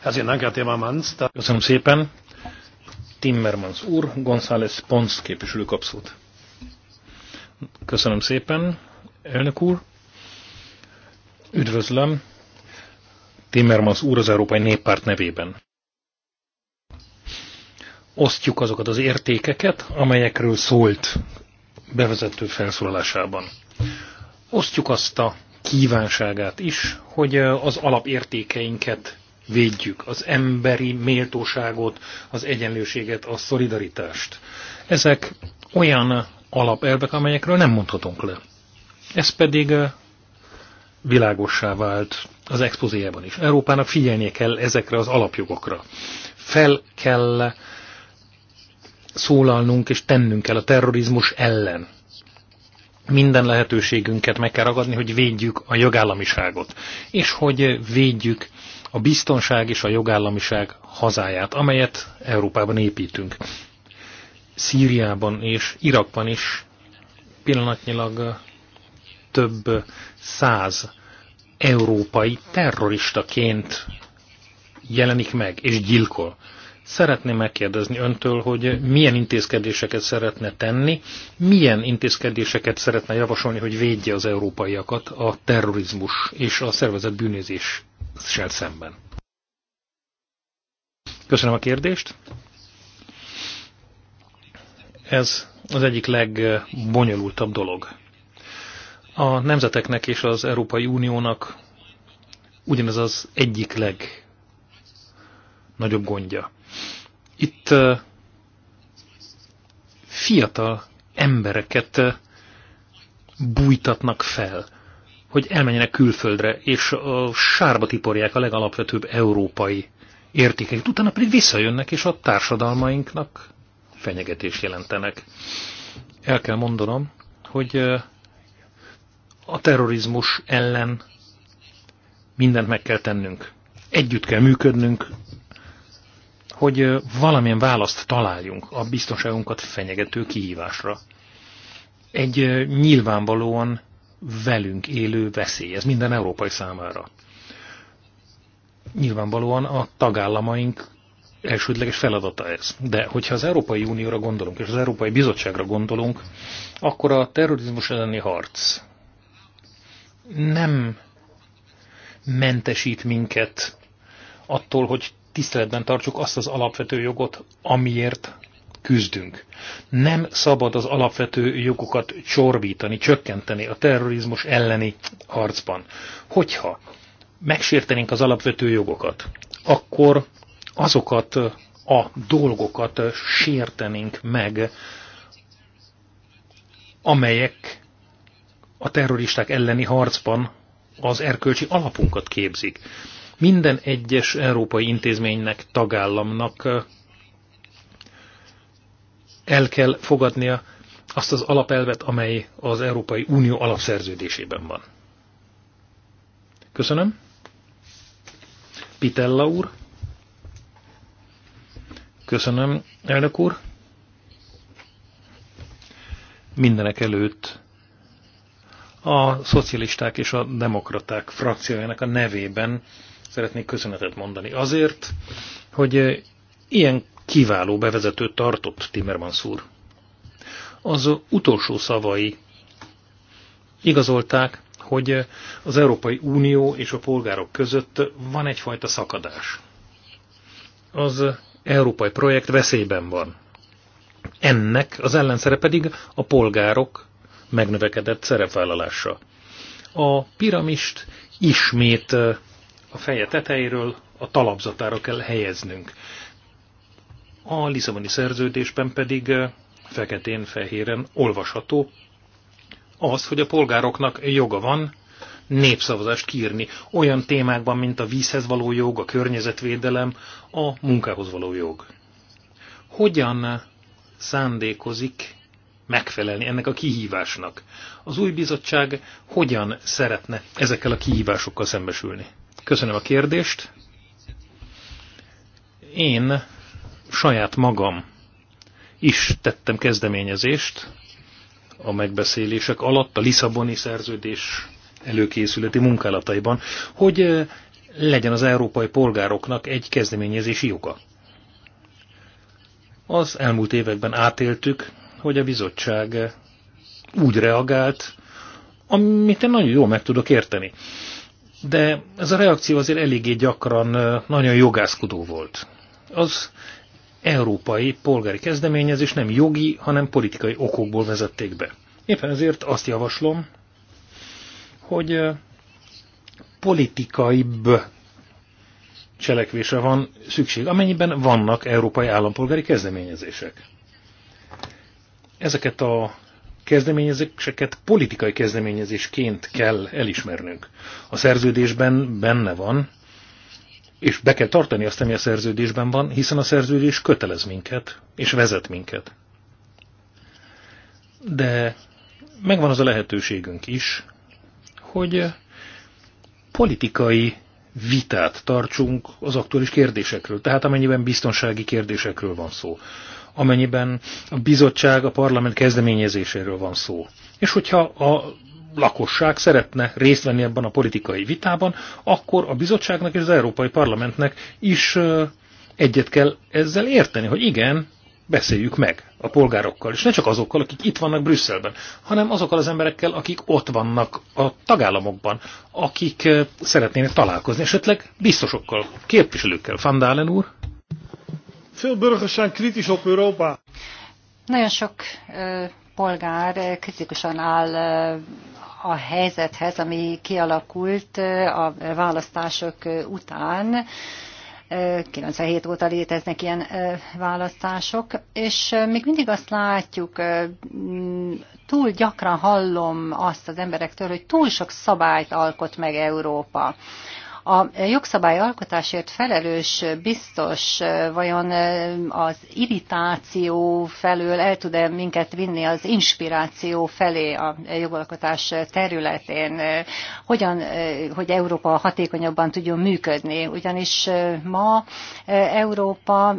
Köszönöm szépen. Timmermans úr, González Pons képviselő kapszót. Köszönöm szépen, elnök úr. Üdvözlöm. Timmermans úr az Európai Néppárt nevében. Osztjuk azokat az értékeket, amelyekről szólt bevezető felszólalásában. Osztjuk azt a kívánságát is, hogy az alapértékeinket védjük az emberi méltóságot, az egyenlőséget, a szolidaritást. Ezek olyan alapelvek, amelyekről nem mondhatunk le. Ez pedig világossá vált az expozéjában is. Európának figyelnie kell ezekre az alapjogokra. Fel kell szólalnunk és tennünk kell a terrorizmus ellen minden lehetőségünket meg kell ragadni, hogy védjük a jogállamiságot, és hogy védjük a biztonság és a jogállamiság hazáját, amelyet Európában építünk. Szíriában és Irakban is pillanatnyilag több száz európai terroristaként jelenik meg és gyilkol. Szeretném megkérdezni öntől, hogy milyen intézkedéseket szeretne tenni, milyen intézkedéseket szeretne javasolni, hogy védje az európaiakat a terrorizmus és a szervezett bűnözéssel szemben. Köszönöm a kérdést. Ez az egyik legbonyolultabb dolog. A nemzeteknek és az Európai Uniónak ugyanez az egyik legnagyobb gondja. Itt fiatal embereket bújtatnak fel, hogy elmenjenek külföldre, és a sárba tiporják a legalapvetőbb európai értékeket, utána pedig visszajönnek, és a társadalmainknak fenyegetés jelentenek. El kell mondanom, hogy a terrorizmus ellen mindent meg kell tennünk. Együtt kell működnünk, hogy valamilyen választ találjunk a biztonságunkat fenyegető kihívásra. Egy nyilvánvalóan velünk élő veszély, ez minden európai számára. Nyilvánvalóan a tagállamaink elsődleges feladata ez. De hogyha az Európai Unióra gondolunk, és az Európai Bizottságra gondolunk, akkor a terrorizmus elleni harc nem mentesít minket attól, hogy tiszteletben tartsuk azt az alapvető jogot, amiért küzdünk. Nem szabad az alapvető jogokat csorbítani, csökkenteni a terrorizmus elleni harcban. Hogyha megsértenénk az alapvető jogokat, akkor azokat a dolgokat sértenénk meg, amelyek a terroristák elleni harcban az erkölcsi alapunkat képzik. Minden egyes európai intézménynek, tagállamnak el kell fogadnia azt az alapelvet, amely az Európai Unió alapszerződésében van. Köszönöm. Pitella úr. Köszönöm, elnök úr. Mindenek előtt a szocialisták és a demokraták frakciójának a nevében szeretnék köszönetet mondani azért, hogy eh, ilyen kiváló bevezető tartott Timmermans úr. Az utolsó szavai igazolták, hogy eh, az Európai Unió és a polgárok között van egyfajta szakadás. Az európai projekt veszélyben van. Ennek az ellenszere pedig a polgárok megnövekedett szerepvállalása. A piramist ismét eh, a feje tetejéről a talapzatára kell helyeznünk. A Lisszaboni szerződésben pedig feketén-fehéren olvasható az, hogy a polgároknak joga van népszavazást kírni olyan témákban, mint a vízhez való jog, a környezetvédelem, a munkához való jog. Hogyan szándékozik megfelelni ennek a kihívásnak? Az új bizottság hogyan szeretne ezekkel a kihívásokkal szembesülni? Köszönöm a kérdést. Én saját magam is tettem kezdeményezést a megbeszélések alatt a Lisszaboni szerződés előkészületi munkálataiban, hogy eh, legyen az európai polgároknak egy kezdeményezési joga. Az elmúlt években átéltük, hogy a bizottság úgy reagált, amit én nagyon jól meg tudok érteni de ez a reakció azért eléggé gyakran nagyon jogászkodó volt. Az európai polgári kezdeményezés nem jogi, hanem politikai okokból vezették be. Éppen ezért azt javaslom, hogy politikaibb cselekvésre van szükség, amennyiben vannak európai állampolgári kezdeményezések. Ezeket a kezdeményezéseket politikai kezdeményezésként kell elismernünk. A szerződésben benne van, és be kell tartani azt, ami a szerződésben van, hiszen a szerződés kötelez minket, és vezet minket. De megvan az a lehetőségünk is, hogy politikai vitát tartsunk az aktuális kérdésekről, tehát amennyiben biztonsági kérdésekről van szó amennyiben a bizottság a parlament kezdeményezéséről van szó. És hogyha a lakosság szeretne részt venni ebben a politikai vitában, akkor a bizottságnak és az Európai Parlamentnek is egyet kell ezzel érteni, hogy igen, beszéljük meg a polgárokkal, és ne csak azokkal, akik itt vannak Brüsszelben, hanem azokkal az emberekkel, akik ott vannak a tagállamokban, akik szeretnének találkozni, esetleg biztosokkal, képviselőkkel. fandálen úr? Veel burgers zijn kritisch op Europa. Nagyon sok uh, polgár kritikusan áll uh, a helyzethez, ami kialakult uh, a választások uh, után. Uh, 97 óta léteznek ilyen választások, és még mindig azt látjuk, túl gyakran hallom azt az emberektől, hogy túl sok szabályt alkot meg Európa. A jogszabály alkotásért felelős biztos eh, vajon eh, az irritáció felől el tud-e minket vinni az inspiráció felé a jogalkotás területén, eh, hogyan, hogy Európa hatékonyabban tudjon működni, ugyanis ma Európa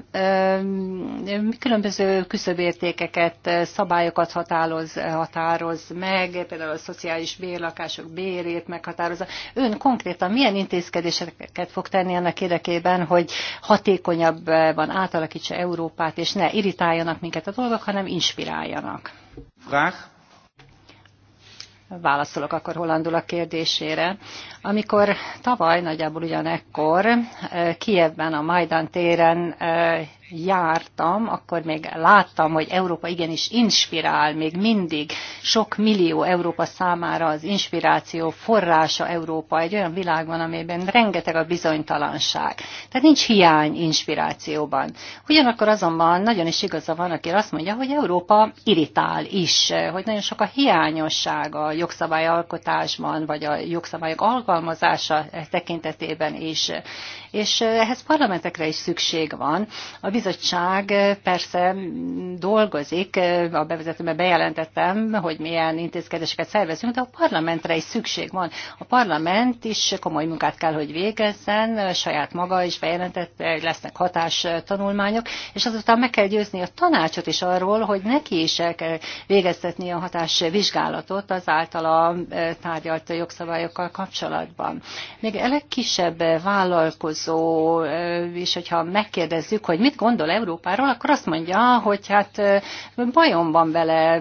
különböző küszöbértékeket, szabályokat határoz, határoz meg, például a szociális bérlakások bérét meghatározza. Ön konkrétan milyen intézkedés intézkedéseket fog tenni annak érdekében, hogy hatékonyabb van átalakítsa Európát, és ne irritáljanak minket a dolgok, hanem inspiráljanak. Frag? válaszolok akkor hollandul a kérdésére. Amikor tavaly, nagyjából ugyanekkor Kievben a Majdan téren jártam, akkor még láttam, hogy Európa igenis inspirál, még mindig sok millió Európa számára az inspiráció forrása Európa, egy olyan világban, amiben rengeteg a bizonytalanság. Tehát nincs hiány inspirációban. Ugyanakkor azonban nagyon is igaza van, aki azt mondja, hogy Európa irritál is, hogy nagyon sok a hiányosság a jogszabályalkotásban, vagy a jogszabályok alkalmazása tekintetében is és ehhez parlamentekre is szükség van. A bizottság persze dolgozik, a bevezetőben bejelentettem, hogy milyen intézkedéseket szervezünk, de a parlamentre is szükség van. A parlament is komoly munkát kell, hogy végezzen, saját maga is bejelentette, hogy lesznek hatás tanulmányok, és azután meg kell győzni a tanácsot is arról, hogy neki is el kell végeztetni a hatás vizsgálatot az általa tárgyalt jogszabályokkal kapcsolatban. Még a legkisebb vállalkozó Barroso, és hogyha megkérdezzük, hogy mit gondol Európáról, akkor azt mondja, hogy hát bajom van vele,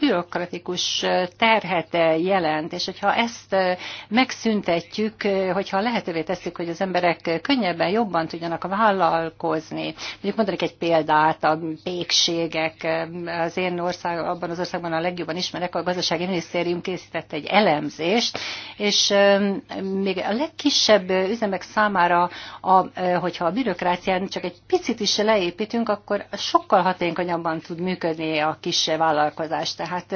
bürokratikus terhete jelent, és hogyha ezt megszüntetjük, hogyha lehetővé tesszük, hogy az emberek könnyebben, jobban tudjanak vállalkozni. Mondjuk mondanék egy példát, a pékségek, az én ország, abban az országban a legjobban ismerek, a gazdasági minisztérium készített egy elemzést, és még a legkisebb üzemek számára a, hogyha a bürokrácián csak egy picit is leépítünk, akkor sokkal hatékonyabban tud működni a kis vállalkozás. Tehát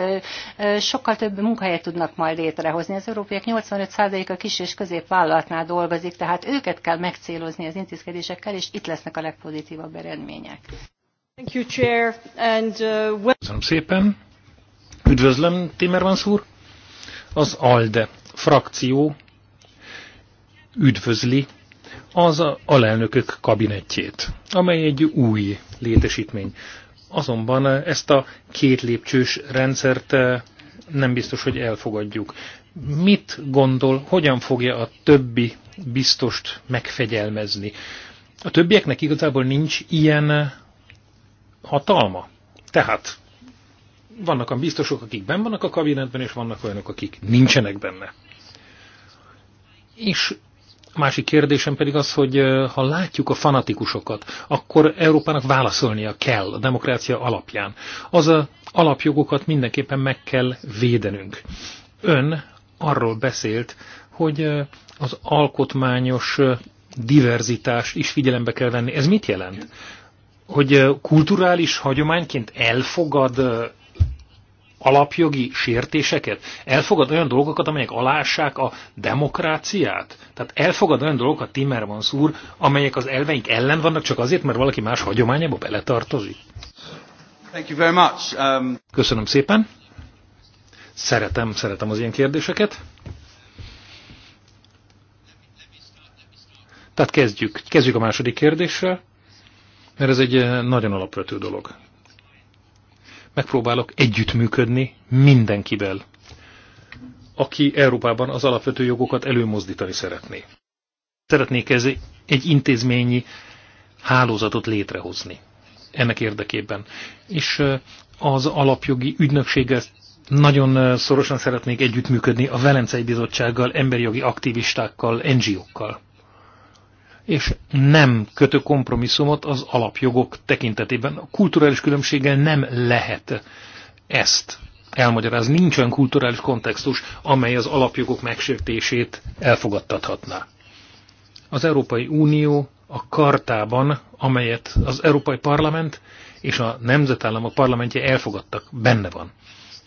sokkal több munkahelyet tudnak majd létrehozni. Az európaiak 85%-a kis és középvállalatnál dolgozik, tehát őket kell megcélozni az intézkedésekkel, és itt lesznek a legpozitívabb eredmények. Thank you, Chair. And, uh, Köszönöm szépen. Üdvözlöm, Timmermans úr. Az ALDE frakció üdvözli az alelnökök kabinettjét, amely egy új létesítmény. Azonban ezt a két lépcsős rendszert eh, nem biztos, hogy elfogadjuk. Mit gondol, hogyan fogja a többi biztost megfegyelmezni? A többieknek igazából nincs ilyen eh, hatalma. Tehát vannak a biztosok, akik benn vannak a kabinetben, és vannak olyanok, akik nincsenek benne. És másik kérdésem pedig az, hogy ha látjuk a fanatikusokat, akkor Európának válaszolnia kell a demokrácia alapján. Az a alapjogokat mindenképpen meg kell védenünk. Ön arról beszélt, hogy az alkotmányos diverzitás is figyelembe kell venni. Ez mit jelent? Hogy kulturális hagyományként elfogad alapjogi sértéseket? Elfogad olyan dolgokat, amelyek alássák a demokráciát? Tehát elfogad olyan dolgokat, Timmermans úr, amelyek az elveink ellen vannak, csak azért, mert valaki más hagyományába beletartozik? Thank you very much. Um... Köszönöm szépen. Szeretem, szeretem az ilyen kérdéseket. Tehát kezdjük. Kezdjük a második kérdéssel, mert ez egy eh, nagyon alapvető dolog megpróbálok együttműködni mindenkivel, aki Európában az alapvető jogokat előmozdítani szeretné. Szeretnék ez egy intézményi hálózatot létrehozni ennek érdekében. És az alapjogi ügynökséggel nagyon szorosan szeretnék együttműködni a Velencei Bizottsággal, emberi jogi aktivistákkal, NGO-kkal és nem kötő kompromisszumot az alapjogok tekintetében. A kulturális különbséggel nem lehet ezt elmagyarázni. Nincs olyan kulturális kontextus, amely az alapjogok megsértését elfogadtathatná. Az Európai Unió a kartában, amelyet az Európai Parlament és a nemzetállamok parlamentje elfogadtak, benne van.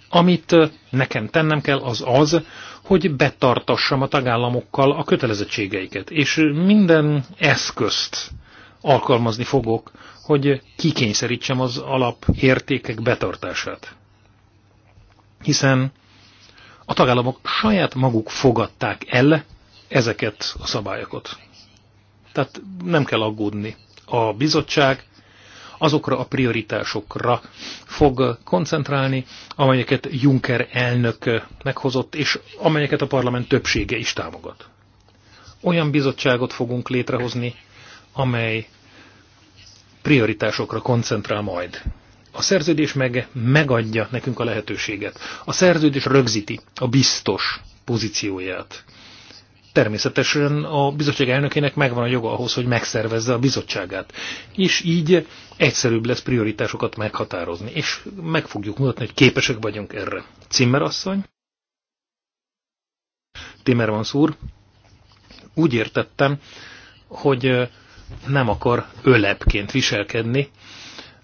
Amit nekem tennem kell, az az, hogy betartassam a tagállamokkal a kötelezettségeiket, és minden eszközt alkalmazni fogok, hogy kikényszerítsem az alapértékek betartását. Hiszen a tagállamok saját maguk fogadták el ezeket a szabályokat. Tehát nem kell aggódni. A bizottság azokra a prioritásokra fog koncentrálni, amelyeket Juncker elnök meghozott, és amelyeket a parlament többsége is támogat. Olyan bizottságot fogunk létrehozni, amely prioritásokra koncentrál majd. A szerződés meg megadja nekünk a lehetőséget. A szerződés rögzíti a biztos pozícióját természetesen a bizottság elnökének megvan a joga ahhoz, hogy megszervezze a bizottságát. És így egyszerűbb lesz prioritásokat meghatározni, és meg fogjuk mutatni, hogy képesek vagyunk erre. Cimmer asszony? Timmermans úr, úgy értettem, hogy nem akar ölepként viselkedni,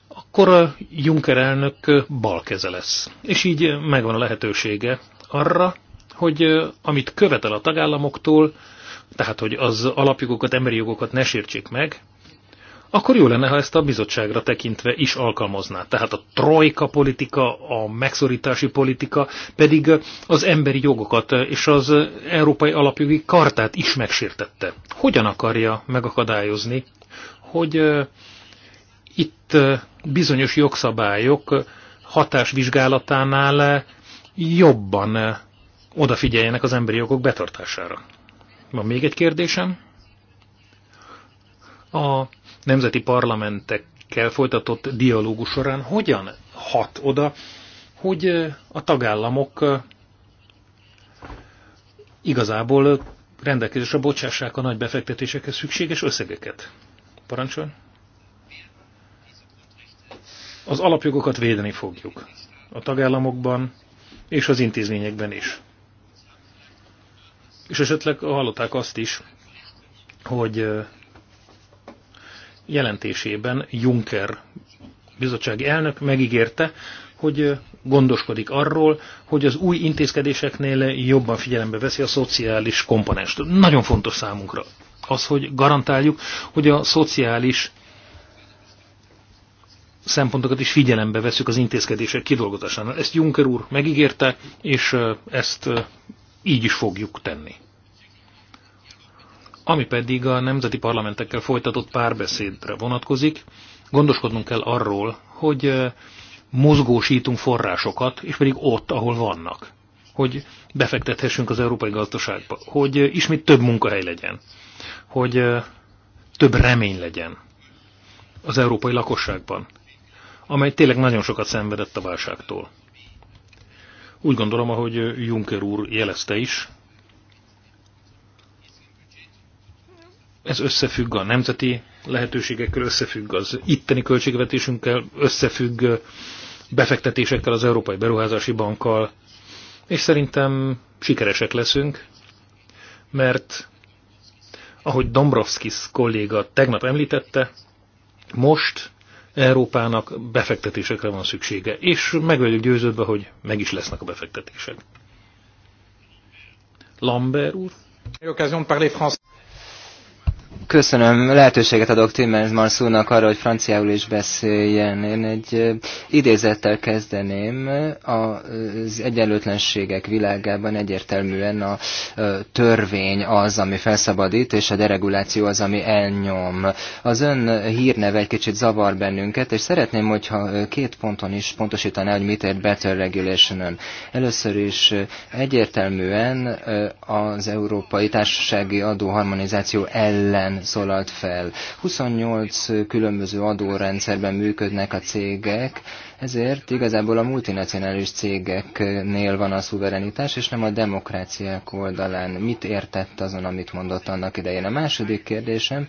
akkor a Juncker elnök balkeze lesz. És így megvan a lehetősége arra, hogy amit követel a tagállamoktól, tehát hogy az alapjogokat, emberi jogokat ne sértsék meg, akkor jó lenne, ha ezt a bizottságra tekintve is alkalmazná. Tehát a trojka politika, a megszorítási politika pedig az emberi jogokat és az Európai Alapjogi Kartát is megsértette. Hogyan akarja megakadályozni, hogy itt bizonyos jogszabályok hatásvizsgálatánál jobban odafigyeljenek az emberi jogok betartására. Van még egy kérdésem. A nemzeti parlamentekkel folytatott dialógus során hogyan hat oda, hogy a tagállamok igazából rendelkezésre bocsássák a nagy befektetésekhez szükséges összegeket? Parancsol? Az alapjogokat védeni fogjuk. A tagállamokban és az intézményekben is. És esetleg hallották azt is, hogy jelentésében Juncker bizottsági elnök megígérte, hogy gondoskodik arról, hogy az új intézkedéseknél jobban figyelembe veszi a szociális komponenst. Nagyon fontos számunkra az, hogy garantáljuk, hogy a szociális szempontokat is figyelembe veszük az intézkedések kidolgozásánál. Ezt Juncker úr megígérte, és ezt így is fogjuk tenni. Ami pedig a nemzeti parlamentekkel folytatott párbeszédre vonatkozik, gondoskodnunk kell arról, hogy mozgósítunk forrásokat, és pedig ott, ahol vannak, hogy befektethessünk az európai gazdaságba, hogy ismét több munkahely legyen, hogy több remény legyen az európai lakosságban, amely tényleg nagyon sokat szenvedett a válságtól. Úgy gondolom, ahogy Juncker úr jelezte is, ez összefügg a nemzeti lehetőségekkel, összefügg az itteni költségvetésünkkel, összefügg befektetésekkel az Európai Beruházási Bankkal, és szerintem sikeresek leszünk, mert ahogy Dombrovskis kolléga tegnap említette, most Európának befektetésekre van szüksége, és meg vagyok győződve, hogy meg is lesznek a befektetések. Lambert úr? Köszönöm, lehetőséget adok Timmermans úrnak arra, hogy franciául is beszéljen. Én egy idézettel kezdeném. Az egyenlőtlenségek világában egyértelműen a törvény az, ami felszabadít, és a dereguláció az, ami elnyom. Az ön hírneve egy kicsit zavar bennünket, és szeretném, hogyha két ponton is pontosítaná, hogy mit ért better regulation -ön. Először is egyértelműen az európai társasági adóharmonizáció ellen szólalt fel. 28 különböző adórendszerben működnek a cégek, ezért igazából a multinacionális cégeknél van a szuverenitás, és nem a demokráciák oldalán. Mit értett azon, amit mondott annak idején? A második kérdésem,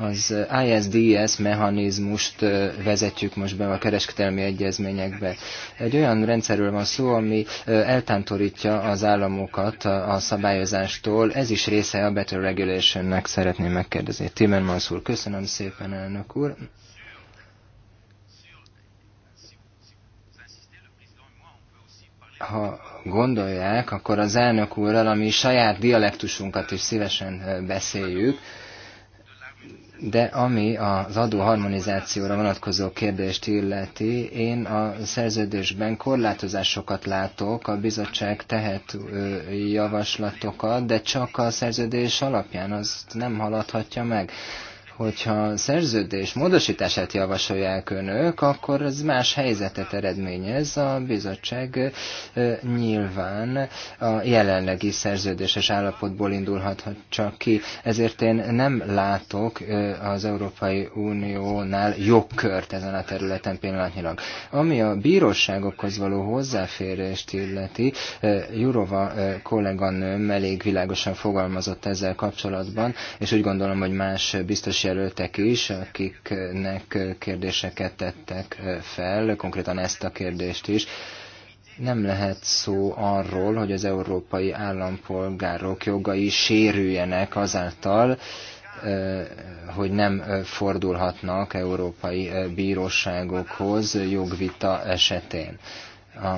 az ISDS mechanizmust vezetjük most be a kereskedelmi egyezményekbe. Egy olyan rendszerről van szó, ami eltántorítja az államokat a szabályozástól. Ez is része a Better Regulationnek, szeretném megkérdezni. Timmermans úr, köszönöm szépen, elnök úr. ha gondolják, akkor az elnök úrral, ami saját dialektusunkat is szívesen beszéljük, de ami az adóharmonizációra vonatkozó kérdést illeti, én a szerződésben korlátozásokat látok, a bizottság tehet javaslatokat, de csak a szerződés alapján azt nem haladhatja meg hogyha szerződés módosítását javasolják önök, akkor ez más helyzetet eredményez. A bizottság nyilván a jelenlegi szerződéses állapotból indulhat csak ki. Ezért én nem látok az Európai Uniónál jogkört ezen a területen pillanatnyilag. Ami a bíróságokhoz való hozzáférést illeti, Jurova kolléganőm elég világosan fogalmazott ezzel kapcsolatban, és úgy gondolom, hogy más biztos képviselőtek is, akiknek kérdéseket tettek fel, konkrétan ezt a kérdést is. Nem lehet szó arról, hogy az európai állampolgárok jogai sérüljenek azáltal, hogy nem fordulhatnak európai bíróságokhoz jogvita esetén. A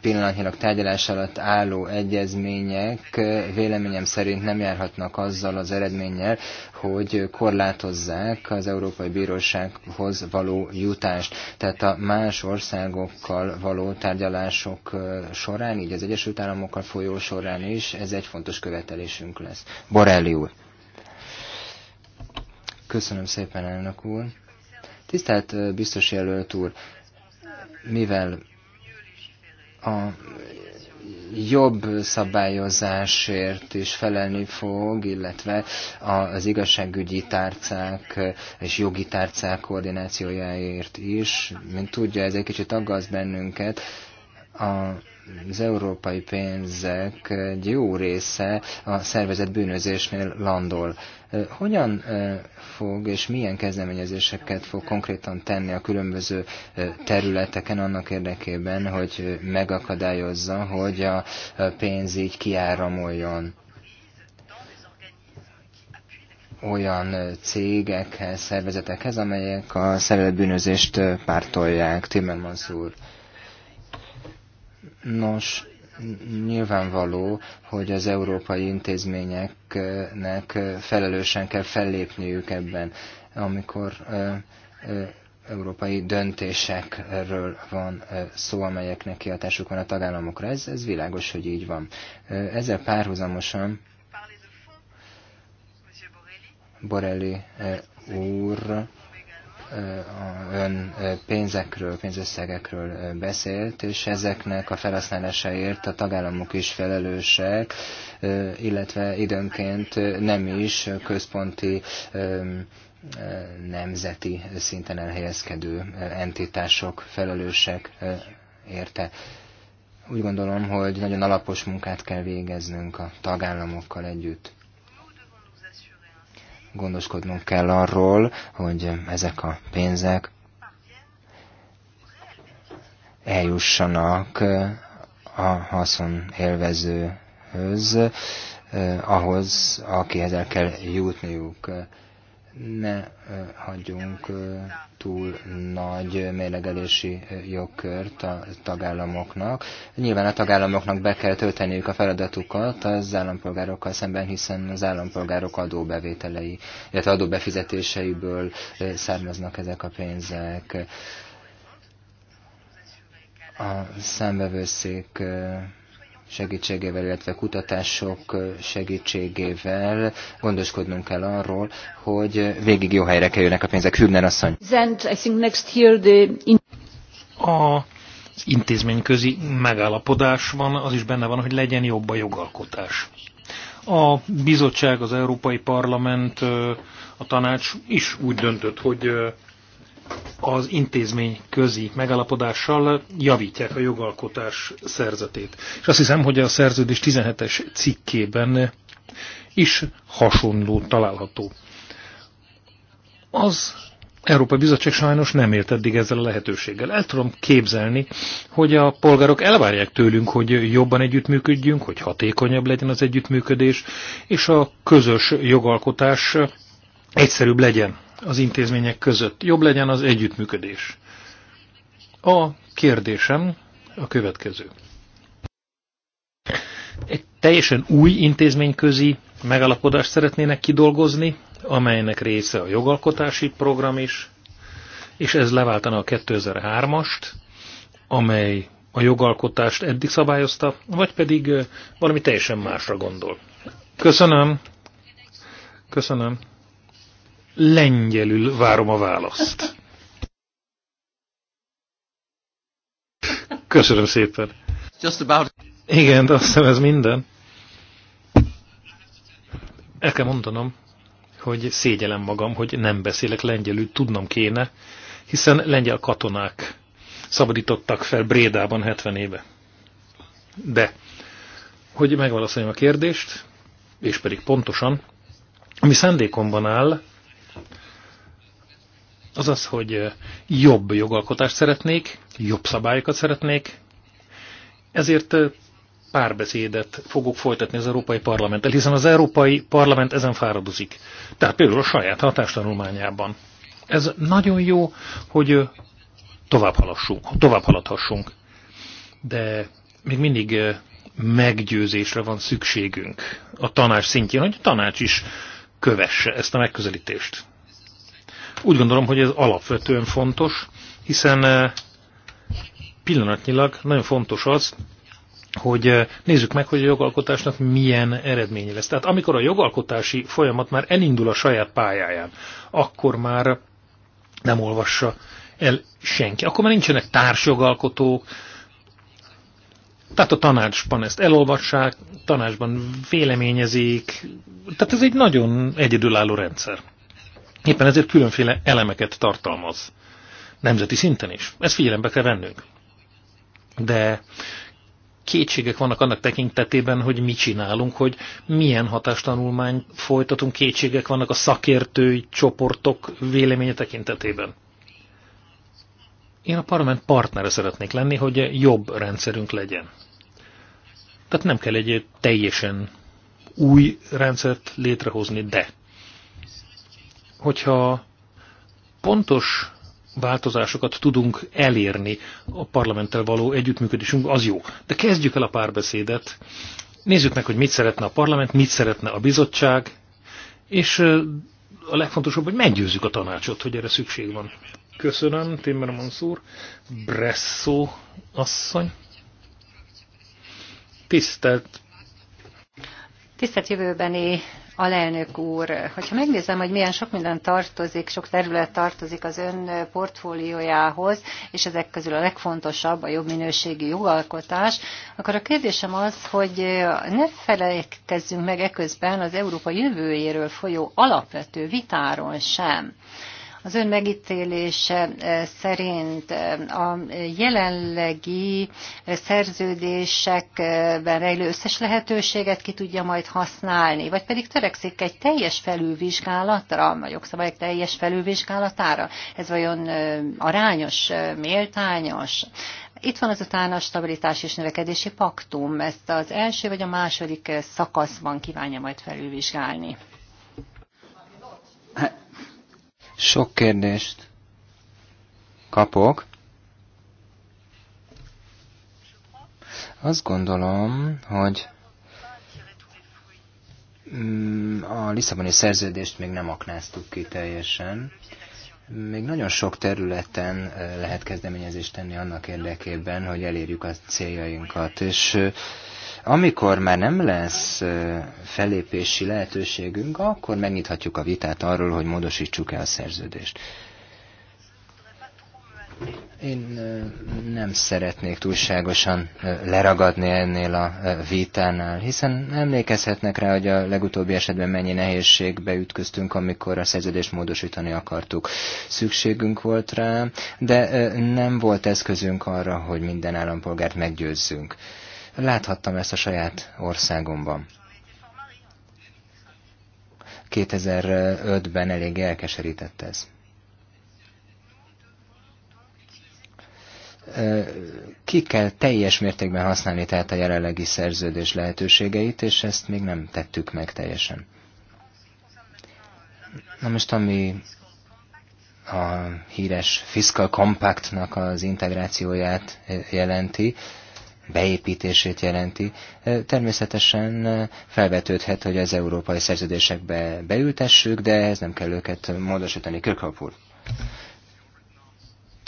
pillanatnyilag tárgyalás alatt álló egyezmények véleményem szerint nem járhatnak azzal az eredménnyel, hogy korlátozzák az Európai Bírósághoz való jutást. Tehát a más országokkal való tárgyalások során, így az Egyesült Államokkal folyó során is, ez egy fontos követelésünk lesz. Borelli úr. Köszönöm szépen, elnök úr. Tisztelt biztos jelölt úr, mivel a jobb szabályozásért is felelni fog, illetve az igazságügyi tárcák és jogi tárcák koordinációjáért is. Mint tudja, ez egy kicsit aggaszt bennünket. A az európai pénzek egy jó része a szervezet bűnözésnél landol. Hogyan fog és milyen kezdeményezéseket fog konkrétan tenni a különböző területeken annak érdekében, hogy megakadályozza, hogy a pénz így kiáramoljon? olyan cégekhez, szervezetekhez, amelyek a szervezetbűnözést pártolják. Timmermans úr. Nos, nyilvánvaló, hogy az európai intézményeknek felelősen kell fellépniük ebben, amikor európai döntésekről van szó, amelyeknek kiadásuk van a tagállamokra. Ez, ez világos, hogy így van. Ezzel párhuzamosan Borelli úr ön pénzekről, pénzösszegekről beszélt, és ezeknek a felhasználásáért a tagállamok is felelősek, illetve időnként nem is központi nemzeti szinten elhelyezkedő entitások felelősek érte. Úgy gondolom, hogy nagyon alapos munkát kell végeznünk a tagállamokkal együtt gondoskodnunk kell arról, hogy ezek a pénzek eljussanak a haszon élvezőhöz, eh, ahhoz, akihez el kell jutniuk ne eh, hagyjunk eh, túl nagy mérlegelési eh, jogkört a tagállamoknak. Nyilván a tagállamoknak be kell tölteniük a feladatukat az állampolgárokkal szemben, hiszen az állampolgárok adóbevételei, illetve adóbefizetéseiből származnak ezek a pénzek. A szembevőszék segítségével, illetve kutatások segítségével gondoskodnunk kell arról, hogy végig jó helyre kerülnek a pénzek. Hübner asszony. A intézményközi megállapodás van, az is benne van, hogy legyen jobb a jogalkotás. A bizottság, az Európai Parlament, a tanács is úgy döntött, hogy az intézmény közi megalapodással javítják a jogalkotás szerzetét. És azt hiszem, hogy a szerződés 17-es cikkében is hasonló található. Az Európai Bizottság sajnos nem ért eddig ezzel a lehetőséggel. El tudom képzelni, hogy a polgárok elvárják tőlünk, hogy jobban együttműködjünk, hogy hatékonyabb legyen az együttműködés, és a közös jogalkotás egyszerűbb legyen az intézmények között. Jobb legyen az együttműködés. A kérdésem a következő. Egy teljesen új intézményközi megállapodást szeretnének kidolgozni, amelynek része a jogalkotási program is, és ez leváltana a 2003-ast, amely a jogalkotást eddig szabályozta, vagy pedig valami teljesen másra gondol. Köszönöm. Köszönöm lengyelül várom a választ. Köszönöm szépen. Just about... Igen, de azt hiszem ez minden. El kell mondanom, hogy szégyelem magam, hogy nem beszélek lengyelül, tudnom kéne, hiszen lengyel katonák szabadítottak fel Brédában 70 éve. De, hogy megválaszoljam a kérdést, és pedig pontosan, ami szándékomban áll, az az, hogy jobb jogalkotást szeretnék, jobb szabályokat szeretnék, ezért párbeszédet fogok folytatni az Európai Parlamenttel, hiszen az Európai Parlament ezen fáradozik. Tehát például a saját hatástanulmányában. Ez nagyon jó, hogy tovább, halassunk, tovább haladhassunk. De még mindig meggyőzésre van szükségünk a tanács szintjén, hogy a tanács is kövesse ezt a megközelítést. Úgy gondolom, hogy ez alapvetően fontos, hiszen eh, pillanatnyilag nagyon fontos az, hogy eh, nézzük meg, hogy a jogalkotásnak milyen eredménye lesz. Tehát amikor a jogalkotási folyamat már elindul a saját pályáján, akkor már nem olvassa el senki. Akkor már nincsenek társjogalkotók, tehát a tanácsban ezt elolvassák, tanácsban véleményezik, tehát ez egy nagyon egyedülálló rendszer. Éppen ezért különféle elemeket tartalmaz. Nemzeti szinten is. Ezt figyelembe kell vennünk. De kétségek vannak annak tekintetében, hogy mit csinálunk, hogy milyen hatástanulmányt folytatunk, kétségek vannak a szakértői csoportok véleménye tekintetében. Én a parlament partnere szeretnék lenni, hogy jobb rendszerünk legyen. Tehát nem kell egy teljesen új rendszert létrehozni, de hogyha pontos változásokat tudunk elérni a parlamenttel való együttműködésünk, az jó. De kezdjük el a párbeszédet, nézzük meg, hogy mit szeretne a parlament, mit szeretne a bizottság, és a legfontosabb, hogy meggyőzzük a tanácsot, hogy erre szükség van. Köszönöm, Timmermans úr. Bresszó asszony. Tisztelt. Tisztelt jövőbeni alelnök úr, hogyha megnézem, hogy milyen sok minden tartozik, sok terület tartozik az ön portfóliójához, és ezek közül a legfontosabb a jobb minőségi jogalkotás, akkor a kérdésem az, hogy ne felejtkezzünk meg eközben az Európa jövőjéről folyó alapvető vitáron sem. Az ön megítélése eh, szerint eh, a jelenlegi eh, szerződésekben rejlő összes lehetőséget ki tudja majd használni, vagy pedig törekszik egy teljes felülvizsgálatra, a jogszabályok teljes felülvizsgálatára? Ez vajon arányos, méltányos? Itt van azután a stabilitás és növekedési paktum. Ezt az első vagy a második szakaszban kívánja majd felülvizsgálni. Hát, sok kérdést kapok. Azt gondolom, hogy mm, a Lisszaboni szerződést még nem aknáztuk ki teljesen. Még nagyon sok területen eh, lehet kezdeményezést tenni annak érdekében, hogy elérjük a céljainkat. És eh, amikor már nem lesz felépési lehetőségünk, akkor megnyithatjuk a vitát arról, hogy módosítsuk el a szerződést. Én nem szeretnék túlságosan leragadni ennél a vitánál, hiszen emlékezhetnek rá, hogy a legutóbbi esetben mennyi nehézségbe ütköztünk, amikor a szerződést módosítani akartuk. Szükségünk volt rá, de nem volt eszközünk arra, hogy minden állampolgárt meggyőzzünk. Láthattam ezt a saját országomban. 2005-ben elég elkeserített ez. Ki kell teljes mértékben használni tehát a jelenlegi szerződés lehetőségeit, és ezt még nem tettük meg teljesen. Na most, ami a híres Fiscal Compactnak az integrációját jelenti, beépítését jelenti. Természetesen felvetődhet, hogy az európai szerződésekbe beültessük, de ez nem kell őket módosítani. Kirkhope úr.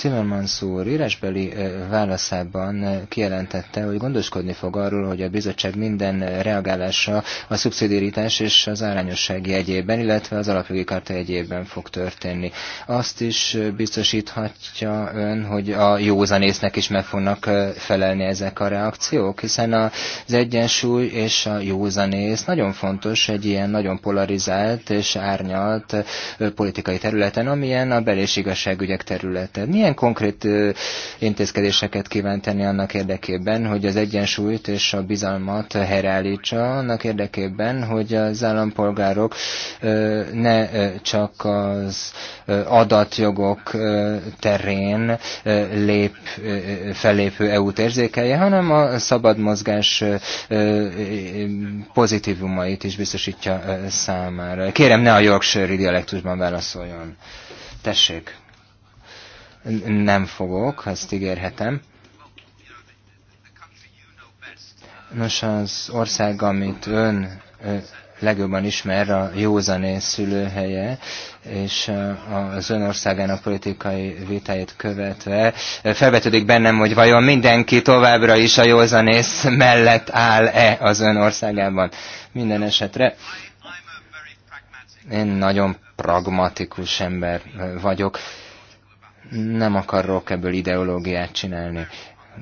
Timmermans úr írásbeli válaszában kijelentette, hogy gondoskodni fog arról, hogy a bizottság minden reagálása a szubszidiaritás és az arányosság jegyében, illetve az alapjogi karta jegyében fog történni. Azt is biztosíthatja ön, hogy a józanésznek is meg fognak felelni ezek a reakciók, hiszen az egyensúly és a józanész nagyon fontos egy ilyen nagyon polarizált és árnyalt politikai területen, amilyen a bel- és igazságügyek területe. Milyen milyen konkrét intézkedéseket kíván tenni annak érdekében, hogy az egyensúlyt és a bizalmat helyreállítsa, annak érdekében, hogy az állampolgárok ne csak az adatjogok terén lép, fellépő EU-t érzékelje, hanem a szabad mozgás pozitívumait is biztosítja számára. Kérem, ne a Yorkshire dialektusban válaszoljon. Tessék! nem fogok, ezt ígérhetem. Nos, az ország, amit ön legjobban ismer, a józanész szülőhelye, és az ön országának politikai vitáit követve felvetődik bennem, hogy vajon mindenki továbbra is a józanész mellett áll-e az ön országában. Minden esetre én nagyon pragmatikus ember vagyok. Nem akarok ebből ideológiát csinálni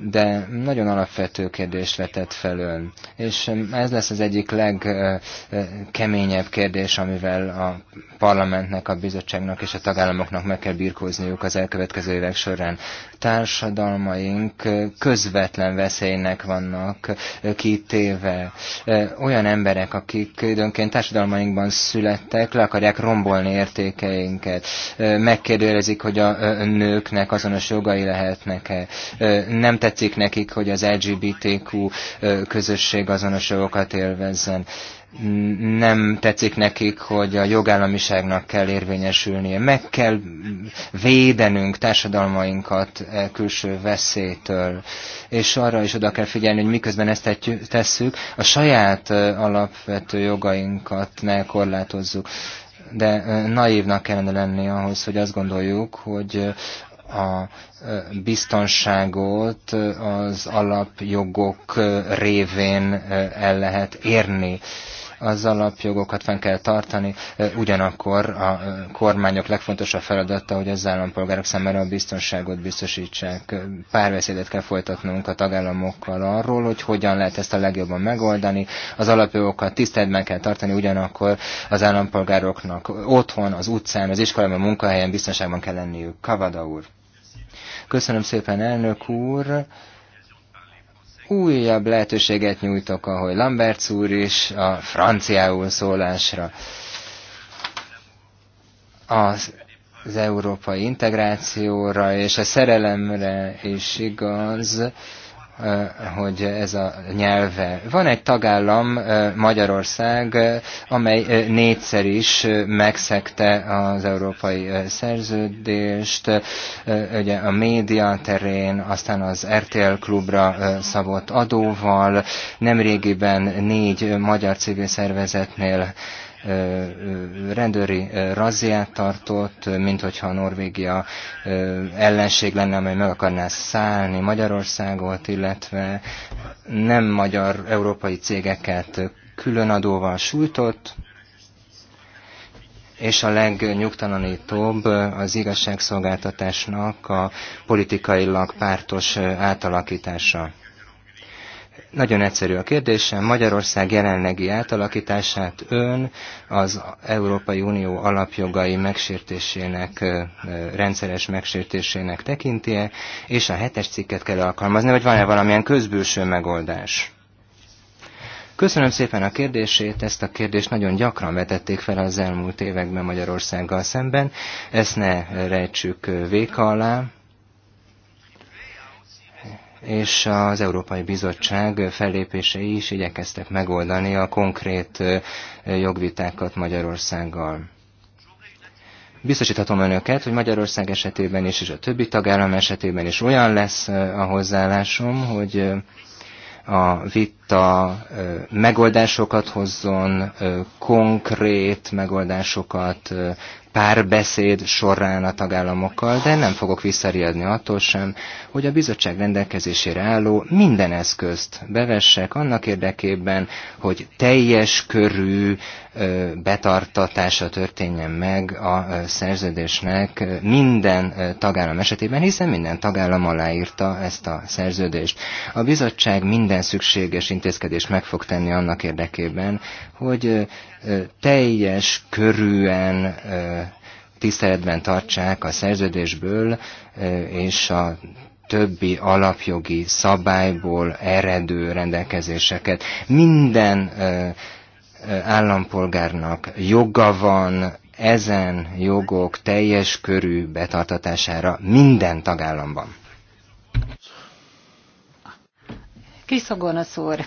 de nagyon alapvető kérdés vetett fel ön. És ez lesz az egyik legkeményebb kérdés, amivel a parlamentnek, a bizottságnak és a tagállamoknak meg kell birkózniuk az elkövetkező évek során társadalmaink közvetlen veszélynek vannak kitéve. Olyan emberek, akik időnként társadalmainkban születtek, le akarják rombolni értékeinket. Megkérdőjelezik, hogy a nőknek azonos jogai lehetnek-e. Nem tetszik nekik, hogy az LGBTQ közösség azonos jogokat élvezzen nem tetszik nekik, hogy a jogállamiságnak kell érvényesülnie. Meg kell védenünk társadalmainkat e külső veszélytől, és arra is oda kell figyelni, hogy miközben ezt tesszük, a saját e, alapvető jogainkat ne korlátozzuk. De e, naívnak kellene lenni ahhoz, hogy azt gondoljuk, hogy a biztonságot az alapjogok révén el lehet érni az alapjogokat fenn kell tartani, ugyanakkor a kormányok legfontosabb feladata, hogy az állampolgárok számára a biztonságot biztosítsák. Párbeszédet kell folytatnunk a tagállamokkal arról, hogy hogyan lehet ezt a legjobban megoldani. Az alapjogokat tiszteletben kell tartani, ugyanakkor az állampolgároknak otthon, az utcán, az iskolában, a munkahelyen biztonságban kell lenniük. Kavada úr. Köszönöm szépen, elnök úr újabb lehetőséget nyújtok, ahogy Lambert úr is a franciául szólásra. Az, az európai integrációra és a szerelemre is igaz, Eh, hogy ez a nyelve. Van egy tagállam, eh, Magyarország, eh, amely négyszer is megszegte az európai szerződést, ugye a média terén, aztán az RTL klubra szabott adóval, nemrégiben négy magyar civil szervezetnél rendőri razziát tartott, mint hogyha Norvégia ellenség lenne, amely meg akarná szállni Magyarországot, illetve nem magyar európai cégeket különadóval sújtott, és a legnyugtalanítóbb az igazságszolgáltatásnak a politikailag pártos átalakítása. Nagyon egyszerű a kérdésem. Magyarország jelenlegi átalakítását ön az Európai Unió alapjogai megsértésének, rendszeres megsértésének tekinti-e, és a hetes cikket kell alkalmazni, vagy van-e valamilyen közbülső megoldás? Köszönöm szépen a kérdését, ezt a kérdést nagyon gyakran vetették fel az elmúlt években Magyarországgal szemben, ezt ne rejtsük véka alá és az Európai Bizottság fellépései is igyekeztek megoldani a konkrét jogvitákat Magyarországgal. Biztosíthatom önöket, hogy Magyarország esetében is, és a többi tagállam esetében is olyan lesz a hozzáállásom, hogy a vita megoldásokat hozzon, konkrét megoldásokat, párbeszéd során a tagállamokkal, de nem fogok visszariadni attól sem, hogy a bizottság rendelkezésére álló minden eszközt bevessek annak érdekében, hogy teljes körű betartatása történjen meg a szerződésnek minden tagállam esetében, hiszen minden tagállam aláírta ezt a szerződést. A bizottság minden szükséges intézkedést meg fog tenni annak érdekében, hogy teljes körűen tiszteletben tartsák a szerződésből és a többi alapjogi szabályból eredő rendelkezéseket. Minden állampolgárnak joga van ezen jogok teljes körű betartatására minden tagállamban. Kriszogonosz úr!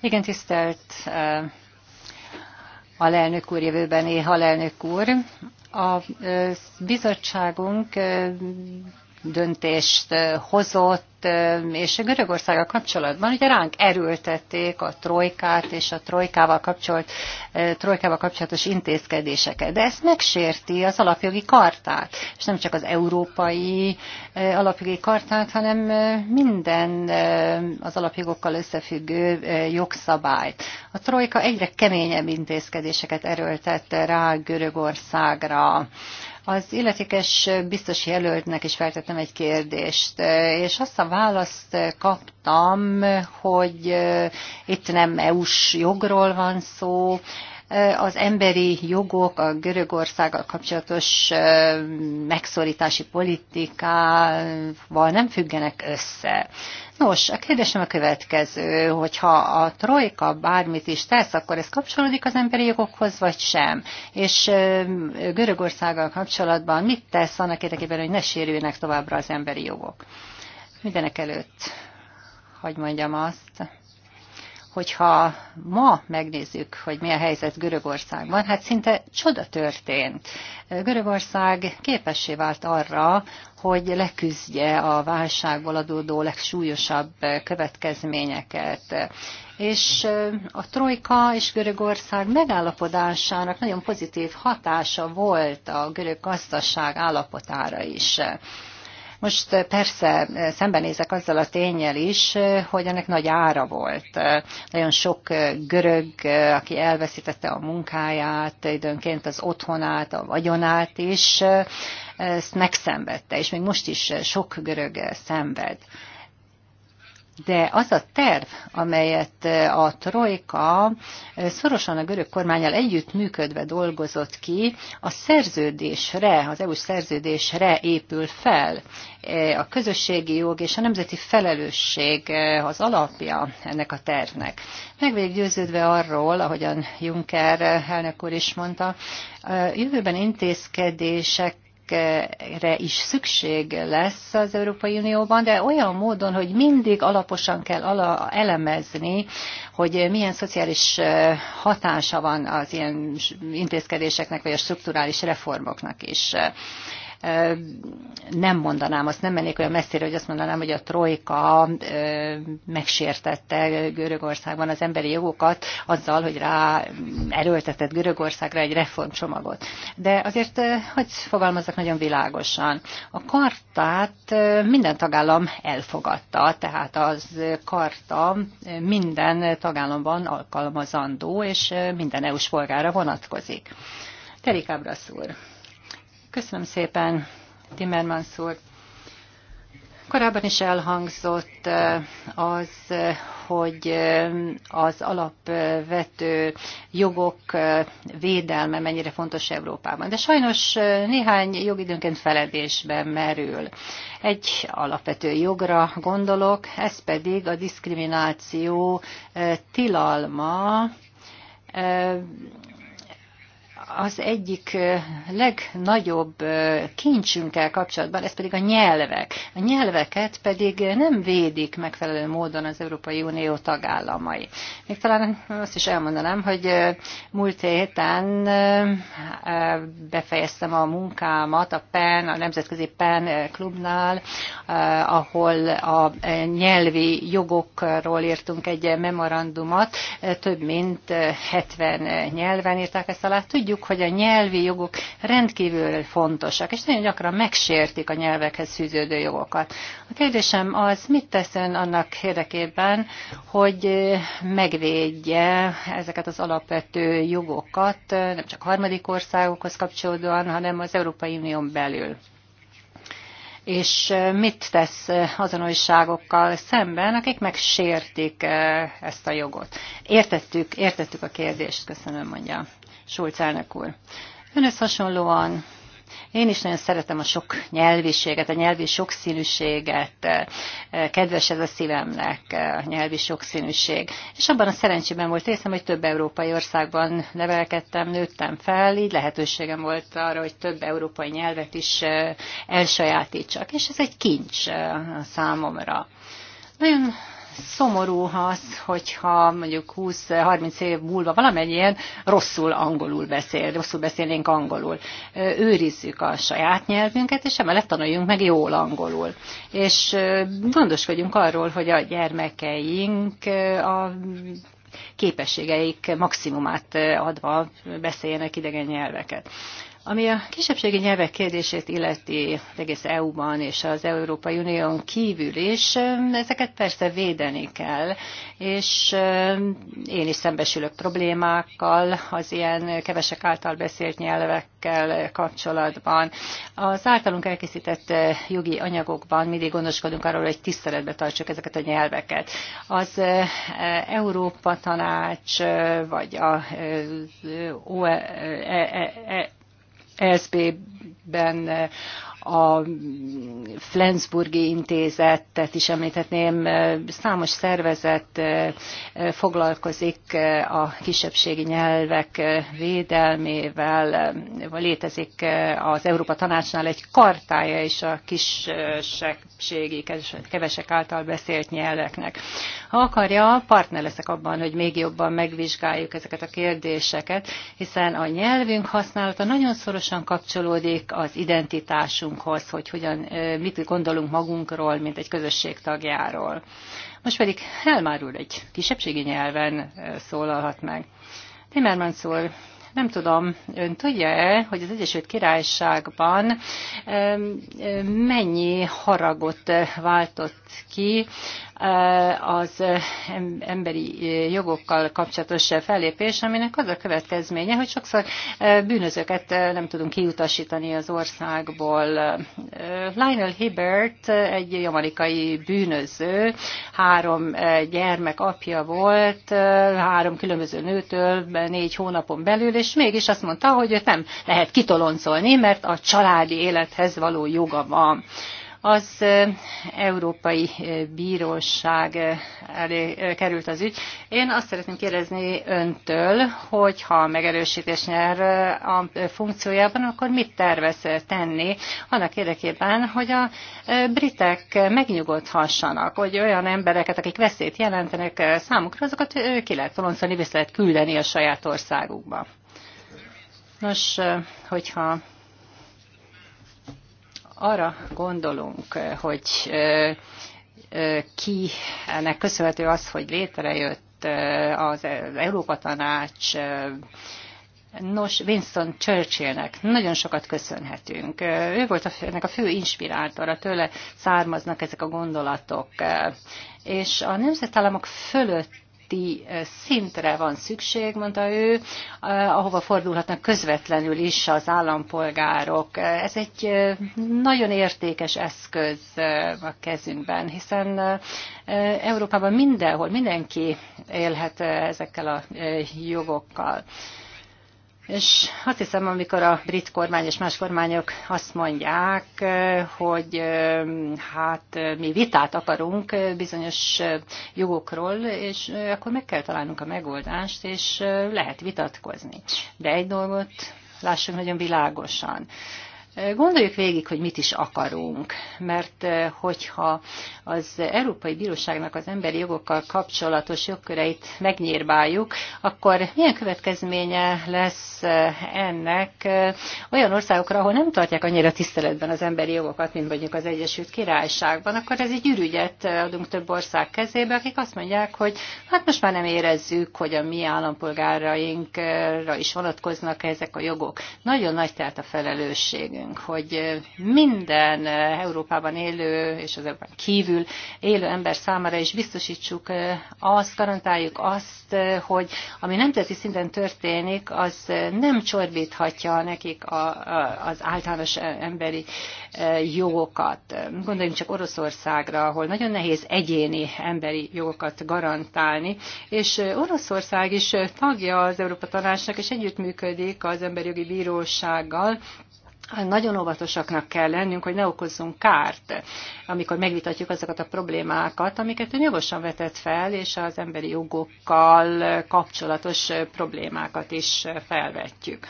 Igen, tisztelt uh, alelnök úr, jövőbeni alelnök úr. A bizottságunk döntést hozott, és a Görögországgal kapcsolatban ugye ránk erőltették a trojkát és a trojkával, kapcsolt, trojkával kapcsolatos intézkedéseket. De ezt megsérti az alapjogi kartát, és nem csak az európai alapjogi kartát, hanem minden az alapjogokkal összefüggő jogszabályt. A trojka egyre keményebb intézkedéseket erőltette rá Görögországra az illetékes biztos jelöltnek is feltettem egy kérdést, és azt a választ kaptam, hogy eh, itt nem EU-s jogról van szó, az emberi jogok, a Görögországgal kapcsolatos megszorítási politikával nem függenek össze. Nos, a kérdésem a következő, hogyha a trojka bármit is tesz, akkor ez kapcsolódik az emberi jogokhoz, vagy sem? És Görögországgal kapcsolatban mit tesz annak érdekében, hogy ne sérüljenek továbbra az emberi jogok? Mindenek előtt, hogy mondjam azt, hogyha ma megnézzük, hogy mi a helyzet Görögországban, hát szinte csoda történt. Görögország képessé vált arra, hogy leküzdje a válságból adódó legsúlyosabb következményeket. És a Trojka és Görögország megállapodásának nagyon pozitív hatása volt a görög gazdaság állapotára is. Most eh, persze eh, szembenézek azzal a tényel is, eh, hogy ennek nagy ára volt. Nagyon sok görög, aki elveszítette a munkáját, időnként az otthonát, a vagyonát is, ezt megszenvedte, és még most is sok görög szenved de az a terv, amelyet eh, a Trojka eh, szorosan a görög kormányal együtt működve dolgozott ki, a szerződésre, az EU-s szerződésre épül fel. Eh, a közösségi jog és a nemzeti felelősség az alapja ennek a tervnek. Meg vagyok győződve arról, ahogyan Juncker elnök úr is mondta, jövőben intézkedések ezekre is szükség lesz az Európai Unióban, de olyan módon, hogy mindig alaposan kell ala elemezni, hogy milyen szociális hatása van az ilyen intézkedéseknek, vagy a strukturális reformoknak is nem mondanám, azt nem mennék olyan messzire, hogy azt mondanám, hogy a trojka megsértette Görögországban az emberi jogokat azzal, hogy rá erőltetett Görögországra egy reformcsomagot. De azért, hogy fogalmazok nagyon világosan, a kartát minden tagállam elfogadta, tehát az karta minden tagállamban alkalmazandó, és minden EU-s polgára vonatkozik. Terikábra szúr. Köszönöm szépen, Timmermans úr. Korábban is elhangzott az, hogy az alapvető jogok védelme mennyire fontos Európában. De sajnos néhány jogidőnként feledésben merül. Egy alapvető jogra gondolok, ez pedig a diszkrimináció tilalma az egyik legnagyobb kincsünkkel kapcsolatban, ez pedig a nyelvek. A nyelveket pedig nem védik megfelelő módon az Európai Unió tagállamai. Még talán azt is elmondanám, hogy múlt héten befejeztem a munkámat a PEN, a Nemzetközi PEN klubnál, ahol a nyelvi jogokról írtunk egy memorandumot, több mint 70 nyelven írták ezt alá. Tudjuk, tudjuk, hogy a nyelvi jogok rendkívül fontosak, és nagyon gyakran megsértik a nyelvekhez fűződő jogokat. A kérdésem az, mit tesz ön annak érdekében, hogy megvédje ezeket az alapvető jogokat, nem csak harmadik országokhoz kapcsolódóan, hanem az Európai Unión belül? és mit tesz azonosságokkal szemben, akik megsértik ezt a jogot. Értettük, értettük a kérdést, köszönöm, mondja Schulz elnök úr. Önhöz hasonlóan én is nagyon szeretem a sok nyelviséget, a nyelvi sokszínűséget. Kedves ez a szívemnek, a nyelvi sokszínűség. És abban a szerencsében volt részem, hogy több európai országban nevelkedtem, nőttem fel, így lehetőségem volt arra, hogy több európai nyelvet is elsajátítsak. És ez egy kincs a számomra. Nagyon szomorú az, hogyha mondjuk 20-30 év múlva valamennyien rosszul angolul beszél, rosszul beszélnénk angolul. Őrizzük a saját nyelvünket, és emellett tanuljunk meg jól angolul. És gondoskodjunk arról, hogy a gyermekeink a képességeik maximumát adva beszéljenek idegen nyelveket. Ami a kisebbségi nyelvek kérdését illeti egész EU-ban és az Európai Unión kívül is, ezeket persze védeni kell, és eh, én is szembesülök problémákkal az ilyen kevesek által beszélt nyelvekkel kapcsolatban. Az általunk elkészített eh, jogi anyagokban mindig gondoskodunk arról, hogy tiszteletbe tartsuk ezeket a nyelveket. Az eh, Európa Tanács, vagy a ESB-ben a Flensburgi intézetet is említhetném, számos szervezet eh, eh, foglalkozik eh, a kisebbségi nyelvek védelmével, vagy létezik az Európa Tanácsnál egy kartája is a kisebbségi, kevesek által beszélt nyelveknek. Ha akarja, partner leszek abban, hogy még jobban megvizsgáljuk ezeket a kérdéseket, hiszen a nyelvünk használata nagyon szorosan kapcsolódik az identitásunk magunkhoz, hogy hogyan, mit gondolunk magunkról, mint egy közösség tagjáról. Most pedig Helmár úr egy kisebbségi nyelven szólalhat meg. Timmermans úr, nem tudom, ön tudja-e, hogy az Egyesült Királyságban mennyi haragot váltott ki az emberi jogokkal kapcsolatos fellépés, aminek az a következménye, hogy sokszor bűnözőket nem tudunk kiutasítani az országból. Lionel Hibbert egy jamaikai bűnöző, három gyermek apja volt, három különböző nőtől négy hónapon belül, és és mégis azt mondta, hogy őt nem lehet kitoloncolni, mert a családi élethez való joga van az Európai Bíróság elé került az ügy. Én azt szeretném kérdezni öntől, hogy ha megerősítés nyer a funkciójában, akkor mit tervez tenni annak érdekében, hogy a britek megnyugodhassanak, hogy olyan embereket, akik veszélyt jelentenek számukra, azokat ki lehet toloncolni, vissza lehet küldeni a saját országukba. Nos, hogyha arra gondolunk, hogy ki ennek köszönhető az, hogy létrejött az Európa Tanács, Nos, Winston Churchillnek nagyon sokat köszönhetünk. Ő volt a, ennek a fő inspirátora, tőle származnak ezek a gondolatok. És a nemzetállamok fölött közötti szintre van szükség, mondta ő, ahova fordulhatnak közvetlenül is az állampolgárok. Ez egy nagyon értékes eszköz a kezünkben, hiszen Európában mindenhol mindenki élhet ezekkel a jogokkal. És azt hiszem, amikor a brit kormány és más kormányok azt mondják, hogy hát mi vitát akarunk bizonyos jogokról, és akkor meg kell találnunk a megoldást, és lehet vitatkozni. De egy dolgot lássunk nagyon világosan. Gondoljuk végig, hogy mit is akarunk, mert eh, hogyha az Európai Bíróságnak az emberi jogokkal kapcsolatos jogköreit megnyírbáljuk, akkor milyen következménye lesz eh, ennek eh, olyan országokra, ahol nem tartják annyira tiszteletben az emberi jogokat, mint mondjuk az Egyesült Királyságban, akkor ez egy ürügyet adunk több ország kezébe, akik azt mondják, hogy hát most már nem érezzük, hogy a mi állampolgárainkra is vonatkoznak ezek a jogok. Nagyon nagy tehát a felelősségünk lennünk, hogy minden Európában élő és az Európán kívül élő ember számára is biztosítsuk eh, azt, garantáljuk azt, eh, hogy ami nemzeti szinten történik, az nem csorbíthatja nekik a, az általános eh, emberi jogokat. Gondoljunk csak Oroszországra, ahol nagyon nehéz egyéni emberi jogokat garantálni, és Oroszország is tagja az Európa Tanácsnak, és együttműködik az Emberjogi Bírósággal, nagyon óvatosaknak kell lennünk, hogy ne okozzunk kárt, amikor megvitatjuk azokat a problémákat, amiket ő jogosan vetett fel, és az emberi jogokkal kapcsolatos problémákat is felvetjük.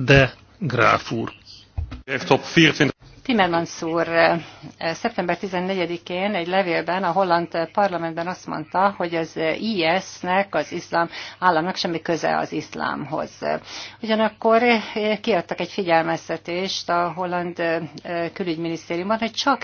De gráf úr. 24 Timmermans úr eh, szeptember 14-én egy levélben a holland parlamentben azt mondta, hogy az IS-nek, az iszlám államnak semmi köze az iszlámhoz. Ugyanakkor eh, kiadtak egy figyelmeztetést a holland eh, külügyminisztériumban, hogy csak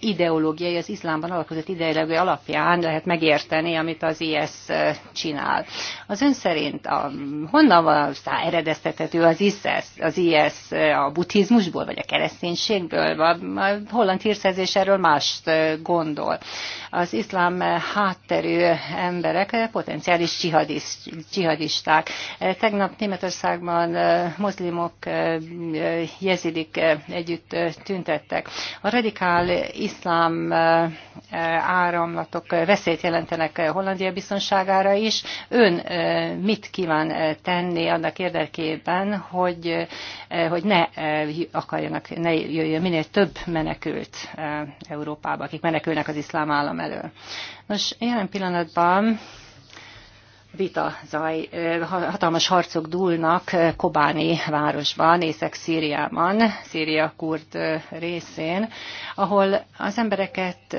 ideológiai, az iszlámban alakozott ideológiai alapján lehet megérteni, amit az IS csinál. Az ön szerint a, honnan van eredeztethető az IS, az IS a buddhizmusból, vagy a kereszténység? egyikből, a holland hírszerzés erről mást gondol. Az iszlám hátterű emberek potenciális csihadist, csihadisták. Tegnap Németországban mozlimok, jezidik együtt tüntettek. A radikál iszlám áramlatok veszélyt jelentenek Hollandia biztonságára is. Ön mit kíván tenni annak érdekében, hogy, hogy ne akarjanak, ne jöjjön bekerüljön minél több menekült Európába, akik menekülnek az iszlám állam elől. Nos, jelen pillanatban vita zaj, hatalmas harcok dúlnak Kobáni városban, Észak-Szíriában, Szíria kurd részén, ahol az embereket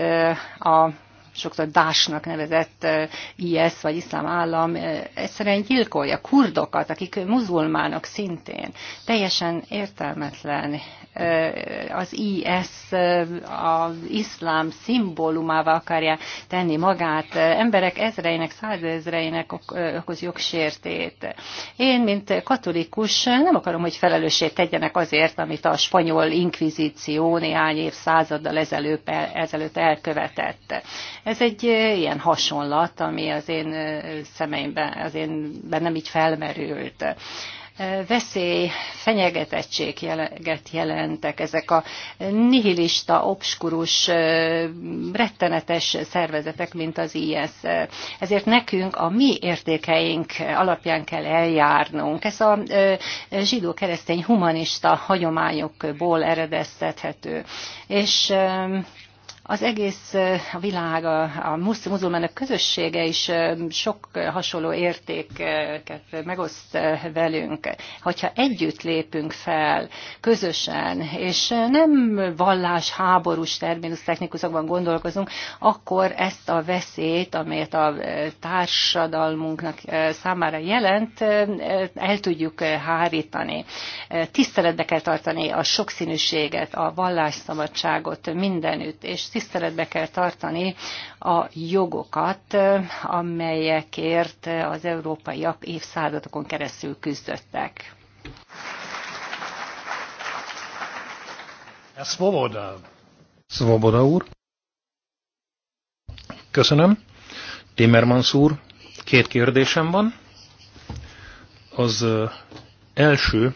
a sokszor Dásnak nevezett IS vagy iszlám állam egyszerűen gyilkolja kurdokat, akik muzulmánok szintén. Teljesen értelmetlen Eh, az IS eh, az iszlám szimbólumává akarja tenni magát. Emberek ezreinek, százezreinek eh, okoz jogsértét. Én, mint katolikus, nem akarom, hogy felelősséget tegyenek azért, amit a spanyol inkvizíció néhány századdal ezelőtt, ezelőtt elkövetett. Ez egy ilyen hasonlat, ami az én szemeimben, az én bennem így felmerült veszély, fenyegetettséget jelentek ezek a nihilista, obskurus, rettenetes szervezetek, mint az IS. Ezért nekünk a mi értékeink alapján kell eljárnunk. Ez a zsidó-keresztény humanista hagyományokból eredeztethető. És az egész a világ, a, a muzulmánok közössége is sok hasonló értéket megoszt velünk. Hogyha együtt lépünk fel, közösen, és nem vallás háborús terminus technikusokban gondolkozunk, akkor ezt a veszélyt, amelyet a társadalmunknak számára jelent, el tudjuk hárítani. Tiszteletbe kell tartani a sokszínűséget, a vallásszabadságot mindenütt, és tiszteletbe kell tartani a jogokat, amelyekért az európaiak évszázadokon keresztül küzdöttek. Svoboda. Svoboda úr. Köszönöm. Timmermans úr, két kérdésem van. Az első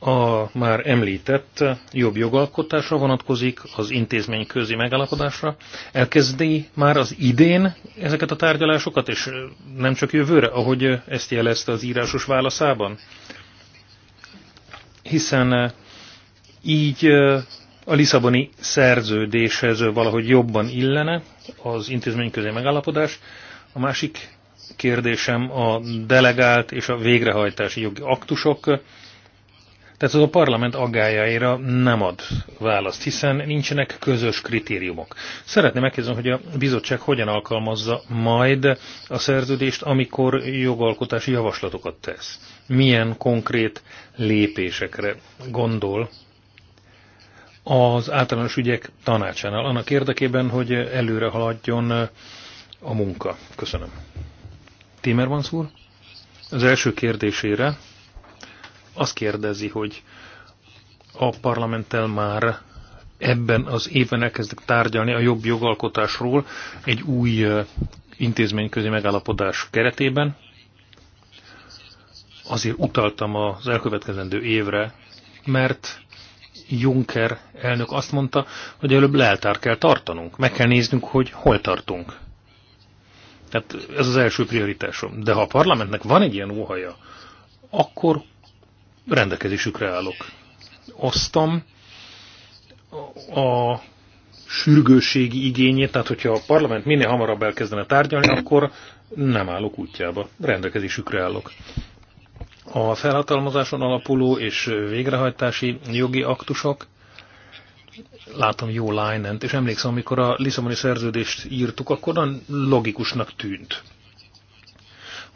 a már említett jobb jogalkotásra vonatkozik, az intézmény közi megállapodásra. Elkezdi már az idén ezeket a tárgyalásokat, és nem csak jövőre, ahogy ezt jelezte az írásos válaszában? Hiszen így a Lisszaboni szerződéshez valahogy jobban illene az intézményközi megállapodás. A másik kérdésem a delegált és a végrehajtási jogi aktusok tehát az a parlament aggájaira nem ad választ, hiszen nincsenek közös kritériumok. Szeretném megkérdezni, hogy a bizottság hogyan alkalmazza majd a szerződést, amikor jogalkotási javaslatokat tesz. Milyen konkrét lépésekre gondol az általános ügyek tanácsánál, annak érdekében, hogy előre haladjon a munka. Köszönöm. Timmermans úr, az első kérdésére azt kérdezi, hogy a parlamenttel már ebben az évben elkezdek tárgyalni a jobb jogalkotásról egy új intézményközi megállapodás keretében. Azért utaltam az elkövetkezendő évre, mert Juncker elnök azt mondta, hogy előbb leltár kell tartanunk, meg kell néznünk, hogy hol tartunk. Tehát ez az első prioritásom. De ha a parlamentnek van egy ilyen óhaja, akkor rendelkezésükre állok. Osztam a sürgőségi igényét, tehát hogyha a parlament minél hamarabb elkezdene tárgyalni, akkor nem állok útjába, rendelkezésükre állok. A felhatalmazáson alapuló és végrehajtási jogi aktusok, látom jó line és emlékszem, amikor a Lisszaboni szerződést írtuk, akkor nagyon logikusnak tűnt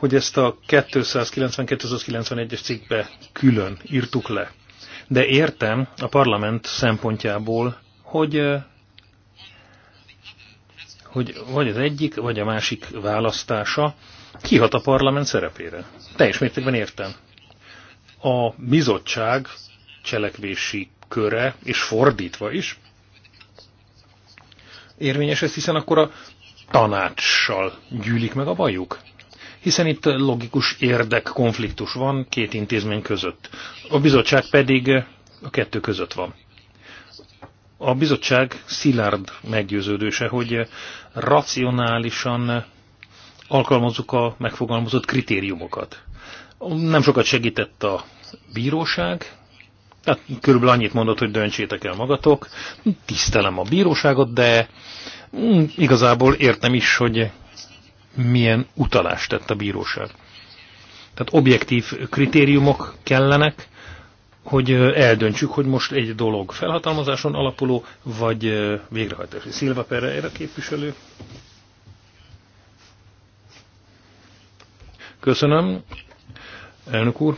hogy ezt a 292.91 291 es cikkbe külön írtuk le. De értem a parlament szempontjából, hogy, hogy vagy az egyik, vagy a másik választása kihat a parlament szerepére. Teljes mértékben értem. A bizottság cselekvési köre, és fordítva is, érvényes ez, hiszen akkor a tanácssal gyűlik meg a bajuk hiszen itt logikus érdekkonfliktus van két intézmény között. A bizottság pedig a kettő között van. A bizottság szilárd meggyőződése, hogy racionálisan alkalmazzuk a megfogalmazott kritériumokat. Nem sokat segített a bíróság, tehát körülbelül annyit mondott, hogy döntsétek el magatok. Tisztelem a bíróságot, de mm, igazából értem is, hogy milyen utalást tett a bíróság. Tehát objektív kritériumok kellenek, hogy eldöntsük, hogy most egy dolog felhatalmazáson alapuló, vagy végrehajtási. Szilva Pereira képviselő. Köszönöm, elnök úr.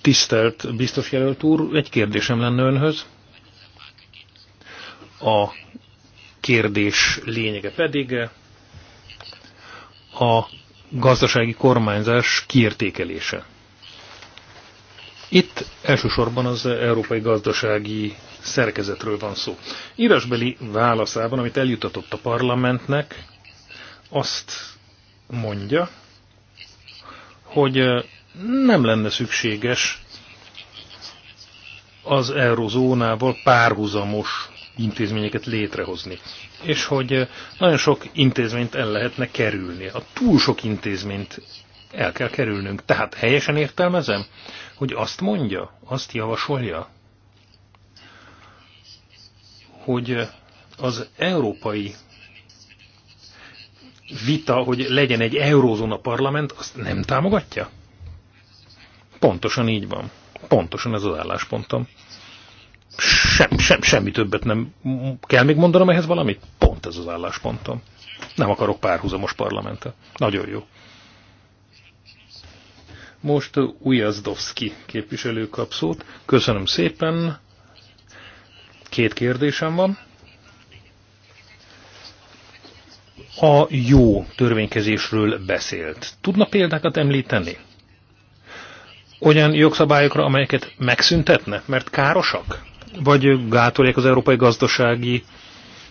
Tisztelt biztos jelölt úr, egy kérdésem lenne önhöz. A kérdés lényege pedig a gazdasági kormányzás kiértékelése. Itt elsősorban az európai gazdasági szerkezetről van szó. Írásbeli válaszában, amit eljutatott a parlamentnek, azt mondja, hogy nem lenne szükséges az eurozónával párhuzamos intézményeket létrehozni. És hogy nagyon sok intézményt el lehetne kerülni. A túl sok intézményt el kell kerülnünk. Tehát helyesen értelmezem, hogy azt mondja, azt javasolja, hogy az európai vita, hogy legyen egy eurózóna parlament, azt nem támogatja? Pontosan így van. Pontosan ez az álláspontom sem, semmi többet nem kell még mondanom ehhez valamit? Pont ez az álláspontom. Nem akarok párhuzamos parlamentet. Nagyon jó. Most Ujazdowski képviselő kap szót. Köszönöm szépen. Két kérdésem van. A jó törvénykezésről beszélt. Tudna példákat említeni? Olyan jogszabályokra, amelyeket megszüntetne, mert károsak? vagy gátolják az európai gazdasági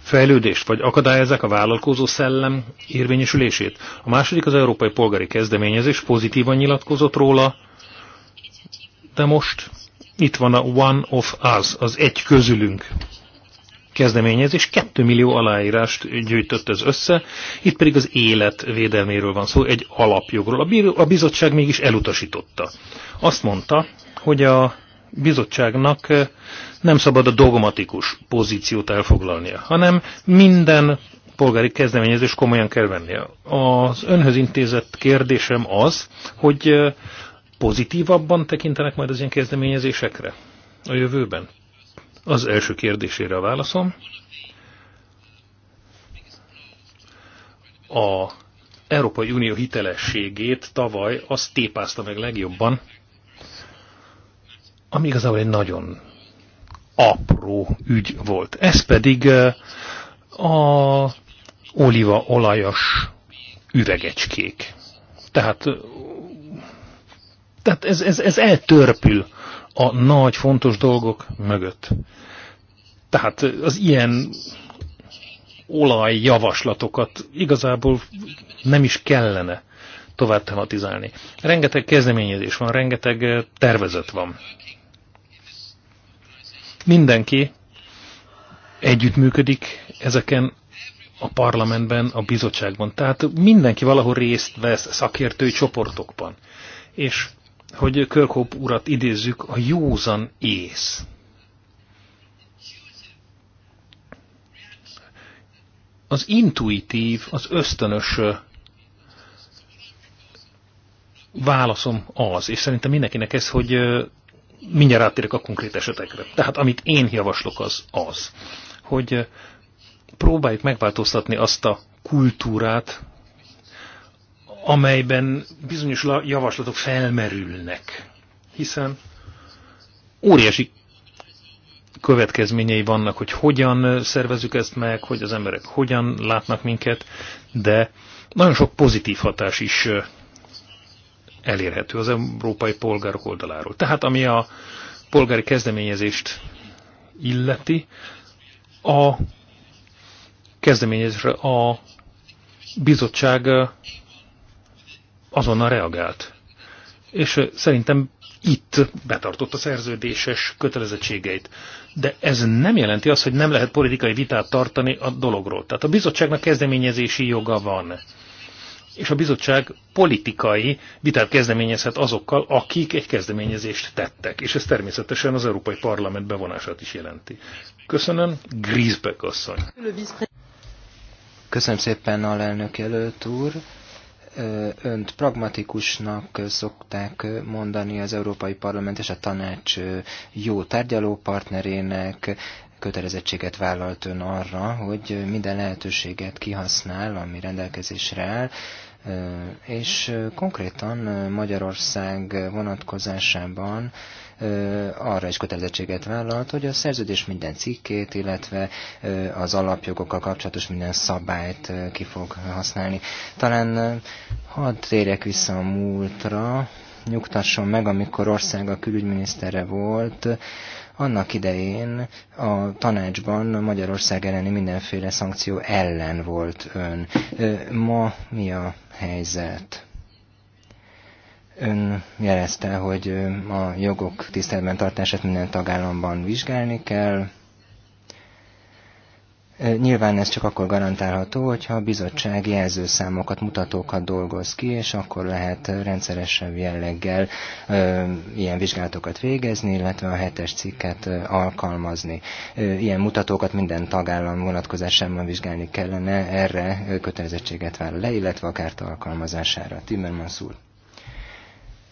fejlődést, vagy akadályozzák a vállalkozó szellem érvényesülését. A második az európai polgári kezdeményezés pozitívan nyilatkozott róla, de most itt van a One of Us, az egy közülünk kezdeményezés, 2 millió aláírást gyűjtött ez össze, itt pedig az élet védelméről van szó, egy alapjogról. A bizottság mégis elutasította. Azt mondta, hogy a bizottságnak nem szabad a dogmatikus pozíciót elfoglalnia, hanem minden polgári kezdeményezés komolyan kell vennie. Az önhöz intézett kérdésem az, hogy pozitívabban tekintenek majd az ilyen kezdeményezésekre a jövőben? Az első kérdésére a válaszom. A Európai Unió hitelességét tavaly azt tépázta meg legjobban, ami igazából egy nagyon apró ügy volt. Ez pedig a olívaolajas üvegecskék. Tehát, tehát ez, ez, ez eltörpül a nagy, fontos dolgok mögött. Tehát az ilyen olajjavaslatokat igazából nem is kellene tovább tematizálni. Rengeteg kezdeményezés van, rengeteg tervezet van. Mindenki együttműködik ezeken a parlamentben, a bizottságban. Tehát mindenki valahol részt vesz szakértői csoportokban. És hogy Körkóp urat idézzük, a józan ész. Az intuitív, az ösztönös válaszom az, és szerintem mindenkinek ez, hogy mindjárt áttérek a konkrét esetekre. Tehát amit én javaslok az az, hogy eh, próbáljuk megváltoztatni azt a kultúrát, amelyben bizonyos javaslatok felmerülnek. Hiszen óriási következményei vannak, hogy hogyan eh, szervezük ezt meg, hogy az emberek hogyan látnak minket, de nagyon sok pozitív hatás is eh, elérhető az európai polgárok oldaláról. Tehát ami a polgári kezdeményezést illeti, a kezdeményezésre a bizottság azonnal reagált. És szerintem itt betartott a szerződéses kötelezettségeit. De ez nem jelenti azt, hogy nem lehet politikai vitát tartani a dologról. Tehát a bizottságnak kezdeményezési joga van és a bizottság politikai vitát kezdeményezhet azokkal, akik egy kezdeményezést tettek, és ez természetesen az Európai Parlament bevonását is jelenti. Köszönöm, Grisbeck asszony. Köszönöm szépen, lelnök jelölt úr önt pragmatikusnak szokták mondani az Európai Parlament és a tanács jó tárgyalópartnerének, kötelezettséget vállalt ön arra, hogy minden lehetőséget kihasznál, ami rendelkezésre áll, és konkrétan Magyarország vonatkozásában arra is kötelezettséget vállalt, hogy a szerződés minden cikkét, illetve az alapjogokkal kapcsolatos minden szabályt ki fog használni. Talán hadd térjek vissza a múltra, nyugtasson meg, amikor ország a külügyminisztere volt, annak idején a tanácsban Magyarország elleni mindenféle szankció ellen volt ön. Ma mi a helyzet? Ön jelezte, hogy a jogok tiszteletben tartását minden tagállamban vizsgálni kell, E, nyilván ez csak akkor garantálható, hogyha a bizottság jelzőszámokat, mutatókat dolgoz ki, és akkor lehet rendszeresebb jelleggel ö, e, ilyen vizsgálatokat végezni, illetve a hetes cikket ö, e, alkalmazni. Ö, ilyen mutatókat minden tagállam vonatkozásában vizsgálni kellene, erre kötelezettséget vár le, illetve a kárta alkalmazására. Timmermans úr.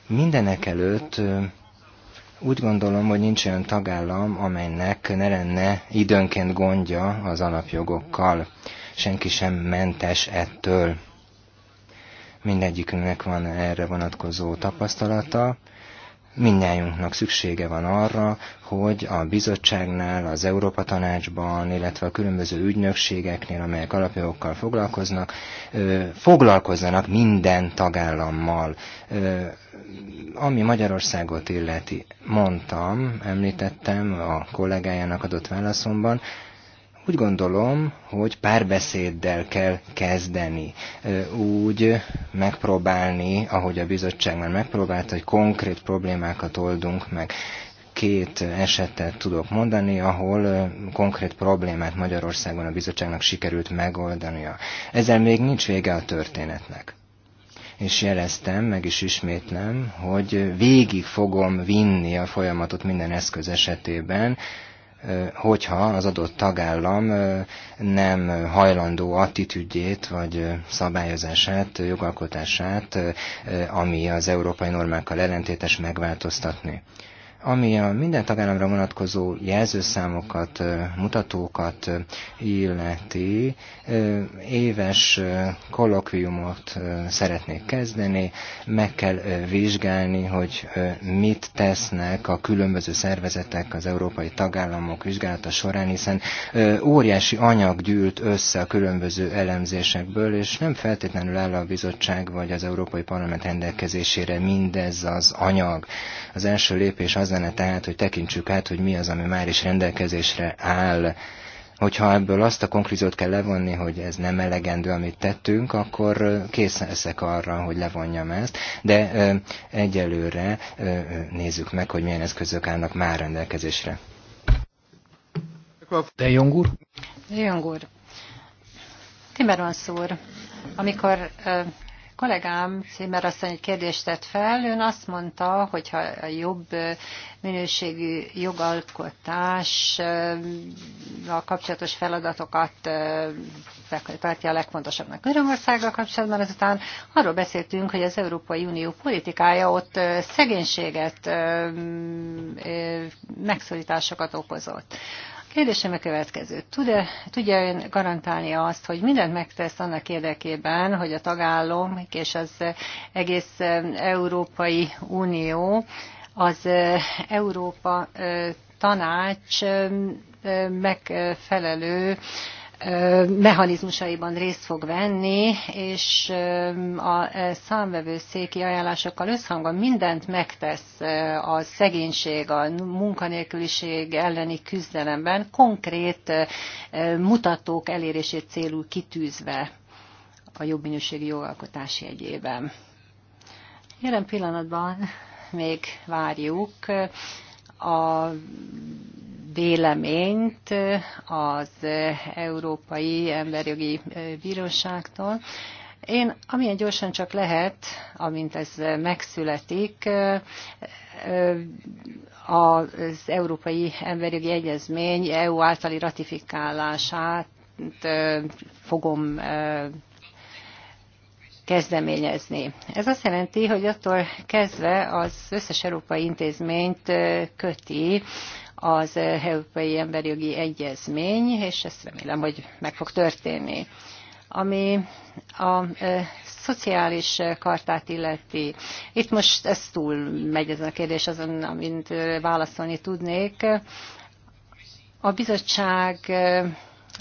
Mindenek előtt ö, úgy gondolom, hogy nincs olyan tagállam, amelynek ne lenne időnként gondja az alapjogokkal. Senki sem mentes ettől. Mindegyikünknek van erre vonatkozó tapasztalata, Mindnyájunknak szüksége van arra, hogy a bizottságnál, az Európa Tanácsban, illetve a különböző ügynökségeknél, amelyek alapjogokkal foglalkoznak, foglalkozzanak minden tagállammal. Ami Magyarországot illeti, mondtam, említettem a kollégájának adott válaszomban, úgy gondolom, hogy párbeszéddel kell kezdeni. Úgy megpróbálni, ahogy a bizottság már megpróbált, hogy konkrét problémákat oldunk meg két esetet tudok mondani, ahol konkrét problémát Magyarországon a bizottságnak sikerült megoldania. Ezzel még nincs vége a történetnek. És jeleztem, meg is ismétlem, hogy végig fogom vinni a folyamatot minden eszköz esetében, hogyha az adott tagállam nem hajlandó attitűdjét vagy szabályozását, jogalkotását, ami az európai normákkal ellentétes megváltoztatni. Ami a minden tagállamra vonatkozó jelzőszámokat, mutatókat illeti, éves kolokviumot szeretnék kezdeni, meg kell vizsgálni, hogy mit tesznek a különböző szervezetek az európai tagállamok vizsgálata során, hiszen óriási anyag gyűlt össze a különböző elemzésekből, és nem feltétlenül áll a bizottság vagy az Európai Parlament rendelkezésére mindez az anyag. Az első lépés az zene tehát, hogy tekintsük át, hogy mi az, ami már is rendelkezésre áll. Hogyha ebből azt a konklúziót kell levonni, hogy ez nem elegendő, amit tettünk, akkor kész leszek arra, hogy levonjam ezt, de egyelőre nézzük meg, hogy milyen eszközök állnak már rendelkezésre. De Jong úr? De Jong úr. Timmermans úr, amikor kollégám, Cémer asszony egy kérdést tett fel, ön azt mondta, hogyha a jobb minőségű jogalkotással kapcsolatos feladatokat tartja a legfontosabbnak Örömországgal kapcsolatban, ezután arról beszéltünk, hogy az Európai Unió politikája ott szegénységet, megszorításokat okozott. Kérdésem a következő. Tud-e, tudja ön garantálni azt, hogy mindent megtesz annak érdekében, hogy a tagállam és az egész Európai Unió az Európa tanács megfelelő mechanizmusaiban részt fog venni, és a számvevőszéki ajánlásokkal összhangban mindent megtesz a szegénység, a munkanélküliség elleni küzdelemben, konkrét mutatók elérését célul kitűzve a jobb minőségi jogalkotás jegyében. Jelen pillanatban még várjuk a véleményt az Európai Emberjogi Bíróságtól. Én amilyen gyorsan csak lehet, amint ez megszületik, az Európai Emberjogi Egyezmény EU általi ratifikálását fogom kezdeményezni. Ez azt jelenti, hogy attól kezdve az összes európai intézményt köti az Európai Emberi Jogi Egyezmény, és ezt remélem, hogy meg fog történni. Ami a e, szociális kartát illeti. Itt most ez túl megy ez a kérdés azon, amint válaszolni tudnék. A bizottság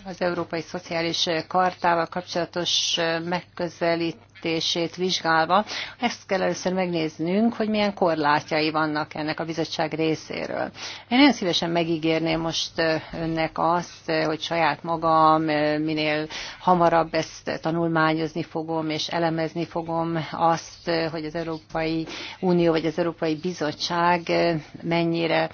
az Európai Szociális Kartával kapcsolatos megközelít működését vizsgálva, ezt kell először megnéznünk, hogy milyen korlátjai vannak ennek a bizottság részéről. Én nagyon szívesen megígérném most önnek azt, hogy saját magam minél hamarabb ezt tanulmányozni fogom, és elemezni fogom azt, hogy az Európai Unió vagy az Európai Bizottság mennyire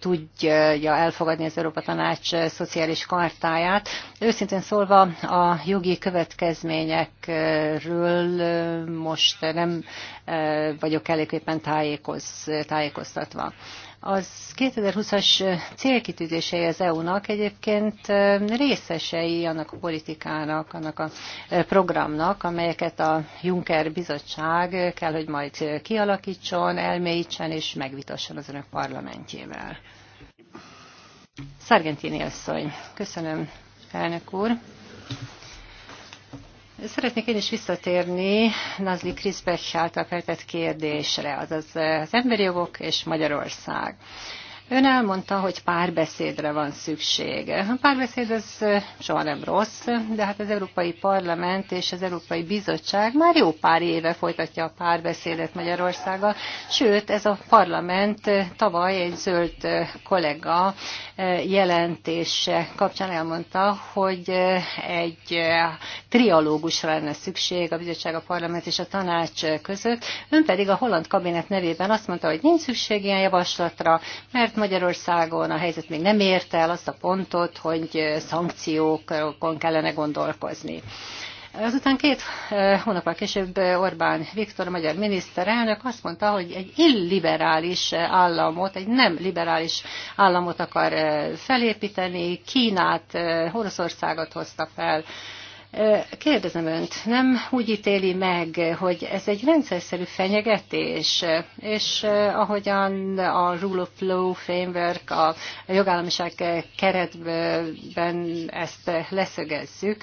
tudja elfogadni az Európa Tanács szociális kartáját. Őszintén szólva a jogi következményekről erről most nem vagyok elégképpen tájékoz, tájékoztatva. Az 2020-as célkitűzései az EU-nak egyébként részesei annak a politikának, annak a programnak, amelyeket a Juncker bizottság kell, hogy majd kialakítson, elmélyítsen és megvitasson az önök parlamentjével. Szargentini asszony, köszönöm, elnök úr. Szeretnék én is visszatérni Nazli Kriszbecs által feltett kérdésre, azaz az emberi jogok és Magyarország. Ön elmondta, hogy párbeszédre van szükség. A párbeszéd az soha nem rossz, de hát az Európai Parlament és az Európai Bizottság már jó pár éve folytatja a párbeszédet Magyarországgal, sőt, ez a parlament tavaly egy zöld kollega jelentése kapcsán elmondta, hogy egy trialógusra lenne szükség a bizottság, a parlament és a tanács között. Ön pedig a holland kabinet nevében azt mondta, hogy nincs szükség ilyen javaslatra, mert Magyarországon a helyzet még nem érte el azt a pontot, hogy szankciókon kellene gondolkozni. Azután két hónappal később Orbán Viktor, a magyar miniszterelnök azt mondta, hogy egy illiberális államot, egy nem liberális államot akar felépíteni, Kínát, Oroszországot hozta fel Kérdezem Önt, nem úgy ítéli meg, hogy ez egy rendszerszerű fenyegetés, és ahogyan a Rule of Law Framework, a jogállamiság keretben ezt leszögezzük,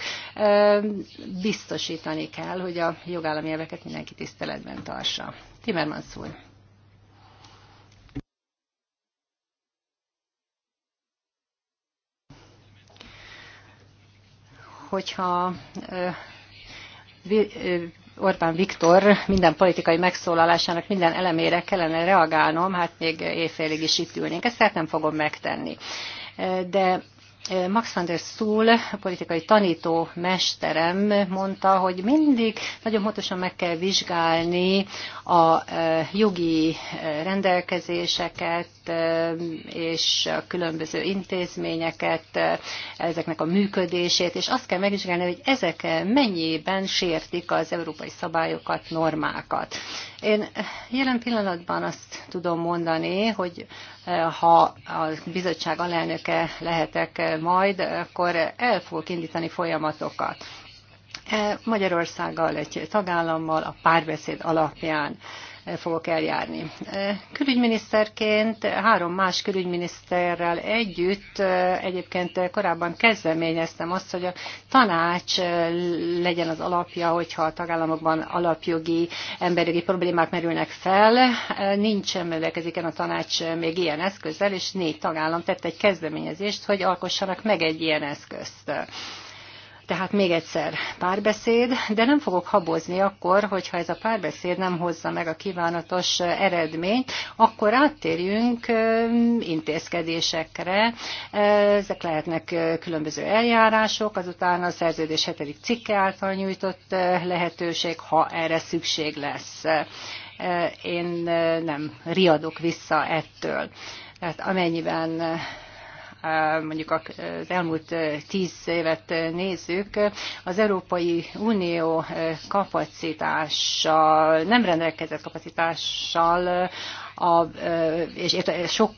biztosítani kell, hogy a jogállami elveket mindenki tiszteletben tartsa. Timmermans úr. hogyha Orbán Viktor minden politikai megszólalásának minden elemére kellene reagálnom, hát még éjfélig is itt ülnénk. Ezt hát nem fogom megtenni. De Max van der Stuhl, politikai tanító mesterem mondta, hogy mindig nagyon pontosan meg kell vizsgálni a e, jogi e, rendelkezéseket e, és a különböző intézményeket, ezeknek a működését, és azt kell megvizsgálni, hogy ezek mennyiben sértik az európai szabályokat, normákat. Én jelen pillanatban azt tudom mondani, hogy ha a bizottság alelnöke lehetek majd, akkor el fogok indítani folyamatokat. E, Magyarországgal, egy tagállammal a párbeszéd alapján fogok eljárni. Külügyminiszterként három más külügyminiszterrel együtt egyébként korábban kezdeményeztem azt, hogy a tanács legyen az alapja, hogyha a tagállamokban alapjogi, emberjogi problémák merülnek fel. Nincs rendelkezik a tanács még ilyen eszközzel, és négy tagállam tett egy kezdeményezést, hogy alkossanak meg egy ilyen eszközt. Tehát még egyszer párbeszéd, de nem fogok habozni akkor, hogyha ez a párbeszéd nem hozza meg a kívánatos eredményt, akkor áttérjünk intézkedésekre. Ezek lehetnek különböző eljárások, azután a szerződés hetedik cikke által nyújtott lehetőség, ha erre szükség lesz. Én nem riadok vissza ettől. Tehát amennyiben mondjuk az elmúlt tíz évet nézzük, az Európai Unió kapacitással, nem rendelkezett kapacitással, a, és sok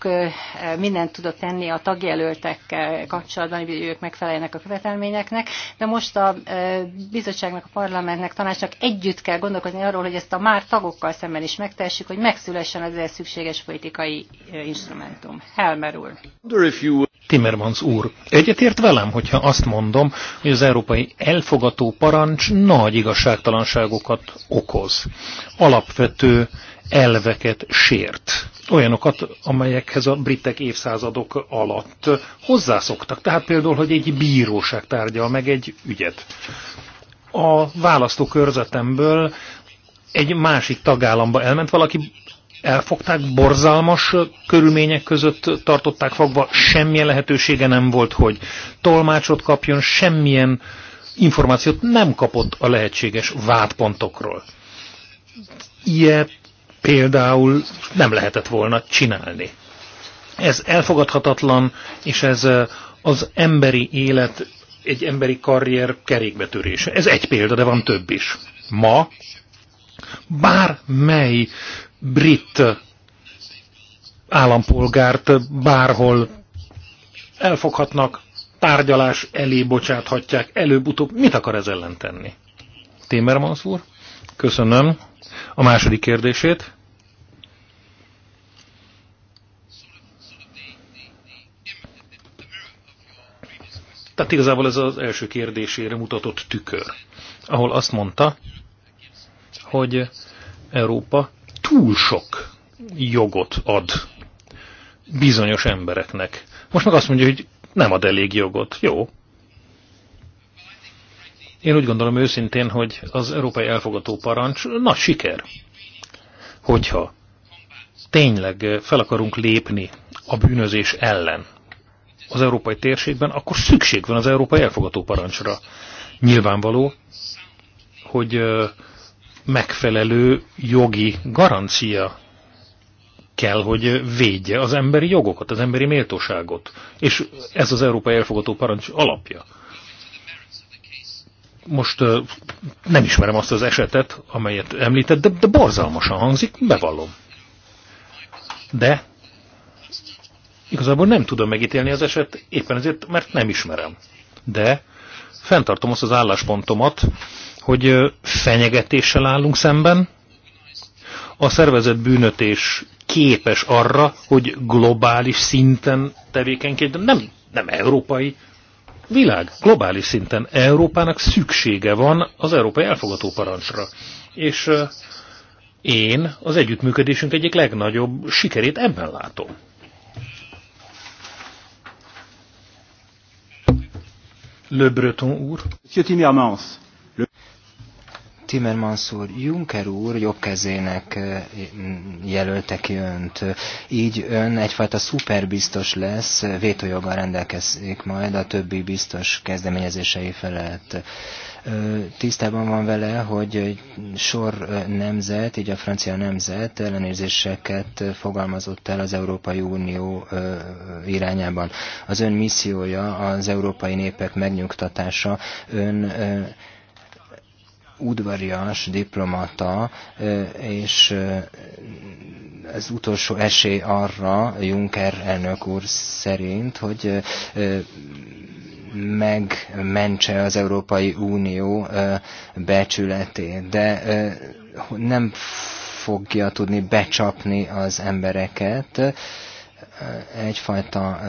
mindent tudott tenni a tagjelöltekkel kapcsolatban, hogy ők megfeleljenek a követelményeknek, de most a bizottságnak, a parlamentnek, tanácsnak együtt kell gondolkozni arról, hogy ezt a már tagokkal szemben is megtehessük, hogy megszülessen az ehhez szükséges politikai instrumentum. Helmer úr. Timmermans úr, egyetért velem, hogyha azt mondom, hogy az európai elfogató parancs nagy igazságtalanságokat okoz, alapvető elveket sért, olyanokat, amelyekhez a britek évszázadok alatt hozzászoktak. Tehát például, hogy egy bíróság tárgyal meg egy ügyet. A választókörzetemből egy másik tagállamba elment valaki, elfogták, borzalmas körülmények között tartották fogva, semmilyen lehetősége nem volt, hogy tolmácsot kapjon, semmilyen információt nem kapott a lehetséges vádpontokról. Ilyet például nem lehetett volna csinálni. Ez elfogadhatatlan, és ez az emberi élet, egy emberi karrier kerékbetörése. Ez egy példa, de van több is. Ma bármely brit állampolgárt bárhol elfoghatnak, tárgyalás elé bocsáthatják, előbb-utóbb. Mit akar ez ellen tenni? Timmermans úr, köszönöm a második kérdését. Tehát igazából ez az első kérdésére mutatott tükör, ahol azt mondta, hogy Európa túl sok jogot ad bizonyos embereknek. Most meg azt mondja, hogy nem ad elég jogot. Jó. Én úgy gondolom őszintén, hogy az európai elfogató parancs nagy siker. Hogyha tényleg fel akarunk lépni a bűnözés ellen az európai térségben, akkor szükség van az európai elfogató parancsra. Nyilvánvaló, hogy megfelelő jogi garancia kell, hogy védje az emberi jogokat, az emberi méltóságot. És ez az Európai Elfogató Parancs alapja. Most nem ismerem azt az esetet, amelyet említett, de, de borzalmasan hangzik, bevallom. De igazából nem tudom megítélni az eset, éppen ezért, mert nem ismerem. De fenntartom azt az álláspontomat, hogy fenyegetéssel állunk szemben, a szervezett bűnötés képes arra, hogy globális szinten tevékenykedjen, nem, nem európai, világ, globális szinten Európának szüksége van az európai elfogató parancsra. És én az együttműködésünk egyik legnagyobb sikerét ebben látom. Le Breton úr. Monsieur Timmermans. Timmermans úr, Juncker úr jobb kezének eh, jelölte ki önt. Így ön egyfajta szuperbiztos lesz, vétójoggal rendelkezik majd a többi biztos kezdeményezései felett tisztában van vele, hogy sor eh, nemzet, így a francia nemzet ellenérzéseket fogalmazott el az Európai Unió eh, irányában. Az ön missziója az európai népek megnyugtatása. Ön udvarias diplomata, és ez utolsó esély arra Juncker elnök úr szerint, hogy megmentse az Európai Unió becsületét, de nem fogja tudni becsapni az embereket, egyfajta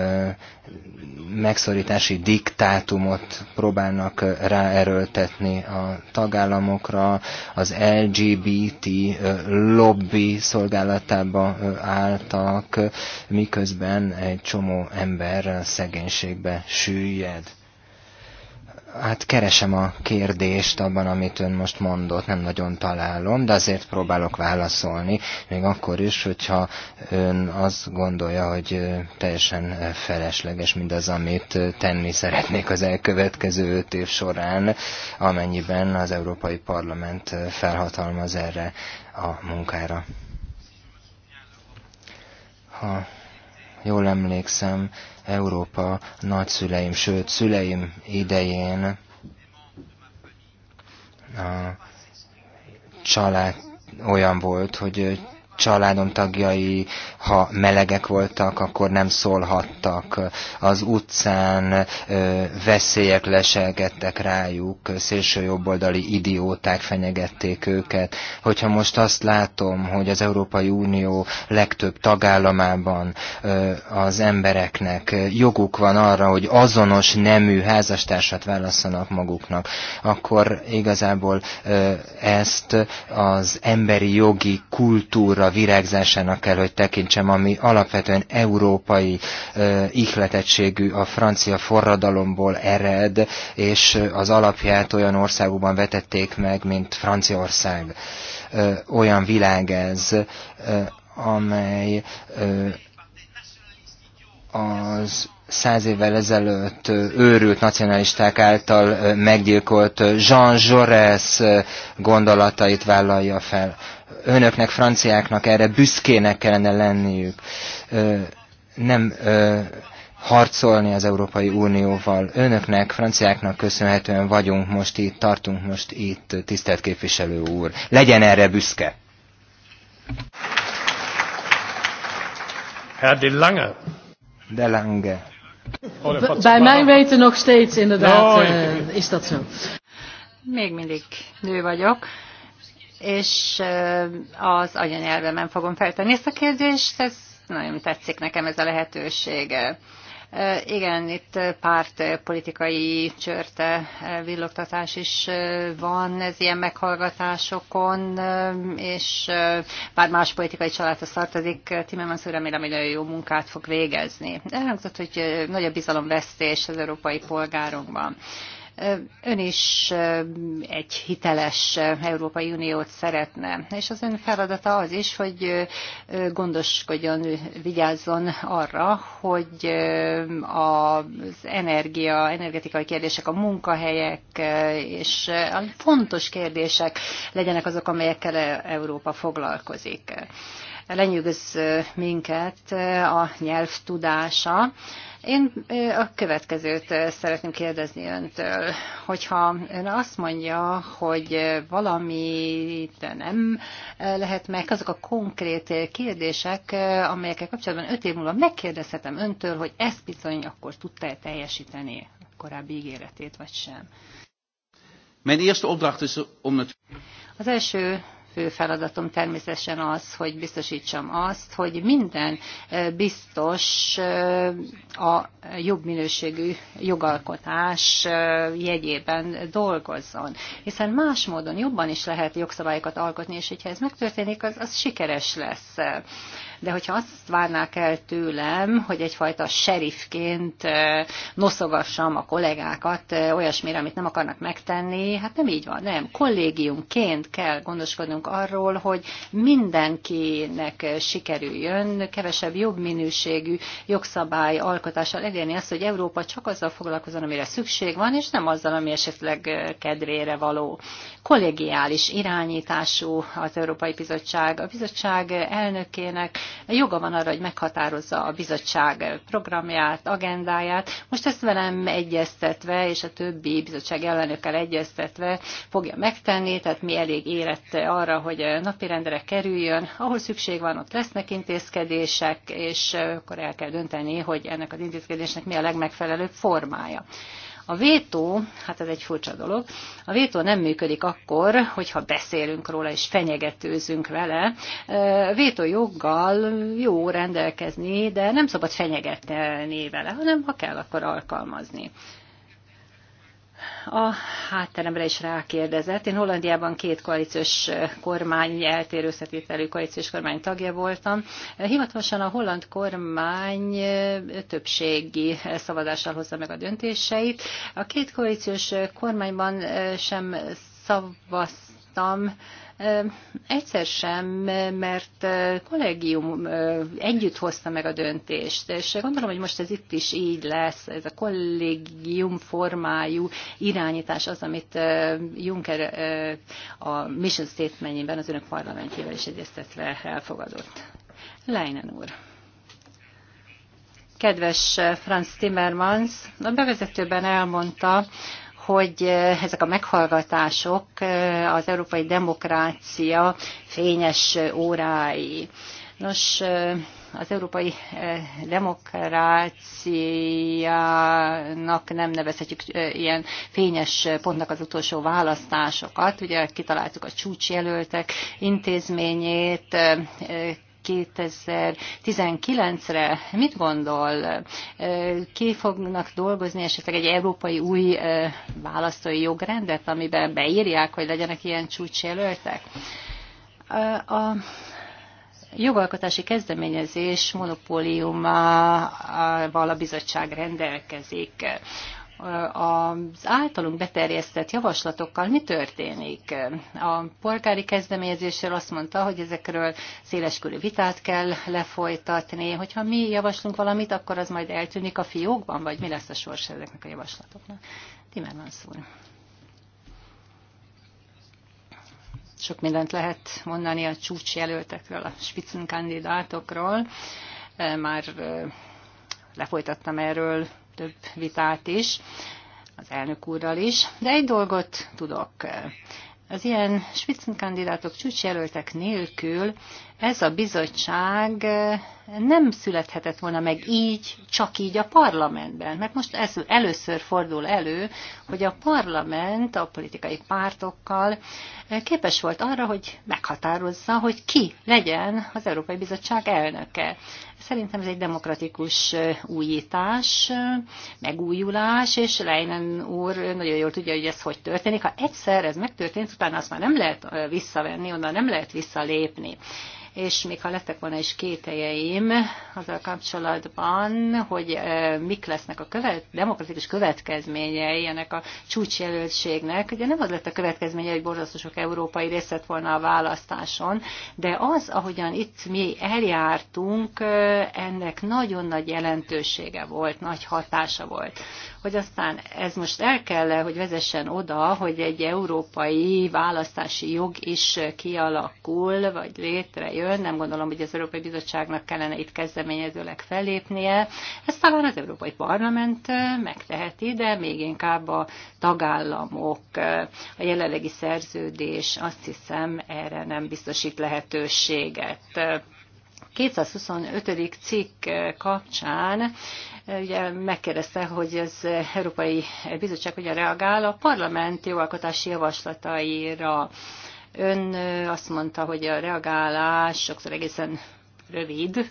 megszorítási diktátumot próbálnak ráerőltetni a tagállamokra, az LGBT lobby szolgálatába álltak, miközben egy csomó ember szegénységbe süllyed. Hát keresem a kérdést abban, amit ön most mondott, nem nagyon találom, de azért próbálok válaszolni, még akkor is, hogyha ön azt gondolja, hogy teljesen felesleges mindaz, amit tenni szeretnék az elkövetkező öt év során, amennyiben az Európai Parlament felhatalmaz erre a munkára. Ha jól emlékszem, Európa nagyszüleim, sőt szüleim idején a család olyan volt, hogy családom tagjai, ha melegek voltak, akkor nem szólhattak. Az utcán veszélyek leselgettek rájuk, szélső jobboldali idióták fenyegették őket. Hogyha most azt látom, hogy az Európai Unió legtöbb tagállamában az embereknek joguk van arra, hogy azonos nemű házastársat válasszanak maguknak, akkor igazából ezt az emberi jogi kultúra a virágzásának kell, hogy tekintsem, ami alapvetően európai eh, ihletettségű, a francia forradalomból ered, és az alapját olyan országokban vetették meg, mint Franciaország. olyan világ ez, eh, amely az száz évvel ezelőtt őrült nacionalisták által meggyilkolt Jean Jaurès gondolatait vállalja fel önöknek, franciáknak erre büszkének kellene lenniük. Nem harcolni az Európai Unióval. Önöknek, franciáknak köszönhetően vagyunk most itt, tartunk most itt, tisztelt képviselő úr. Legyen erre büszke! Herr De Lange. De Lange. Oh, Bij mijn weten nog steeds inderdaad no, uh, eh, is dat zo. Még mindig nő vagyok és az anyanyelvemen fogom feltenni ezt a kérdést, ez nagyon tetszik nekem ez a lehetőség. Igen, itt pártpolitikai csörte villogtatás is van ez ilyen meghallgatásokon, és bár más politikai családhoz tartozik, Timmermans úr remélem, hogy nagyon jó munkát fog végezni. Elhangzott, hogy nagyobb bizalomvesztés az európai polgárokban. Ön is egy hiteles Európai Uniót szeretne, és az ön feladata az is, hogy gondoskodjon, vigyázzon arra, hogy az energia, energetikai kérdések, a munkahelyek és a fontos kérdések legyenek azok, amelyekkel Európa foglalkozik lenyűgöz minket a nyelvtudása. Én a következőt szeretném kérdezni öntől, hogyha ön azt mondja, hogy valami nem lehet meg, azok a konkrét kérdések, amelyekkel kapcsolatban öt év múlva megkérdezhetem öntől, hogy ezt bizony akkor tudta-e teljesíteni a korábbi ígéretét, vagy sem. Mijn eerste opdracht is om Az első fő feladatom természetesen az, hogy biztosítsam azt, hogy minden biztos a jobb minőségű jogalkotás jegyében dolgozzon. Hiszen más módon jobban is lehet jogszabályokat alkotni, és hogyha ez megtörténik, az, az sikeres lesz de hogyha azt várnák el tőlem, hogy egyfajta serifként noszogassam a kollégákat olyasmire, amit nem akarnak megtenni, hát nem így van, nem. Kollégiumként kell gondoskodnunk arról, hogy mindenkinek sikerüljön kevesebb, jobb minőségű jogszabály alkotással elérni azt, hogy Európa csak azzal foglalkozon, amire szükség van, és nem azzal, ami esetleg kedvére való. Kollégiális irányítású az Európai Bizottság. A bizottság elnökének joga van arra, hogy meghatározza a bizottság programját, agendáját. Most ezt velem egyeztetve, és a többi bizottság ellenőkkel egyeztetve fogja megtenni, tehát mi elég érett arra, hogy napirendre kerüljön. Ahol szükség van, ott lesznek intézkedések, és akkor el kell dönteni, hogy ennek az intézkedésnek mi a legmegfelelőbb formája. A vétó, hát ez egy furcsa dolog, a vétó nem működik akkor, hogyha beszélünk róla és fenyegetőzünk vele. Vétó joggal jó rendelkezni, de nem szabad fenyegetni vele, hanem ha kell, akkor alkalmazni a hátteremre is rákérdezett. Én Hollandiában két koalíciós kormány, eltérő összetételű koalíciós kormány tagja voltam. Hivatalosan a holland kormány többségi szavazással hozza meg a döntéseit. A két koalíciós kormányban sem szavaztam, Egyszer sem, mert kollégium együtt hozta meg a döntést, és gondolom, hogy most ez itt is így lesz, ez a kollégium formájú irányítás az, amit Juncker a mission statementjében az önök parlamentjével is egyeztetve elfogadott. Leinen úr. Kedves Franz Timmermans, a bevezetőben elmondta, hogy eh, ezek a meghallgatások eh, az európai demokrácia fényes órái. Nos, eh, az európai demokráciának nem nevezhetjük ilyen fényes pontnak az utolsó választásokat. Ugye kitaláltuk a csúcsjelöltek intézményét, 2019-re mit gondol? Ki fognak dolgozni esetleg egy európai új választói jogrendet, amiben beírják, hogy legyenek ilyen csúcsjelöltek? A jogalkotási kezdeményezés monopóliumával a bizottság rendelkezik az általunk beterjesztett javaslatokkal mi történik? A polgári kezdeményezéssel azt mondta, hogy ezekről széleskörű vitát kell lefolytatni. Hogyha mi javaslunk valamit, akkor az majd eltűnik a fiókban, vagy mi lesz a sors ezeknek a javaslatoknak? Timmermans úr. Sok mindent lehet mondani a csúcsjelöltekről, a spitzenkandidátokról. Már lefolytattam erről több vitát is, az elnök úrral is, de egy dolgot tudok. Az ilyen spitzenkandidátok csúcsjelöltek nélkül ez a bizottság nem születhetett volna meg így, csak így a parlamentben. Mert most ez először fordul elő, hogy a parlament a politikai pártokkal képes volt arra, hogy meghatározza, hogy ki legyen az Európai Bizottság elnöke. Szerintem ez egy demokratikus újítás, megújulás, és Leinen úr nagyon jól tudja, hogy ez hogy történik. Ha egyszer ez megtörtént, utána azt már nem lehet visszavenni, onnan nem lehet visszalépni és még ha lettek volna is kételjeim azzal kapcsolatban, hogy mik lesznek a követ, demokratikus következményei ennek a csúcsjelöltségnek. Ugye nem az lett a következménye, hogy borzasztó sok európai részt vett volna a választáson, de az, ahogyan itt mi eljártunk, ennek nagyon nagy jelentősége volt, nagy hatása volt hogy aztán ez most el kell, hogy vezessen oda, hogy egy európai választási jog is kialakul, vagy létrejön. Nem gondolom, hogy az Európai Bizottságnak kellene itt kezdeményezőleg fellépnie. Ezt talán az Európai Parlament megteheti, de még inkább a tagállamok, a jelenlegi szerződés azt hiszem erre nem biztosít lehetőséget. 225. cikk kapcsán ugye megkérdezte, hogy az Európai Bizottság hogyan reagál a parlament jogalkotási javaslataira. Ön azt mondta, hogy a reagálás sokszor egészen rövid,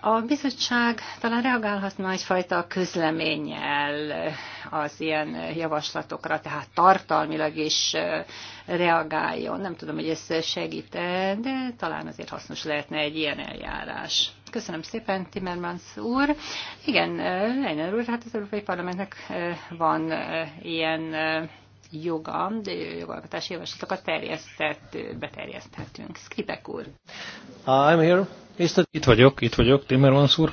a bizottság talán reagálhatna egyfajta közleménnyel az ilyen javaslatokra, tehát tartalmilag is reagáljon. Nem tudom, hogy ez segít -e, de talán azért hasznos lehetne egy ilyen eljárás. Köszönöm szépen, Timmermans úr. Igen, Leiner úr, hát az Európai Parlamentnek van ilyen joga, de jogalkotási javaslatokat terjesztett, beterjeszthetünk. Skripek úr. Uh, I'm here. Itt vagyok, itt vagyok, Timmermans úr.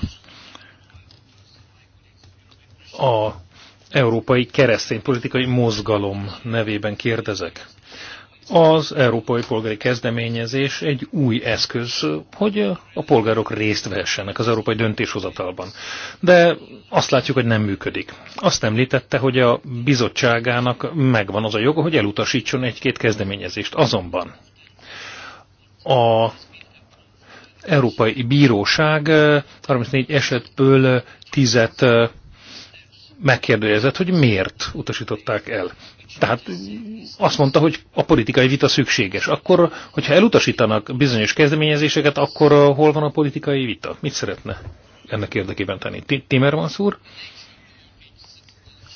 A Európai Keresztény Politikai Mozgalom nevében kérdezek. Az Európai Polgári Kezdeményezés egy új eszköz, hogy a polgárok részt vehessenek az európai döntéshozatalban. De azt látjuk, hogy nem működik. Azt említette, hogy a bizottságának megvan az a joga, hogy elutasítson egy-két kezdeményezést. Azonban a Európai Bíróság 34 esetből 10-et hogy miért utasították el. Tehát azt mondta, hogy a politikai vita szükséges. Akkor, hogyha elutasítanak bizonyos kezdeményezéseket, akkor hol van a politikai vita? Mit szeretne ennek érdekében tenni? Timmermans úr?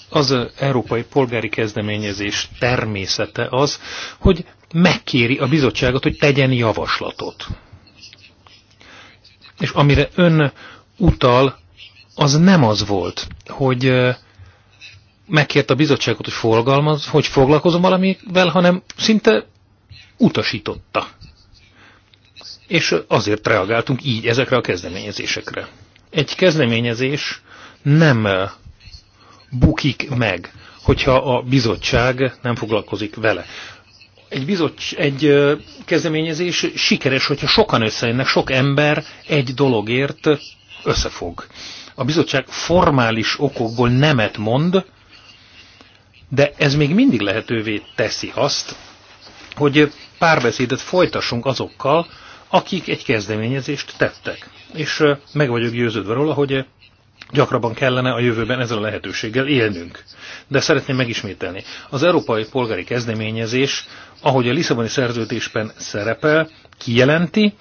Az európai polgári kezdeményezés természete az, hogy megkéri a bizottságot, hogy tegyen javaslatot. És amire ön utal, az nem az volt, hogy megkért a bizottságot, hogy hogy foglalkozom valamivel, hanem szinte utasította. És azért reagáltunk így ezekre a kezdeményezésekre. Egy kezdeményezés nem bukik meg, hogyha a bizottság nem foglalkozik vele egy, bizottság, egy kezdeményezés sikeres, hogyha sokan összejönnek, sok ember egy dologért összefog. A bizottság formális okokból nemet mond, de ez még mindig lehetővé teszi azt, hogy párbeszédet folytassunk azokkal, akik egy kezdeményezést tettek. És meg vagyok győződve róla, hogy Gyakrabban kellene a jövőben ezzel a lehetőséggel élnünk. De szeretném megismételni. Az Európai Polgári Kezdeményezés, ahogy a Lisszaboni szerződésben szerepel, kijelenti,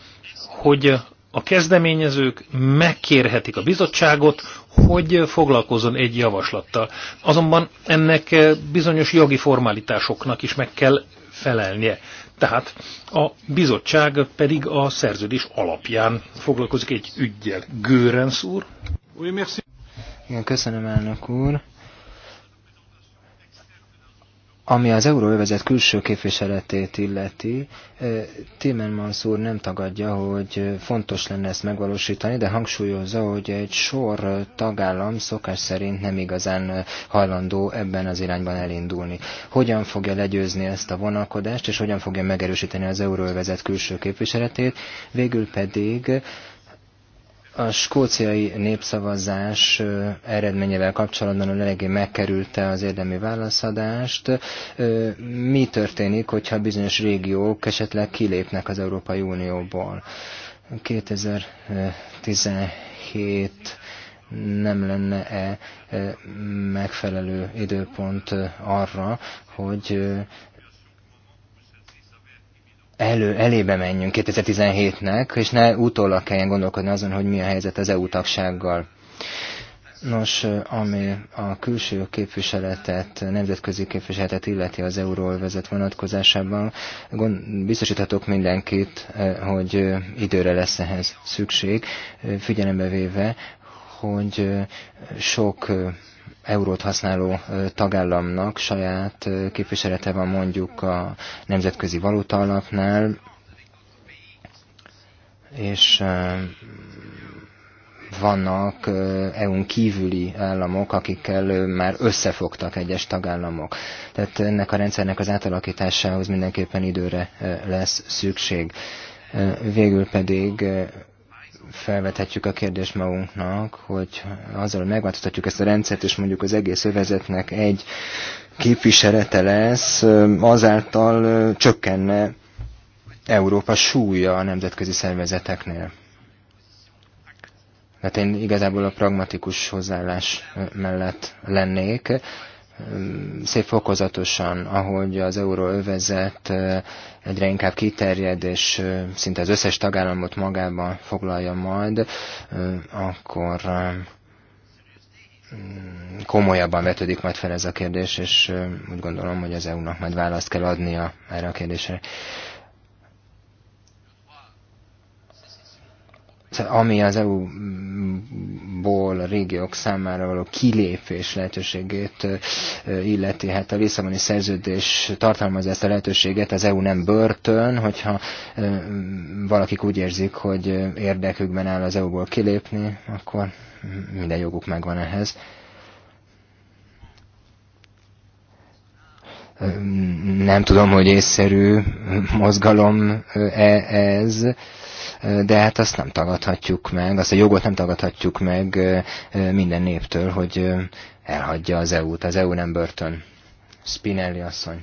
hogy a kezdeményezők megkérhetik a bizottságot, hogy foglalkozzon egy javaslattal. Azonban ennek bizonyos jogi formalitásoknak is meg kell felelnie. Tehát a bizottság pedig a szerződés alapján foglalkozik egy ügyjel. Görens úr. Igen, köszönöm elnök úr. Ami az euróövezet külső képviseletét illeti, eh, Timmermans úr nem tagadja, hogy fontos lenne ezt megvalósítani, de hangsúlyozza, hogy egy sor tagállam szokás szerint nem igazán hajlandó ebben az irányban elindulni. Hogyan fogja legyőzni ezt a vonalkodást, és hogyan fogja megerősíteni az euróövezet külső képviseletét, végül pedig a skóciai népszavazás eredményevel kapcsolatban a eléggé megkerülte az érdemi válaszadást. Mi történik, hogyha bizonyos régiók esetleg kilépnek az Európai Unióból? 2017 nem lenne-e megfelelő időpont arra, hogy elő, elébe menjünk 2017-nek, és ne utólag kelljen gondolkodni azon, hogy mi a helyzet az EU tagsággal. Nos, ami a külső képviseletet, nemzetközi képviseletet illeti az euróval vezet vonatkozásában, biztosíthatok mindenkit, eh, hogy eh, időre lesz ehhez szükség, eh, figyelembe véve, hogy sok eurót használó tagállamnak saját képviselete van mondjuk a Nemzetközi Valuta Alapnál, és vannak EU-n kívüli államok, akikkel már összefogtak egyes tagállamok. Tehát ennek a rendszernek az átalakításához mindenképpen időre lesz szükség. Végül pedig felvethetjük a kérdést magunknak, hogy azzal, hogy megváltoztatjuk ezt a rendszert, és mondjuk az egész övezetnek egy képviselete lesz, azáltal csökkenne Európa súlya a nemzetközi szervezeteknél. Tehát én igazából a pragmatikus hozzáállás mellett lennék szép fokozatosan, ahogy az euróövezet egyre inkább kiterjed, és szinte az összes tagállamot magában foglalja majd, akkor mm, komolyabban vetődik majd fel ez a kérdés, és úgy gondolom, hogy az EU-nak majd választ kell adnia erre a kérdésre. ami az EU-ból a régiók számára való kilépés lehetőségét illeti. Hát a Lisszaboni szerződés tartalmazza ezt a lehetőséget, az EU nem börtön, hogyha valakik úgy érzik, hogy érdekükben áll az EU-ból kilépni, akkor minden joguk megvan ehhez. Nem tudom, hogy észszerű mozgalom -e ez, de hát azt nem tagadhatjuk meg, azt a jogot nem tagadhatjuk meg minden néptől, hogy elhagyja az EU-t. Az EU nem börtön. Spinelli asszony.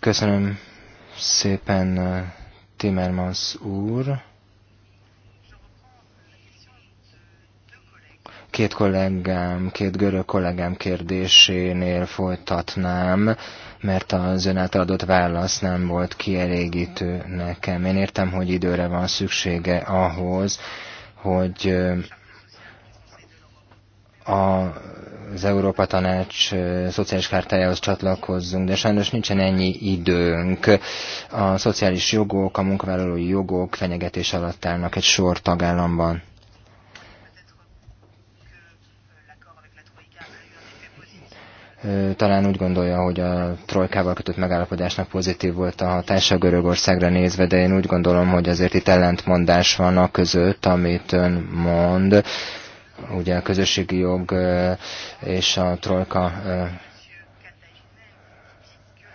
Köszönöm szépen Timmermans úr. Két kollégám, két görög kollégám kérdésénél folytatnám, mert az ön által adott válasz nem volt kielégítő nekem. Én értem, hogy időre van szüksége ahhoz, hogy a az Európa Tanács szociális kártájához csatlakozzunk, de sajnos nincsen ennyi időnk. A szociális jogok, a munkavállalói jogok fenyegetés alatt állnak egy sor tagállamban. talán úgy gondolja, hogy a trojkával kötött megállapodásnak pozitív volt a hatása Görögországra nézve, de én úgy gondolom, hogy azért itt ellentmondás van a között, amit ön mond. Ugye a közösségi jog és a trojka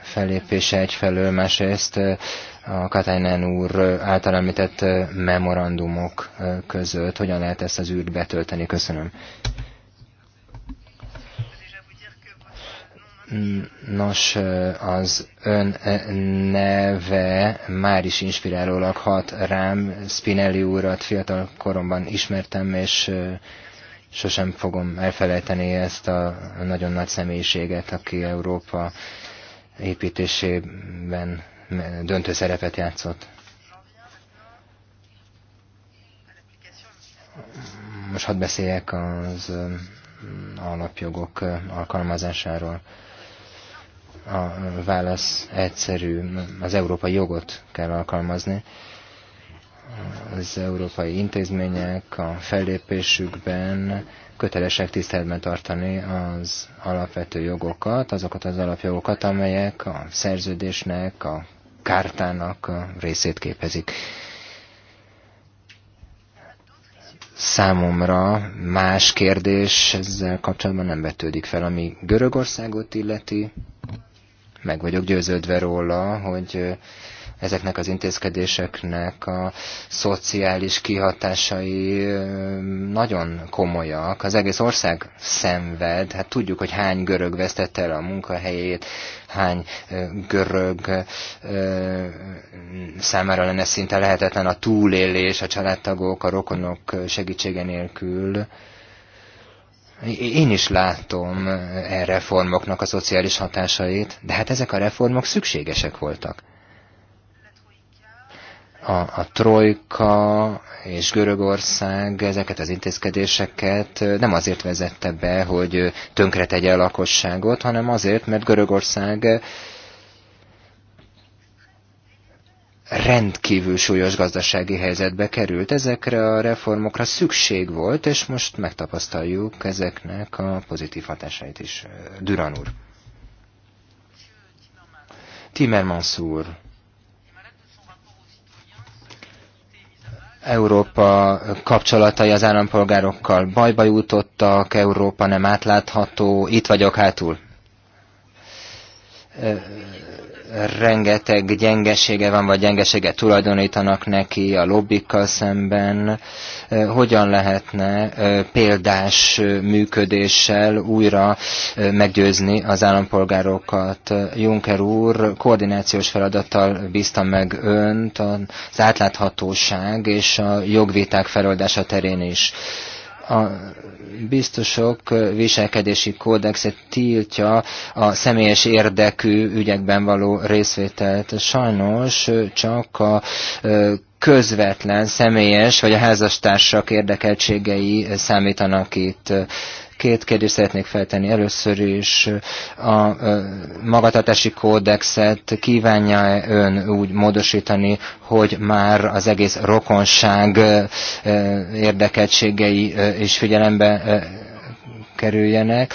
fellépése egyfelől, másrészt a Katainen úr által említett memorandumok között. Hogyan lehet ezt az űrt betölteni? Köszönöm. Nos, az ön neve már is inspirálólag hat rám. Spinelli úrat fiatal koromban ismertem, és sosem fogom elfelejteni ezt a nagyon nagy személyiséget, aki Európa építésében döntő szerepet játszott. Most hadd beszéljek az alapjogok alkalmazásáról. A válasz egyszerű, az európai jogot kell alkalmazni. Az európai intézmények a fellépésükben kötelesek tiszteletben tartani az alapvető jogokat, azokat az alapjogokat, amelyek a szerződésnek, a kártának a részét képezik. Számomra más kérdés ezzel kapcsolatban nem vetődik fel, ami Görögországot illeti meg vagyok győződve róla, hogy ezeknek az intézkedéseknek a szociális kihatásai nagyon komolyak. Az egész ország szenved, hát tudjuk, hogy hány görög vesztette el a munkahelyét, hány görög számára lenne szinte lehetetlen a túlélés, a családtagok, a rokonok segítsége nélkül. Én is látom e reformoknak a szociális hatásait, de hát ezek a reformok szükségesek voltak. A, a Trojka és Görögország ezeket az intézkedéseket nem azért vezette be, hogy tönkretegye a lakosságot, hanem azért, mert Görögország rendkívül súlyos gazdasági helyzetbe került. Ezekre a reformokra szükség volt, és most megtapasztaljuk ezeknek a pozitív hatásait is. Duran úr. Timmermans úr. Európa kapcsolatai az állampolgárokkal bajba jutottak, Európa nem átlátható, itt vagyok hátul rengeteg gyengesége van, vagy gyengeséget tulajdonítanak neki a lobbikkal szemben. Hogyan lehetne példás működéssel újra meggyőzni az állampolgárokat? Juncker úr, koordinációs feladattal bízta meg önt az átláthatóság és a jogviták feloldása terén is a biztosok viselkedési kódexet tiltja a személyes érdekű ügyekben való részvételt. Sajnos csak a közvetlen, személyes vagy a házastársak érdekeltségei számítanak itt. Két kérdést szeretnék feltenni. Először is a magatartási kódexet kívánja -e ön úgy módosítani, hogy már az egész rokonság érdekeltségei is figyelembe kerüljenek,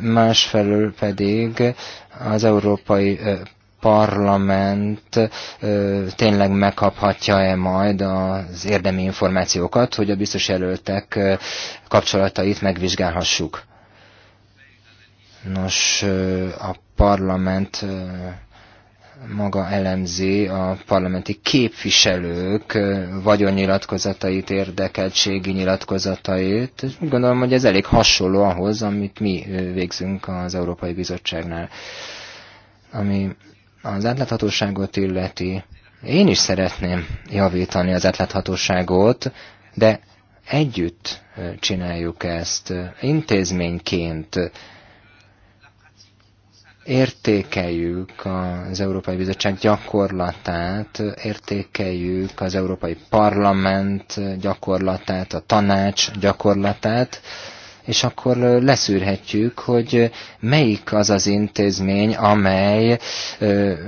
másfelől pedig az Európai parlament tényleg megkaphatja-e majd az érdemi információkat, hogy a biztos jelöltek kapcsolatait megvizsgálhassuk. Nos, a parlament maga elemzi a parlamenti képviselők vagyonnyilatkozatait, érdekeltségi nyilatkozatait, gondolom, hogy ez elég hasonló ahhoz, amit mi végzünk az Európai Bizottságnál. Ami az átláthatóságot illeti, én is szeretném javítani az átláthatóságot, de együtt csináljuk ezt, intézményként értékeljük az Európai Bizottság gyakorlatát, értékeljük az Európai Parlament gyakorlatát, a tanács gyakorlatát, és akkor leszűrhetjük, hogy melyik az az intézmény, amely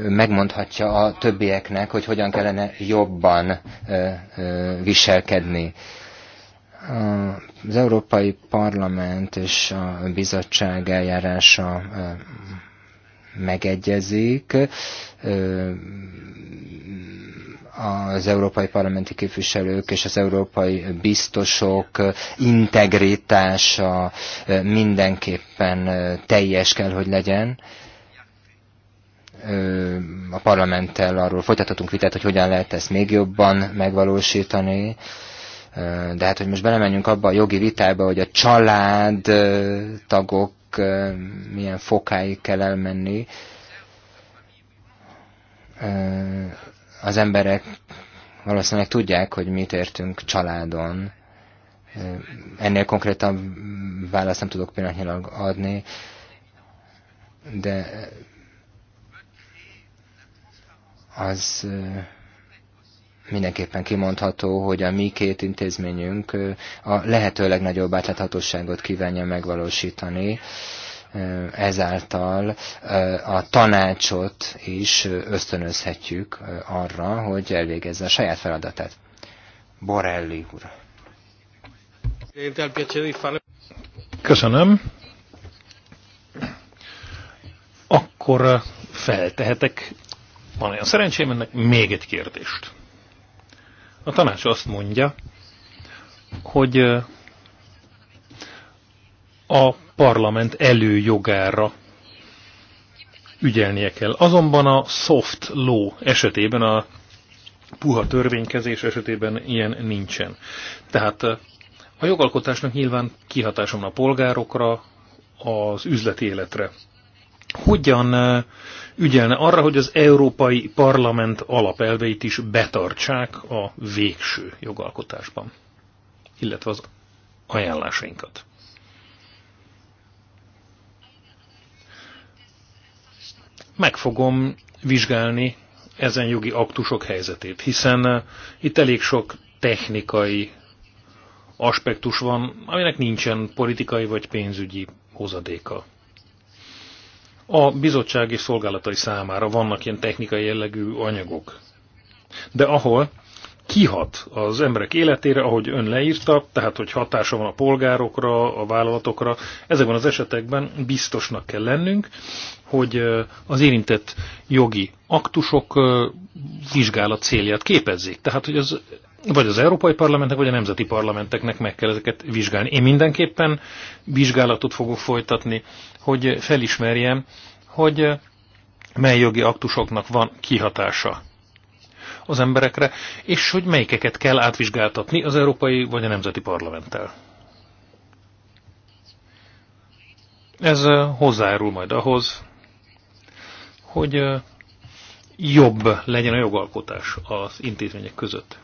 megmondhatja a többieknek, hogy hogyan kellene jobban viselkedni az Európai Parlament és a bizottság eljárása megegyezik az európai parlamenti képviselők és az európai biztosok integritása mindenképpen teljes kell, hogy legyen. A parlamenttel arról folytathatunk vitát, hogy hogyan lehet ezt még jobban megvalósítani. De hát, hogy most belemenjünk abba a jogi vitába, hogy a családtagok milyen fokáig kell elmenni az emberek valószínűleg tudják, hogy mit értünk családon. Ennél konkrétan választ nem tudok pillanatnyilag adni, de az mindenképpen kimondható, hogy a mi két intézményünk a lehető legnagyobb átláthatóságot kívánja megvalósítani, ezáltal a tanácsot is ösztönözhetjük arra, hogy elvégezze a saját feladatát. Borelli úr. Köszönöm. Akkor feltehetek, van olyan szerencsém ennek, még egy kérdést. A tanács azt mondja, hogy a parlament előjogára ügyelnie kell. Azonban a soft law esetében, a puha törvénykezés esetében ilyen nincsen. Tehát a jogalkotásnak nyilván kihatásom a polgárokra, az üzleti életre hogyan ügyelne arra, hogy az Európai Parlament alapelveit is betartsák a végső jogalkotásban, illetve az ajánlásainkat. Meg fogom vizsgálni ezen jogi aktusok helyzetét, hiszen itt elég sok technikai aspektus van, aminek nincsen politikai vagy pénzügyi hozadéka a bizottság és szolgálatai számára vannak ilyen technikai jellegű anyagok. De ahol kihat az emberek életére, ahogy ön leírta, tehát hogy hatása van a polgárokra, a vállalatokra, ezekben az esetekben biztosnak kell lennünk, hogy az érintett jogi aktusok vizsgálat célját képezzék. Tehát, hogy az vagy az Európai Parlamentnek, vagy a nemzeti parlamenteknek meg kell ezeket vizsgálni. Én mindenképpen vizsgálatot fogok folytatni, hogy felismerjem, hogy mely jogi aktusoknak van kihatása az emberekre, és hogy melyikeket kell átvizsgáltatni az Európai vagy a Nemzeti Parlamenttel. Ez hozzájárul majd ahhoz, hogy jobb legyen a jogalkotás az intézmények között.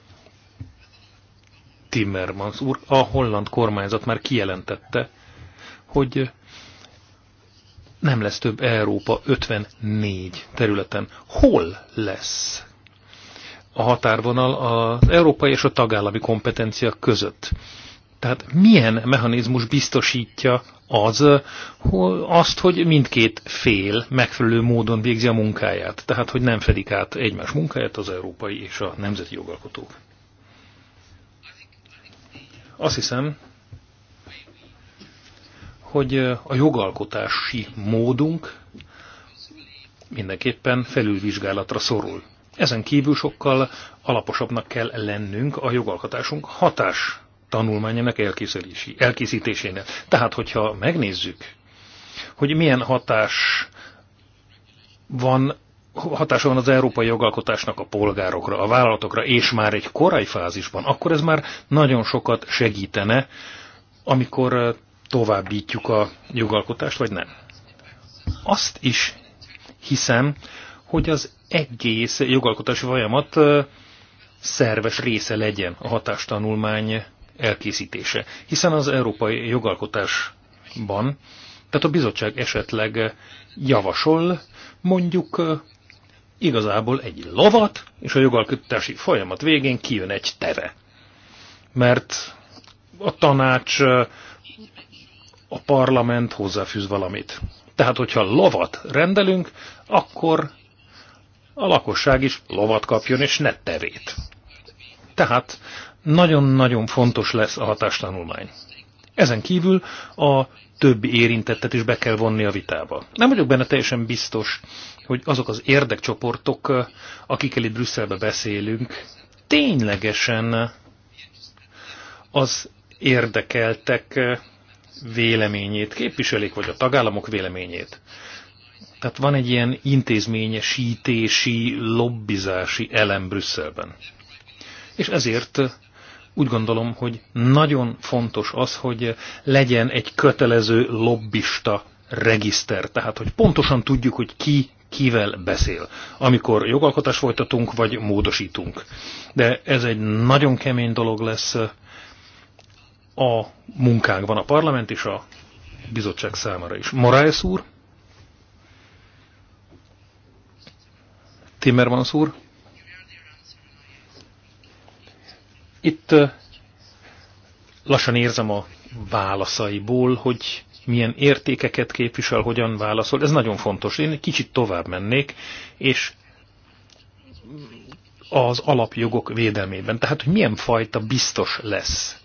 Timmermans úr, a holland kormányzat már kijelentette, hogy nem lesz több Európa 54 területen. Hol lesz a határvonal az európai és a tagállami kompetencia között? Tehát milyen mechanizmus biztosítja az, hogy azt, hogy mindkét fél megfelelő módon végzi a munkáját? Tehát, hogy nem fedik át egymás munkáját az európai és a nemzeti jogalkotók. Azt hiszem, hogy a jogalkotási módunk mindenképpen felülvizsgálatra szorul. Ezen kívül sokkal alaposabbnak kell lennünk a jogalkotásunk hatás tanulmányának elkészítésénél. Tehát, hogyha megnézzük, hogy milyen hatás van hatása van az európai jogalkotásnak a polgárokra, a vállalatokra, és már egy korai fázisban, akkor ez már nagyon sokat segítene, amikor továbbítjuk a jogalkotást, vagy nem. Azt is hiszem, hogy az egész jogalkotási folyamat szerves része legyen a hatástanulmány elkészítése. Hiszen az európai jogalkotásban, tehát a bizottság esetleg javasol mondjuk igazából egy lovat, és a jogalkotási folyamat végén kijön egy teve. Mert a tanács, a parlament hozzáfűz valamit. Tehát, hogyha lovat rendelünk, akkor a lakosság is lovat kapjon, és ne tevét. Tehát nagyon-nagyon fontos lesz a hatástanulmány. Ezen kívül a többi érintettet is be kell vonni a vitába. Nem vagyok benne teljesen biztos, hogy azok az érdekcsoportok, akikkel itt Brüsszelbe beszélünk, ténylegesen az érdekeltek véleményét képviselik, vagy a tagállamok véleményét. Tehát van egy ilyen intézményesítési, lobbizási elem Brüsszelben. És ezért úgy gondolom, hogy nagyon fontos az, hogy legyen egy kötelező lobbista regiszter. Tehát, hogy pontosan tudjuk, hogy ki kivel beszél, amikor jogalkotás folytatunk, vagy módosítunk. De ez egy nagyon kemény dolog lesz a munkánkban, a parlament és a bizottság számára is. Morales úr? Timmermans úr? Itt lassan érzem a válaszaiból, hogy milyen értékeket képvisel, hogyan válaszol. Ez nagyon fontos. Én egy kicsit tovább mennék, és az alapjogok védelmében. Tehát, hogy milyen fajta biztos lesz.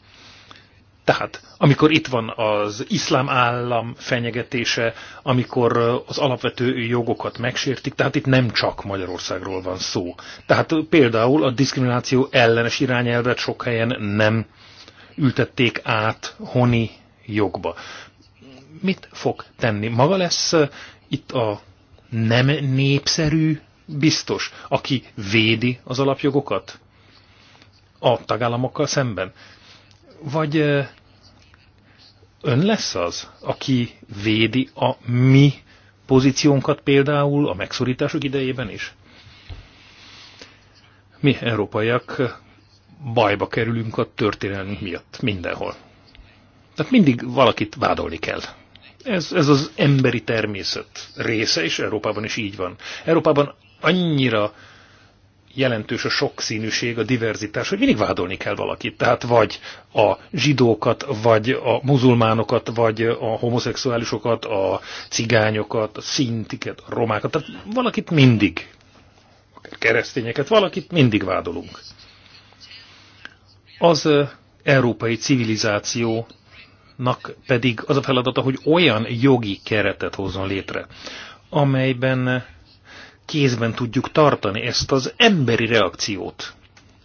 Tehát, amikor itt van az iszlám állam fenyegetése, amikor az alapvető jogokat megsértik, tehát itt nem csak Magyarországról van szó. Tehát például a diszkrimináció ellenes irányelvet sok helyen nem ültették át honi jogba mit fog tenni? Maga lesz itt a nem népszerű biztos, aki védi az alapjogokat a tagállamokkal szemben? Vagy ön lesz az, aki védi a mi pozíciónkat például a megszorítások idejében is? Mi európaiak bajba kerülünk a történelmünk miatt mindenhol. Tehát mindig valakit vádolni kell. Ez, ez az emberi természet része, és Európában is így van. Európában annyira jelentős a sokszínűség, a diverzitás, hogy mindig vádolni kell valakit. Tehát vagy a zsidókat, vagy a muzulmánokat, vagy a homoszexuálisokat, a cigányokat, a szintiket, a romákat. Tehát valakit mindig, akár keresztényeket, valakit mindig vádolunk. Az európai civilizáció nak pedig az a feladata, hogy olyan jogi keretet hozzon létre, amelyben kézben tudjuk tartani ezt az emberi reakciót.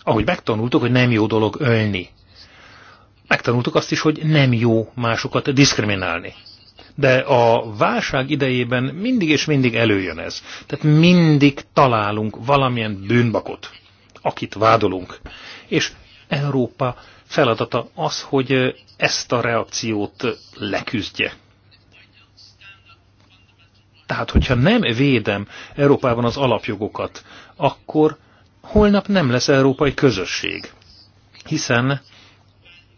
Ahogy megtanultuk, hogy nem jó dolog ölni. Megtanultuk azt is, hogy nem jó másokat diszkriminálni. De a válság idejében mindig és mindig előjön ez. Tehát mindig találunk valamilyen bűnbakot, akit vádolunk. És Európa feladata az, hogy ezt a reakciót leküzdje. Tehát, hogyha nem védem Európában az alapjogokat, akkor holnap nem lesz európai közösség. Hiszen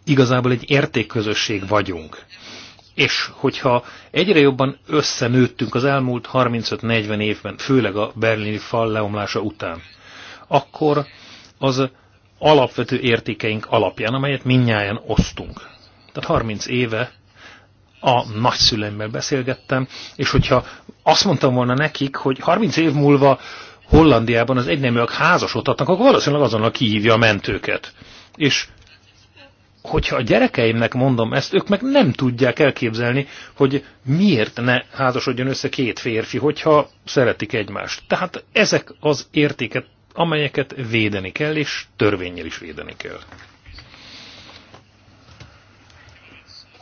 igazából egy értékközösség vagyunk. És hogyha egyre jobban összenőttünk az elmúlt 35-40 évben, főleg a berlini fal leomlása után, akkor az alapvető értékeink alapján, amelyet minnyáján osztunk. Tehát 30 éve a nagyszüleimmel beszélgettem, és hogyha azt mondtam volna nekik, hogy 30 év múlva Hollandiában az egyneműek házasodhatnak, akkor valószínűleg azonnal kihívja a mentőket. És hogyha a gyerekeimnek mondom ezt, ők meg nem tudják elképzelni, hogy miért ne házasodjon össze két férfi, hogyha szeretik egymást. Tehát ezek az értéket amelyeket védeni kell, és törvényel is védeni kell.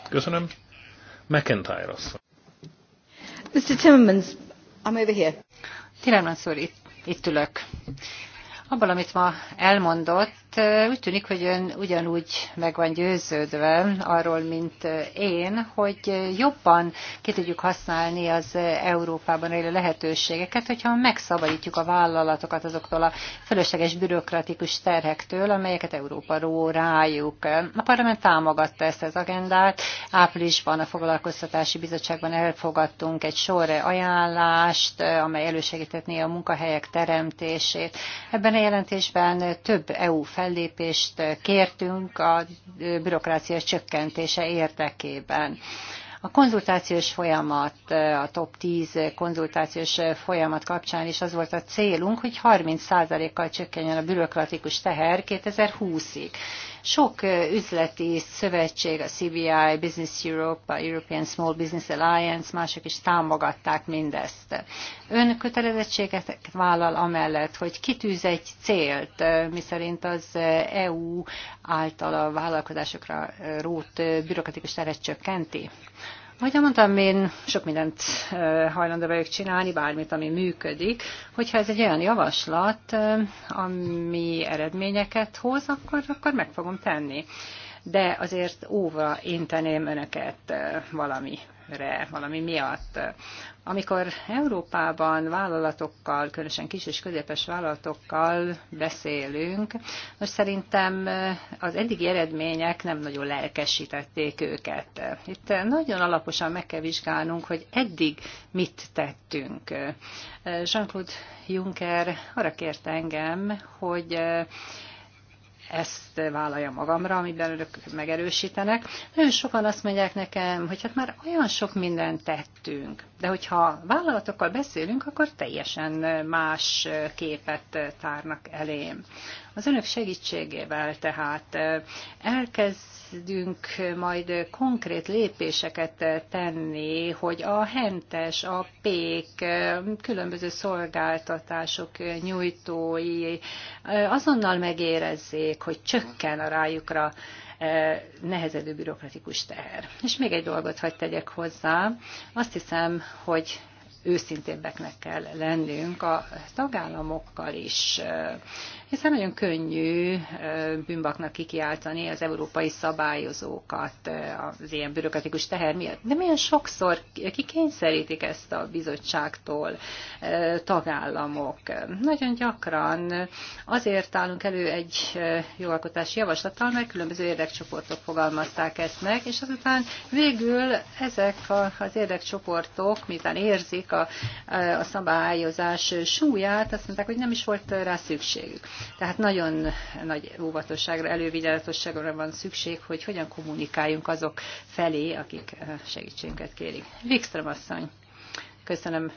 Köszönöm. McIntyre asszony. Mr. Timmermans, I'm over here. Timmermans úr, itt, itt ülök. Abban, amit ma elmondott, Hát, úgy tűnik, hogy ön ugyanúgy meg van győződve arról, mint én, hogy jobban ki tudjuk használni az Európában élő lehetőségeket, hogyha megszabadítjuk a vállalatokat azoktól a fölösleges bürokratikus terhektől, amelyeket Európa ró rájuk. A parlament támogatta ezt az agendát. Áprilisban a Foglalkoztatási Bizottságban elfogadtunk egy sor ajánlást, amely elősegítetné a munkahelyek teremtését. Ebben a jelentésben több EU fel fellépést kértünk a bürokrácia csökkentése érdekében. A konzultációs folyamat, a top 10 konzultációs folyamat kapcsán is az volt a célunk, hogy 30%-kal csökkenjen a bürokratikus teher 2020-ig. Sok üzleti szövetség, a CBI, Business Europe, a European Small Business Alliance, mások is támogatták mindezt. Ön kötelezettséget vállal amellett, hogy kitűz egy célt, miszerint az EU által a vállalkozásokra rót bürokratikus teret csökkenti. Ahogy mondtam, én sok mindent hajlandó vagyok csinálni, bármit, ami működik. Hogyha ez egy olyan javaslat, ami eredményeket hoz, akkor, akkor meg fogom tenni. De azért óva inteném önöket valami re valami miatt. Amikor Európában vállalatokkal, különösen kis és közepes vállalatokkal beszélünk, most szerintem az eddigi eredmények nem nagyon lelkesítették őket. Itt nagyon alaposan meg kell vizsgálnunk, hogy eddig mit tettünk. Jean-Claude Juncker arra kért engem, hogy ezt vállalja magamra, amiben önök megerősítenek. Nagyon sokan azt mondják nekem, hogy hát már olyan sok mindent tettünk, de hogyha vállalatokkal beszélünk, akkor teljesen más képet tárnak elém. Az önök segítségével tehát elkezdünk majd konkrét lépéseket tenni, hogy a hentes, a pék, különböző szolgáltatások nyújtói azonnal megérezzék, hogy csökken a rájukra nehezedő bürokratikus teher. És még egy dolgot hagyd tegyek hozzá. Azt hiszem, hogy őszintébbeknek kell lennünk a tagállamokkal is, hiszen nagyon könnyű bűnbaknak kikiáltani az európai szabályozókat az ilyen bürokratikus teher miatt. De milyen sokszor kikényszerítik ezt a bizottságtól tagállamok. Nagyon gyakran azért állunk elő egy jogalkotási javaslattal, mert különböző érdekcsoportok fogalmazták ezt meg, és azután végül ezek az érdekcsoportok, miután érzik a, a szabályozás súlyát, azt mondták, hogy nem is volt rá szükségük. Tehát nagyon nagy óvatosságra, elővigyázatosságra van szükség, hogy hogyan kommunikáljunk azok felé, akik eh, segítségünket kérik. Wikström asszony, köszönöm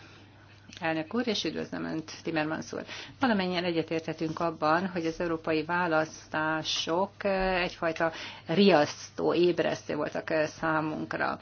elnök úr, és üdvözlöm Önt, Timmermans úr. Valamennyien egyetértetünk abban, hogy az európai választások egyfajta riasztó, ébresztő voltak számunkra.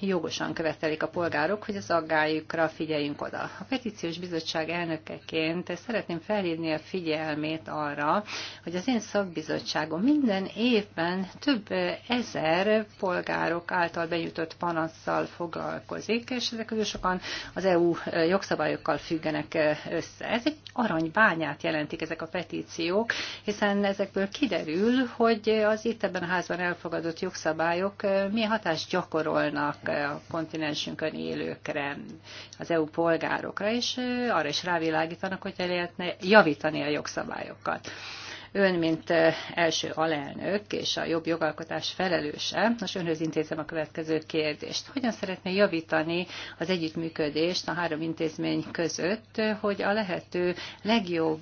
Jogosan követelik a polgárok, hogy az aggályukra figyeljünk oda. A petíciós bizottság elnökeként szeretném felhívni a figyelmét arra, hogy az én szakbizottságom minden évben több ezer polgárok által benyújtott panasszal foglalkozik, és ezek közül sokan az EU jog jogszabályokkal függenek eh, össze. Ez egy aranybányát jelentik ezek a petíciók, hiszen ezekből kiderül, hogy az itt ebben a házban elfogadott jogszabályok eh, milyen hatást gyakorolnak eh, a kontinensünkön élőkre, az EU polgárokra, és arra is rávilágítanak, hogy lehetne javítani a jogszabályokat. Ön, mint első alelnök és a jobb jogalkotás felelőse, most önhöz intézem a következő kérdést. Hogyan szeretné javítani az együttműködést a három intézmény között, hogy a lehető legjobb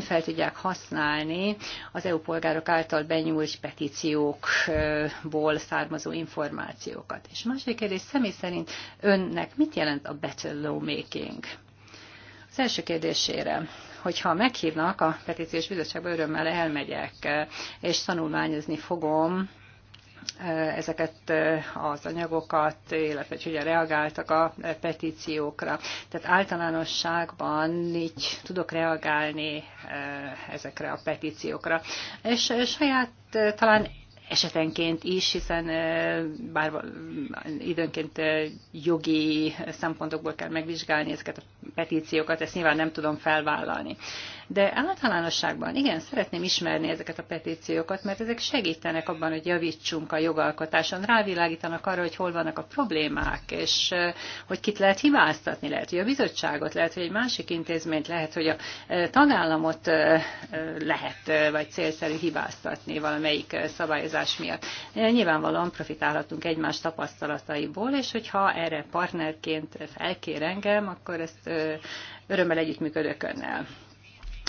fel tudják használni az EU polgárok által benyújt petíciókból származó információkat. És másik kérdés, személy szerint önnek mit jelent a better lawmaking? Az első kérdésére hogyha meghívnak a petíciós bizottságba, örömmel elmegyek, és tanulmányozni fogom e, ezeket e, az anyagokat, illetve hogy hogyan reagáltak a petíciókra. Tehát általánosságban így tudok reagálni e, ezekre a petíciókra. És saját talán esetenként is, hiszen bár időnként jogi szempontokból kell megvizsgálni ezeket a petíciókat, ezt nyilván nem tudom felvállalni de általánosságban igen, szeretném ismerni ezeket a petíciókat, mert ezek segítenek abban, hogy javítsunk a jogalkotáson, rávilágítanak arra, hogy hol vannak a problémák, és hogy kit lehet hibáztatni, lehet, hogy a bizottságot, lehet, hogy egy másik intézményt, lehet, hogy a tagállamot lehet, vagy célszerű hibáztatni valamelyik szabályozás miatt. Nyilvánvalóan profitálhatunk egymás tapasztalataiból, és hogyha erre partnerként felkér engem, akkor ezt örömmel együttműködök önnel.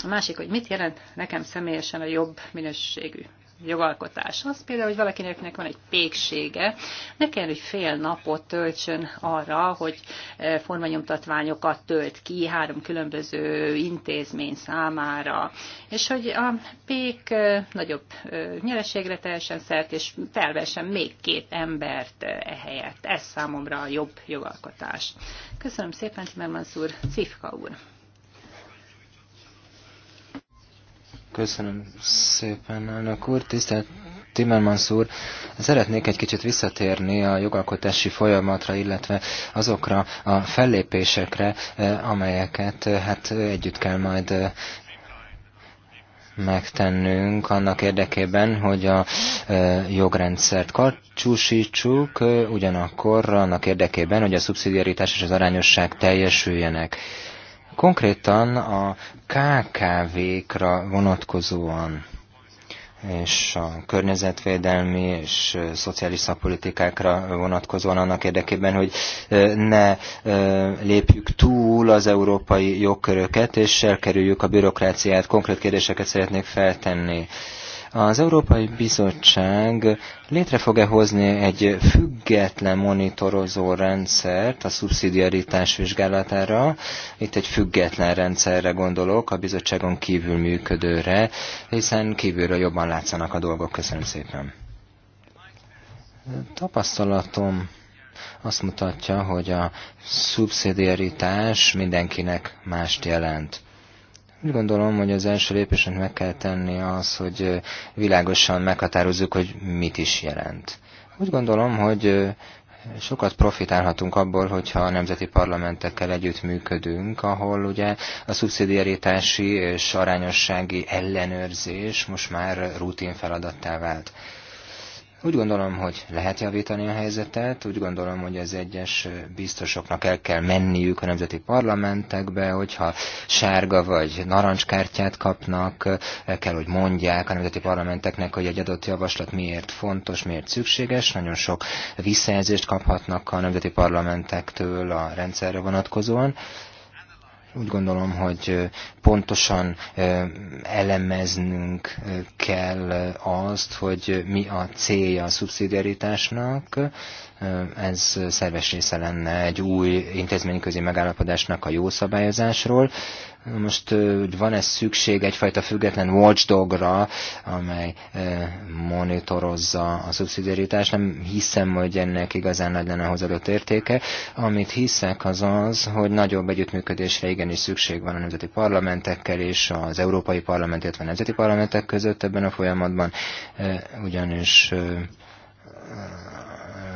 A másik, hogy mit jelent nekem személyesen a jobb minőségű jogalkotás. Az például, hogy valakinek van egy péksége, ne kell, hogy fél napot töltsön arra, hogy e, formanyomtatványokat tölt ki három különböző intézmény számára, és hogy a pék e, nagyobb e, nyereségre teljesen szert, és felvessen még két embert ehelyett. Ez számomra a jobb jogalkotás. Köszönöm szépen, Timmermans úr, Cifka úr. Köszönöm szépen, elnök úr. Tisztelt Timmermans úr, szeretnék egy kicsit visszatérni a jogalkotási folyamatra, illetve azokra a fellépésekre, eh, amelyeket eh, hát eh, együtt kell majd megtennünk annak érdekében, hogy a jogrendszert karcsúsítsuk, ugyanakkor annak érdekében, hogy a szubszidiaritás és az arányosság teljesüljenek. Konkrétan a KKV-kra vonatkozóan és a környezetvédelmi és szociális szakpolitikákra vonatkozóan annak érdekében, hogy ne lépjük túl az európai jogköröket, és elkerüljük a bürokráciát. Konkrét kérdéseket szeretnék feltenni. Az Európai Bizottság létre fog-e hozni egy független monitorozó rendszert a szubszidiaritás vizsgálatára? Itt egy független rendszerre gondolok, a bizottságon kívül működőre, hiszen kívülről jobban látszanak a dolgok. Köszönöm szépen. Tapasztalatom azt mutatja, hogy a szubszidiaritás mindenkinek mást jelent úgy gondolom, hogy az első lépésnek meg kell tenni az, hogy világosan meghatározzuk, hogy mit is jelent. Úgy gondolom, hogy sokat profitálhatunk abból, hogyha a nemzeti parlamentekkel együtt működünk, ahol ugye a szubszidiaritási és arányossági ellenőrzés most már rutin feladattá vált. Úgy gondolom, hogy lehet javítani a helyzetet, úgy gondolom, hogy az egyes biztosoknak el kell menniük a nemzeti parlamentekbe, hogyha sárga vagy narancskártyát kapnak, el kell, hogy mondják a nemzeti parlamenteknek, hogy egy adott javaslat miért fontos, miért szükséges. Nagyon sok visszajelzést kaphatnak a nemzeti parlamentektől a rendszerre vonatkozóan úgy gondolom, hogy pontosan elemeznünk kell azt, hogy mi a célja a szubszidiaritásnak, ez szerves része lenne egy új intézményközi megállapodásnak a jó szabályozásról. Most van-e szükség egyfajta független watchdogra, amely monitorozza a szubszidiaritást? Nem hiszem, hogy ennek igazán nagy lenne hozadott értéke. Amit hiszek az az, hogy nagyobb együttműködésre igenis szükség van a nemzeti parlamentekkel és az európai parlament, illetve a nemzeti parlamentek között ebben a folyamatban, ugyanis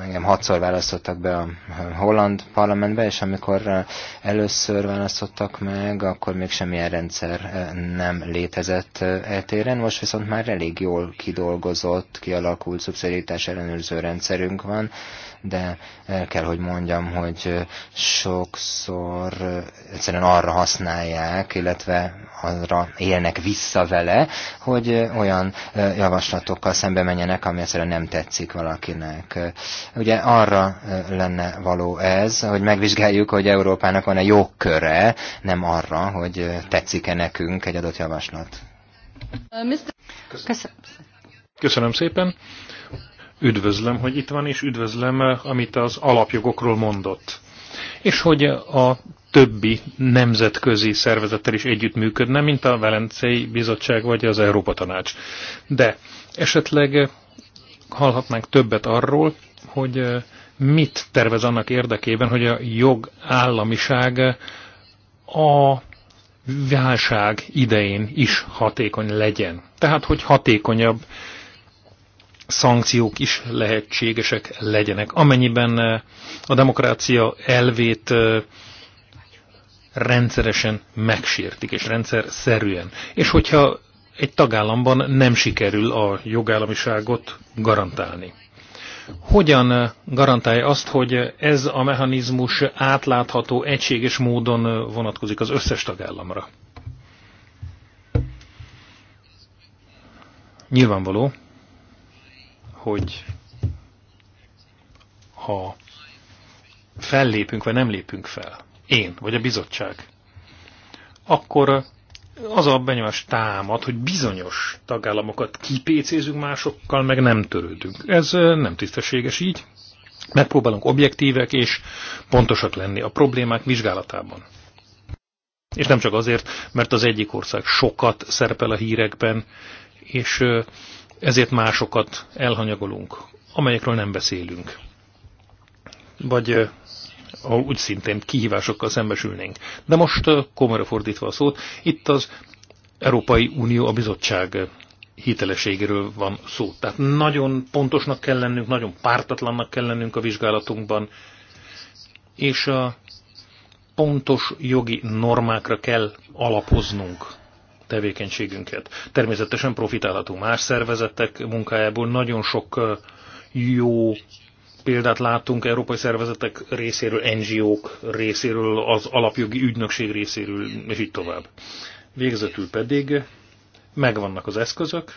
engem hatszor választottak be a holland parlamentbe, és amikor először választottak meg, akkor még semmilyen rendszer nem létezett eltéren. Most viszont már elég jól kidolgozott, kialakult szubszidiaritás ellenőrző rendszerünk van, de el eh, kell, hogy mondjam, hogy eh, sokszor eh, egyszerűen arra használják, illetve arra élnek vissza vele, hogy olyan javaslatokkal szembe menjenek, ami egyszerűen nem tetszik valakinek. Ugye arra lenne való ez, hogy megvizsgáljuk, hogy Európának van-e jogköre, nem arra, hogy tetszik-e nekünk egy adott javaslat. Uh, Köszönöm. Köszönöm szépen. Üdvözlöm, hogy itt van, és üdvözlöm, amit az alapjogokról mondott. És hogy a többi nemzetközi szervezettel is együttműködne, mint a Velencei Bizottság vagy az Európa Tanács. De esetleg hallhatnánk többet arról, hogy mit tervez annak érdekében, hogy a jogállamiság a válság idején is hatékony legyen. Tehát, hogy hatékonyabb szankciók is lehetségesek legyenek, amennyiben eh, a demokrácia elvét eh, rendszeresen megsértik, és rendszer szerűen. És hogyha egy tagállamban nem sikerül a jogállamiságot garantálni. Hogyan eh, garantálja azt, hogy ez a mechanizmus átlátható, egységes módon vonatkozik az összes tagállamra? Nyilvánvaló, hogy ha fellépünk, vagy nem lépünk fel, én, vagy a bizottság, akkor az a benyomás támad, hogy bizonyos tagállamokat kipécézünk másokkal, meg nem törődünk. Ez nem tisztességes így. Megpróbálunk objektívek és pontosak lenni a problémák vizsgálatában. És nem csak azért, mert az egyik ország sokat szerepel a hírekben, és ezért másokat elhanyagolunk, amelyekről nem beszélünk. Vagy ahol úgy szintén kihívásokkal szembesülnénk. De most komolyra fordítva a szót, itt az Európai Unió a bizottság hitelességéről van szó. Tehát nagyon pontosnak kell lennünk, nagyon pártatlannak kell lennünk a vizsgálatunkban, és a pontos jogi normákra kell alapoznunk tevékenységünket. Természetesen profitálhatunk más szervezetek munkájából, nagyon sok jó példát láttunk európai szervezetek részéről, NGO-k részéről, az alapjogi ügynökség részéről, és így tovább. Végzetül pedig megvannak az eszközök,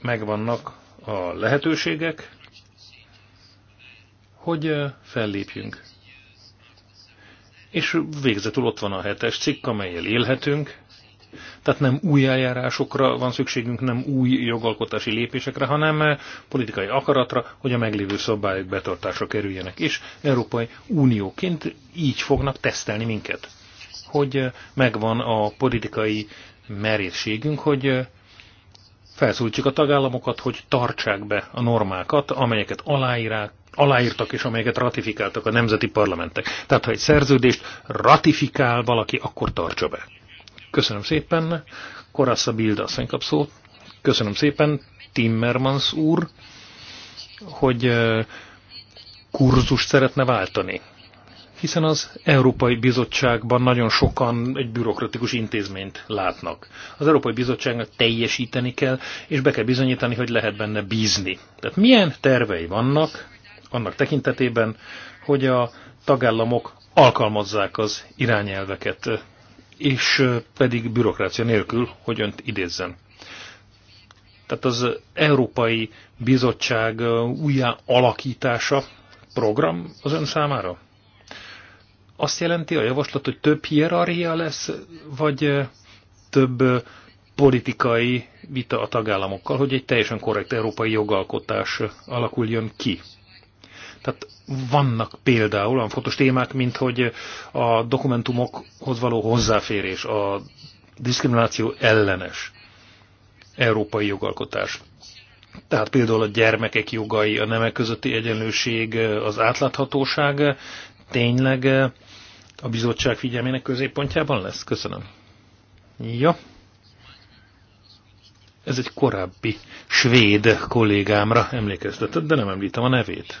megvannak a lehetőségek, hogy fellépjünk. És végzetül ott van a hetes cikk, amelyel élhetünk. Tehát nem új eljárásokra van szükségünk, nem új jogalkotási lépésekre, hanem eh, politikai akaratra, hogy a meglévő szabályok betartásra kerüljenek. És Európai Unióként így fognak tesztelni minket. Hogy eh, megvan a politikai merészségünk, hogy eh, felszólítjuk a tagállamokat, hogy tartsák be a normákat, amelyeket aláírák, aláírtak és amelyeket ratifikáltak a nemzeti parlamentek. Tehát, ha egy szerződést ratifikál valaki, akkor tartsa be. Köszönöm szépen. Korassa Bilda asszony Köszönöm szépen, Timmermans úr, hogy eh, kurzust szeretne váltani hiszen az Európai Bizottságban nagyon sokan egy bürokratikus intézményt látnak. Az Európai Bizottságnak teljesíteni kell, és be kell bizonyítani, hogy lehet benne bízni. Tehát milyen tervei vannak annak tekintetében, hogy a tagállamok alkalmazzák az irányelveket, és pedig bürokrácia nélkül, hogy önt idézzen. Tehát az Európai Bizottság újjá alakítása program az ön számára? azt jelenti a javaslat, hogy több hierarchia lesz, vagy több politikai vita a tagállamokkal, hogy egy teljesen korrekt európai jogalkotás alakuljon ki. Tehát vannak például olyan fontos témák, mint hogy a dokumentumokhoz való hozzáférés, a diszkrimináció ellenes európai jogalkotás. Tehát például a gyermekek jogai, a nemek közötti egyenlőség, az átláthatóság tényleg a bizottság figyelmének középpontjában lesz? Köszönöm. Ja. Ez egy korábbi svéd kollégámra emlékeztetett, de nem említem a nevét.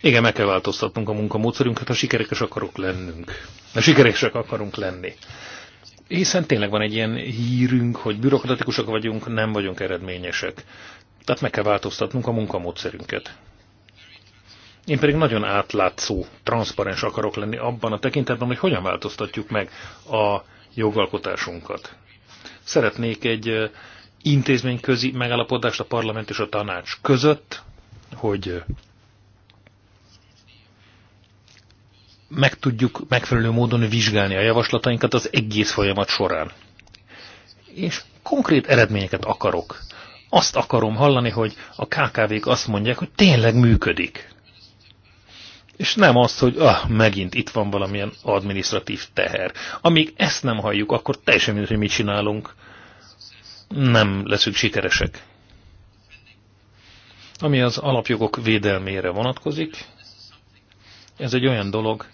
Igen, meg kell változtatnunk a munkamódszerünket, ha sikeresek akarok lennünk. Ha sikeresek akarunk lenni. Hiszen tényleg van egy ilyen hírünk, hogy bürokratikusak vagyunk, nem vagyunk eredményesek. Tehát meg kell változtatnunk a munkamódszerünket. Én pedig nagyon átlátszó, transzparens akarok lenni abban a tekintetben, hogy hogyan változtatjuk meg a jogalkotásunkat. Szeretnék egy intézményközi megállapodást a parlament és a tanács között, hogy meg tudjuk megfelelő módon vizsgálni a javaslatainkat az egész folyamat során. És konkrét eredményeket akarok. Azt akarom hallani, hogy a KKV-k azt mondják, hogy tényleg működik. És nem az, hogy ah, megint itt van valamilyen administratív teher. Amíg ezt nem halljuk, akkor teljesen mindegy, hogy mit csinálunk. Nem leszünk sikeresek. Ami az alapjogok védelmére vonatkozik, ez egy olyan dolog,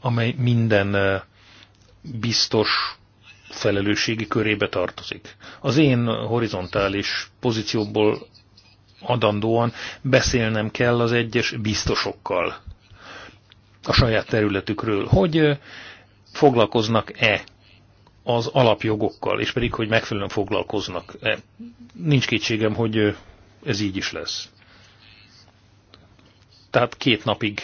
amely minden eh, biztos felelősségi körébe tartozik. Az én horizontális pozícióból adandóan beszélnem kell az egyes biztosokkal a saját területükről, hogy foglalkoznak-e az alapjogokkal, és pedig, hogy megfelelően foglalkoznak. -e. Nincs kétségem, hogy ez így is lesz. Tehát két napig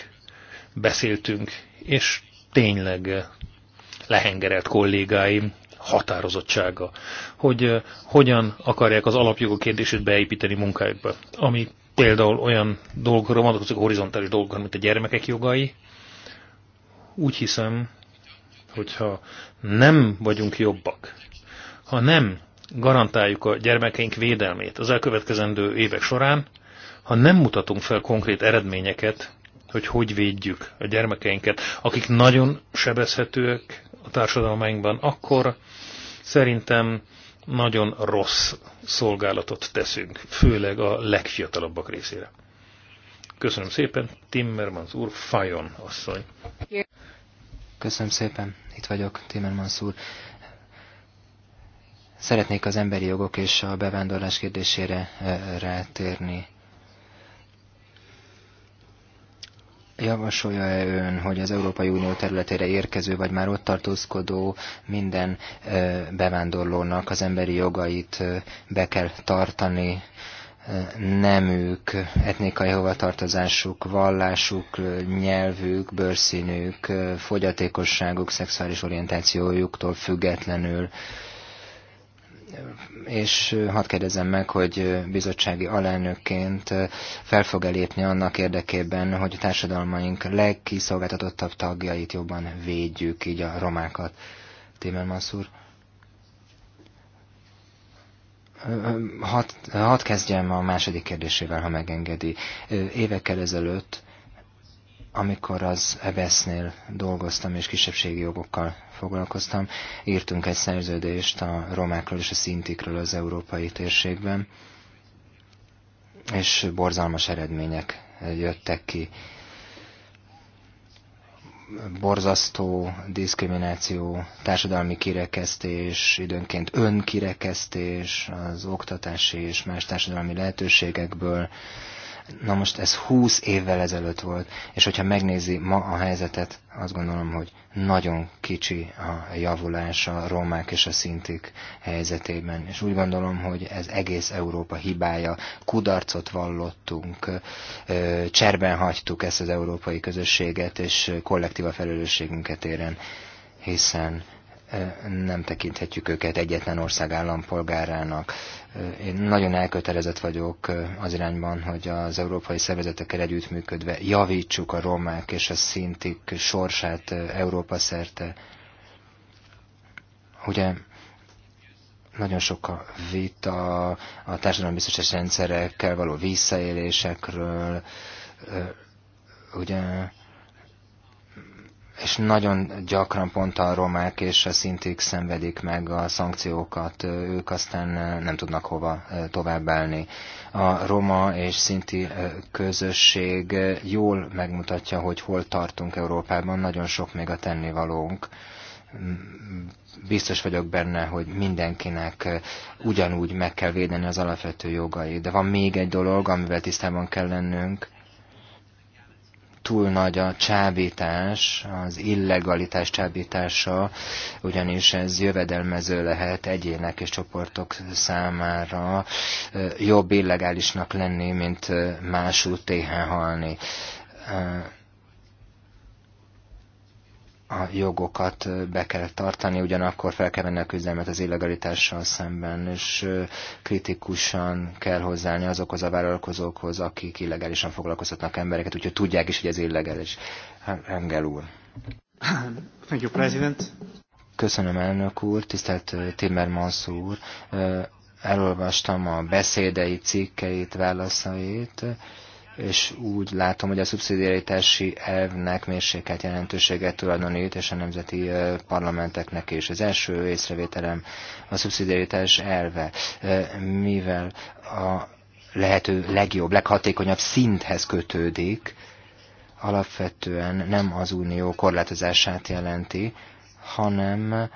beszéltünk, és tényleg lehengerelt kollégáim határozottsága, hogy hogyan akarják az alapjogok kérdését beépíteni munkájukba. Ami például olyan dolgokra vonatkozik, horizontális dolgokra, mint a gyermekek jogai, úgy hiszem, hogyha nem vagyunk jobbak, ha nem garantáljuk a gyermekeink védelmét az elkövetkezendő évek során, ha nem mutatunk fel konkrét eredményeket, hogy hogy védjük a gyermekeinket, akik nagyon sebezhetőek a társadalmainkban, akkor szerintem nagyon rossz szolgálatot teszünk, főleg a legfiatalabbak részére. Köszönöm szépen, Timmermans úr, Fajon asszony. Köszönöm szépen, itt vagyok, Timmermans úr. Szeretnék az emberi jogok és a bevándorlás kérdésére eh, rátérni. Javasolja-e ön, hogy az Európai Unió területére érkező, vagy már ott tartózkodó minden eh, bevándorlónak az emberi jogait eh, be kell tartani? nemük, etnikai hovatartozásuk, vallásuk, nyelvük, bőrszínük, fogyatékosságuk, szexuális orientációjuktól függetlenül. És hadd kérdezem meg, hogy bizottsági alelnökként fel fog elépni annak érdekében, hogy a társadalmaink legkiszolgáltatottabb tagjait jobban védjük, így a romákat. Timmermans úr. Hadd had kezdjem a második kérdésével, ha megengedi. Évekkel ezelőtt, amikor az EBS-nél dolgoztam és kisebbségi jogokkal foglalkoztam, írtunk egy szerződést a romákról és a szintikről az európai térségben, és borzalmas eredmények jöttek ki borzasztó diszkrimináció, társadalmi kirekesztés, időnként önkirekesztés az oktatási és más társadalmi lehetőségekből, Na most ez 20 évvel ezelőtt volt, és hogyha megnézi ma a helyzetet, azt gondolom, hogy nagyon kicsi a javulás a romák és a szintik helyzetében. És úgy gondolom, hogy ez egész Európa hibája. Kudarcot vallottunk, cserben hagytuk ezt az európai közösséget, és kollektíva felelősségünket éren hiszen nem tekinthetjük őket egyetlen ország állampolgárának. Én nagyon elkötelezett vagyok az irányban, hogy az európai szervezetekkel együttműködve javítsuk a romák és a szintik sorsát Európa szerte. Ugye nagyon sok a vita a társadalombiztosítás rendszerekkel való visszaélésekről, ugye és nagyon gyakran pont a romák és a szintik szenvedik meg a szankciókat, ők aztán nem tudnak hova állni. A roma és szinti közösség jól megmutatja, hogy hol tartunk Európában, nagyon sok még a tennivalónk. Mm, biztos vagyok benne, hogy mindenkinek ugyanúgy meg kell védeni az alapvető jogait. De van még egy dolog, amivel tisztában kell lennünk, túl nagy a csábítás, az illegalitás csábítása, ugyanis ez jövedelmező lehet egyének és csoportok számára jobb illegálisnak lenni, mint más téhen halni a jogokat be kell tartani, ugyanakkor fel kell venni a küzdelmet az illegalitással szemben, és kritikusan kell hozzáállni azokhoz a vállalkozókhoz, akik illegálisan foglalkoztatnak embereket, úgyhogy tudják is, hogy ez illegális. Hát, Engel úr. Thank you, President. Köszönöm, elnök úr, tisztelt Timmermans úr. Elolvastam a beszédei, cikkeit, válaszait és úgy látom, hogy a szubszidiaritási elvnek mérsékelt jelentőséget tulajdonít, és a nemzeti parlamenteknek is. Az első észrevételem a szubszidiaritás elve, mivel a lehető legjobb, leghatékonyabb szinthez kötődik, alapvetően nem az unió korlátozását jelenti, hanem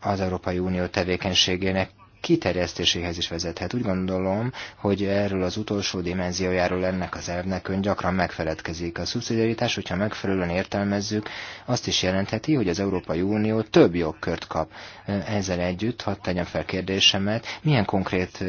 az Európai Unió tevékenységének kiterjesztéséhez is vezethet. Úgy gondolom, hogy erről az utolsó dimenziójáról ennek az elvnek ön gyakran megfeledkezik. A szubszidiaritás, hogyha megfelelően értelmezzük, azt is jelentheti, hogy az Európai Unió több jogkört kap. Ezzel együtt, hadd tegyem fel kérdésemet, milyen konkrét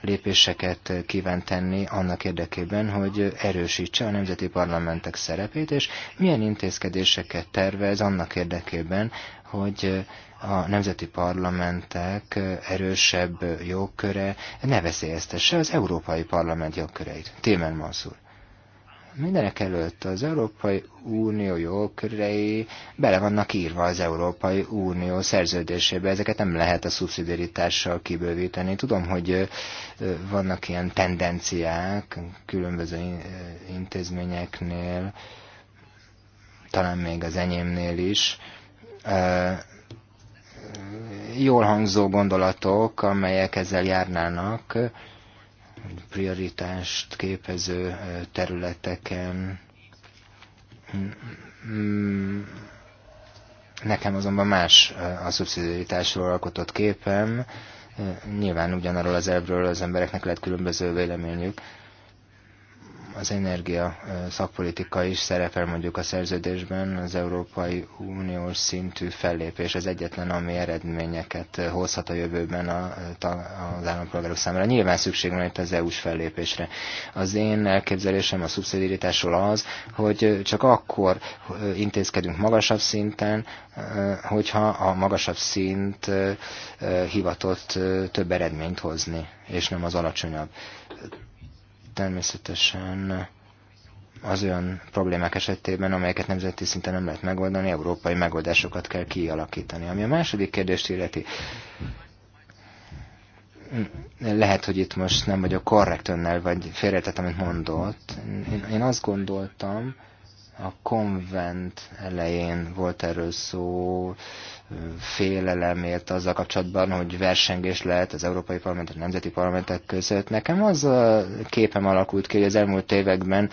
lépéseket kíván tenni annak érdekében, hogy erősítse a nemzeti parlamentek szerepét, és milyen intézkedéseket tervez annak érdekében, hogy a nemzeti parlamentek erősebb jogköre ne veszélyeztesse az Európai Parlament jogköreit. Témen Mansur. Mindenek előtt az Európai Unió jogkörei bele vannak írva az Európai Unió szerződésébe, ezeket nem lehet a szubszidiaritással kibővíteni. Tudom, hogy vannak ilyen tendenciák különböző intézményeknél, talán még az enyémnél is, jól hangzó gondolatok, amelyek ezzel járnának, prioritást képező területeken. Mm, nekem azonban más a szubszidiaritásról alkotott képem. Nyilván ugyanarról az elvről az embereknek lehet különböző véleményük az energia szakpolitika is szerepel mondjuk a szerződésben, az Európai Uniós szintű fellépés az egyetlen, ami eredményeket hozhat a jövőben az állampolgárok számára. Nyilván szükség van itt az EU-s fellépésre. Az én elképzelésem a szubszidiaritásról az, hogy csak akkor intézkedünk magasabb szinten, hogyha a magasabb szint hivatott több eredményt hozni, és nem az alacsonyabb természetesen az olyan problémák esetében, amelyeket nemzeti szinten nem lehet megoldani, európai megoldásokat kell kialakítani. Ami a második kérdést illeti, lehet, hogy itt most nem vagyok korrekt önnel, vagy félretettem, amit mondott. Én, én azt gondoltam, a konvent elején volt erről szó, félelemért azzal kapcsolatban, hogy versengés lehet az Európai Parlament és a Nemzeti Parlamentek között. Nekem az a képem alakult ki, hogy az elmúlt években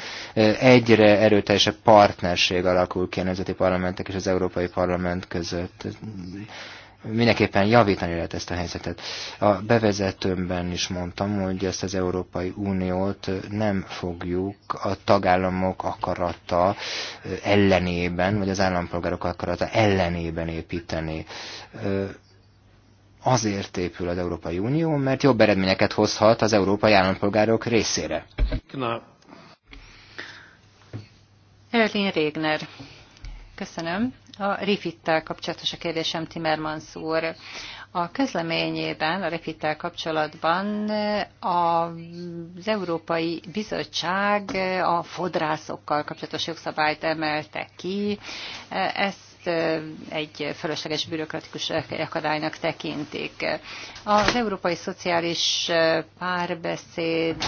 egyre erőteljesebb partnerség alakul ki a Nemzeti Parlamentek és az Európai Parlament között mindenképpen javítani lehet ezt a helyzetet. A bevezetőmben is mondtam, hogy ezt az Európai Uniót nem fogjuk a tagállamok akarata ellenében, vagy az állampolgárok akarata ellenében építeni azért épül az Európai Unió, mert jobb eredményeket hozhat az európai állampolgárok részére. Na. Erlin Régner. Köszönöm. A refit kapcsolatos a kérdésem Timmermans úr. A közleményében, a refittel kapcsolatban eh, az Európai Bizottság eh, a fodrászokkal kapcsolatos jogszabályt emelte ki. Eh, ez egy fölösleges bürokratikus akadálynak tekintik. Az európai szociális párbeszéd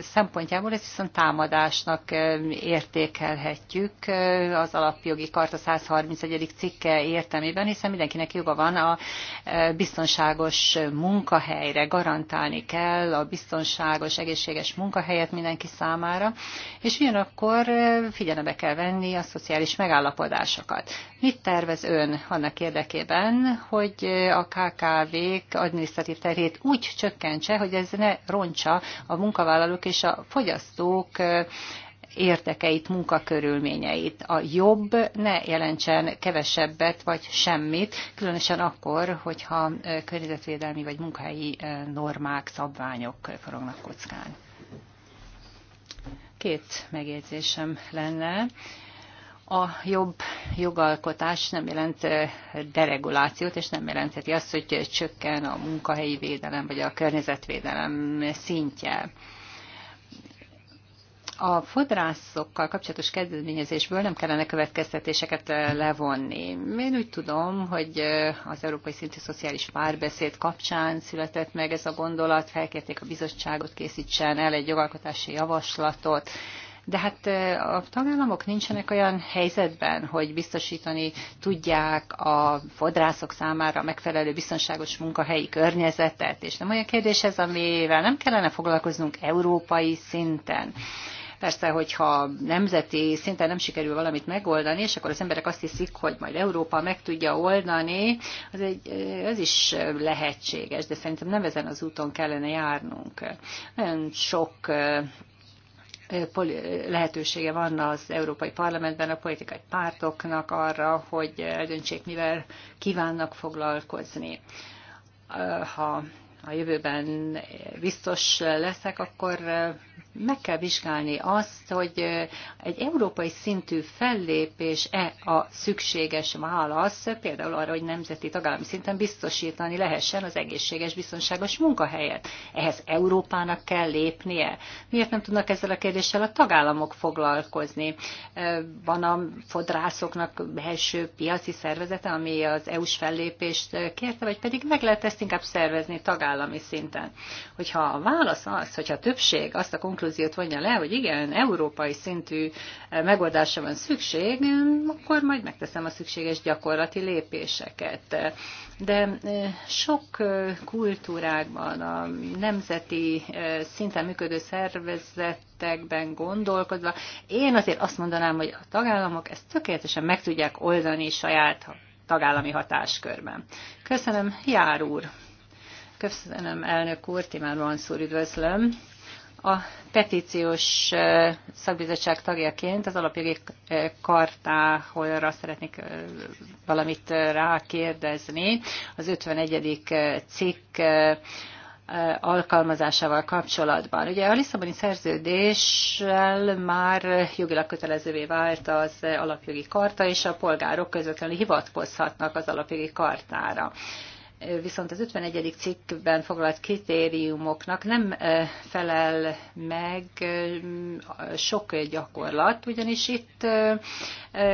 szempontjából ezt viszont támadásnak értékelhetjük az alapjogi karta 131. cikke értelmében, hiszen mindenkinek joga van a biztonságos munkahelyre, garantálni kell a biztonságos, egészséges munkahelyet mindenki számára, és ugyanakkor figyelembe kell venni a szociális megállapodás forrásokat. Mit tervez ön annak érdekében, hogy a KKV-k adminisztratív terhét úgy csökkentse, hogy ez ne rontsa a munkavállalók és a fogyasztók érdekeit, munkakörülményeit. A jobb ne jelentsen kevesebbet vagy semmit, különösen akkor, hogyha környezetvédelmi vagy munkahelyi normák, szabványok forognak kockán. Két megjegyzésem lenne a jobb jogalkotás nem jelent eh, deregulációt, és nem jelentheti azt, hogy csökken a munkahelyi védelem vagy a környezetvédelem szintje. A fodrászokkal kapcsolatos kezdeményezésből nem kellene következtetéseket eh, levonni. Én úgy tudom, hogy eh, az Európai Szintű Szociális Párbeszéd kapcsán született meg ez a gondolat, felkérték a bizottságot, készítsen el egy jogalkotási javaslatot, de hát a tagállamok nincsenek olyan helyzetben, hogy biztosítani tudják a fodrászok számára megfelelő biztonságos munkahelyi környezetet, és nem olyan kérdés ez, amivel nem kellene foglalkoznunk európai szinten. Persze, hogyha nemzeti szinten nem sikerül valamit megoldani, és akkor az emberek azt hiszik, hogy majd Európa meg tudja oldani, az, egy, az is lehetséges, de szerintem nem ezen az úton kellene járnunk. Nagyon sok lehetősége van az Európai Parlamentben a politikai pártoknak arra, hogy eldöntsék, eh, mivel kívánnak foglalkozni. Eh, ha a jövőben eh, biztos leszek, akkor meg kell vizsgálni azt, hogy egy európai szintű fellépés-e a szükséges válasz, például arra, hogy nemzeti tagállami szinten biztosítani lehessen az egészséges, biztonságos munkahelyet. Ehhez Európának kell lépnie. Miért nem tudnak ezzel a kérdéssel a tagállamok foglalkozni? Van a fodrászoknak belső piaci szervezete, ami az EU-s fellépést kérte, vagy pedig meg lehet ezt inkább szervezni tagállami szinten. Hogyha a válasz az, hogyha a többség azt a konklúziót vonja le, hogy igen, európai szintű eh, megoldásra van szükség, akkor majd megteszem a szükséges gyakorlati lépéseket. De eh, sok eh, kultúrákban, a nemzeti szinten működő szervezetekben gondolkodva, én azért azt mondanám, hogy a tagállamok ezt tökéletesen meg tudják oldani saját tagállami hatáskörben. Köszönöm, Jár úr! Köszönöm, elnök úr, Timán Manszúr, üdvözlöm. A petíciós szakbizottság tagjaként az alapjogi kartáholra szeretnék valamit rákérdezni. Az 51. cikk alkalmazásával kapcsolatban. Ugye a Lisszaboni szerződéssel már jogilag kötelezővé vált az alapjogi karta, és a polgárok közvetlenül hivatkozhatnak az alapjogi kartára viszont az 51. cikkben foglalt kritériumoknak nem felel meg sok gyakorlat, ugyanis itt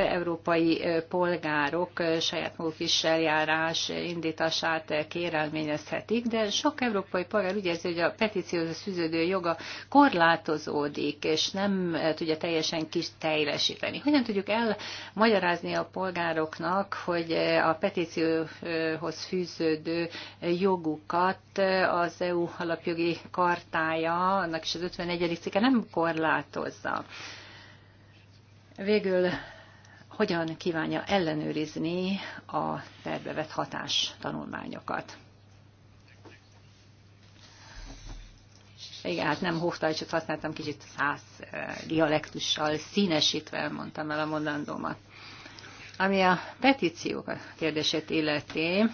európai polgárok saját maguk is eljárás indítását kérelményezhetik, de sok európai polgár úgy érzi, hogy a petícióhoz fűződő joga korlátozódik, és nem tudja teljesen kis teljesíteni. Hogyan tudjuk elmagyarázni a polgároknak, hogy a petícióhoz fűződő kötődő jogukat az EU alapjogi kartája, annak is az 51. cikke nem korlátozza. Végül hogyan kívánja ellenőrizni a tervevett hatás tanulmányokat? Igen, hát nem csak használtam, kicsit száz eh, dialektussal színesítve mondtam el a mondandómat. Ami a petíciók kérdését illeti,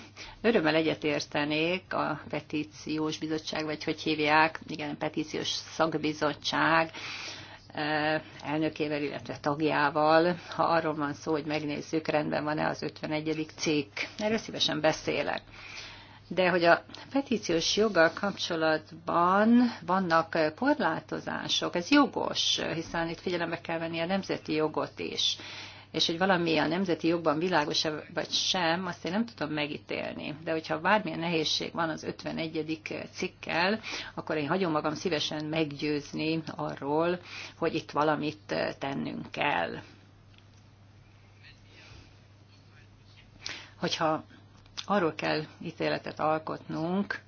örömmel egyetértenék a petíciós bizottság, vagy hogy hívják, igen, petíciós szakbizottság eh, elnökével, illetve tagjával, ha arról van szó, hogy megnézzük, rendben van-e az 51. cikk. Erről szívesen beszélek. De hogy a petíciós joggal kapcsolatban vannak eh, korlátozások, ez jogos, hiszen itt figyelembe kell venni a nemzeti jogot is és hogy valami a nemzeti jogban világos vagy sem, azt én nem tudom megítélni. De hogyha bármilyen nehézség van az 51. cikkel, akkor én hagyom magam szívesen meggyőzni arról, hogy itt valamit tennünk kell. Hogyha arról kell ítéletet alkotnunk,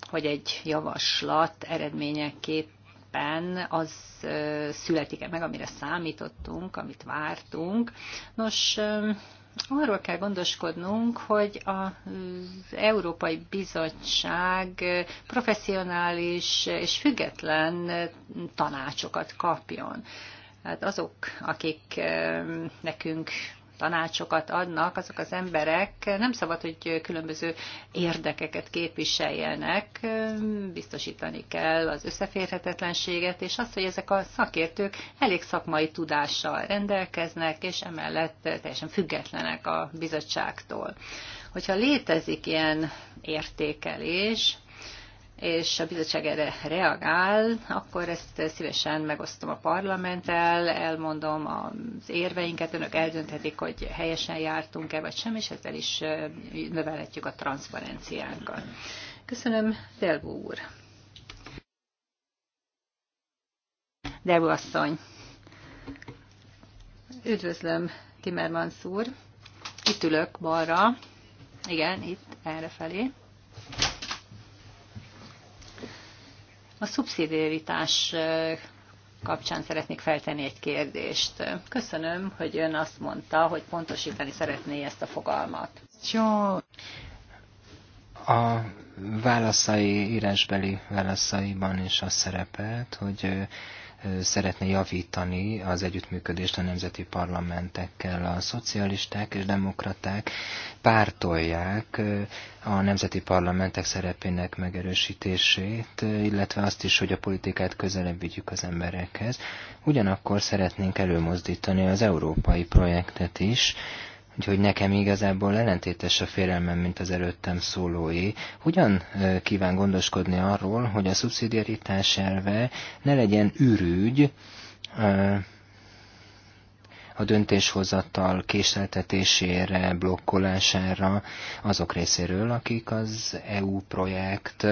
hogy egy javaslat eredményeképp éppen az születik-e meg, amire számítottunk, amit vártunk. Nos, arról kell gondoskodnunk, hogy az Európai Bizottság professzionális és független tanácsokat kapjon. Hát azok, akik nekünk tanácsokat adnak, azok az emberek nem szabad, hogy különböző érdekeket képviseljenek, biztosítani kell az összeférhetetlenséget, és azt, hogy ezek a szakértők elég szakmai tudással rendelkeznek, és emellett teljesen függetlenek a bizottságtól. Hogyha létezik ilyen értékelés, és a bizottság erre reagál, akkor ezt szívesen megosztom a parlamenttel, elmondom az érveinket, önök eldönthetik, hogy helyesen jártunk-e vagy sem, és ezzel is növelhetjük a transzparenciánkat. Köszönöm, Delvó úr. Delvó asszony. Üdvözlöm, Timmermans úr. Itt ülök balra. Igen, itt, felé. A szubszidiaritás kapcsán szeretnék feltenni egy kérdést. Köszönöm, hogy ön azt mondta, hogy pontosítani szeretné ezt a fogalmat. Jó. A válaszai, írásbeli válaszaiban is az szerepelt, hogy szeretne javítani az együttműködést a nemzeti parlamentekkel. A szocialisták és demokraták pártolják a nemzeti parlamentek szerepének megerősítését, illetve azt is, hogy a politikát közelebb vigyük az emberekhez. Ugyanakkor szeretnénk előmozdítani az európai projektet is, Úgyhogy nekem igazából ellentétes a félelmem, mint az előttem szólói. Hogyan kíván gondoskodni arról, hogy a szubszidiaritás elve ne legyen ürügy, a döntéshozatal késleltetésére, blokkolására azok részéről, akik az EU projekt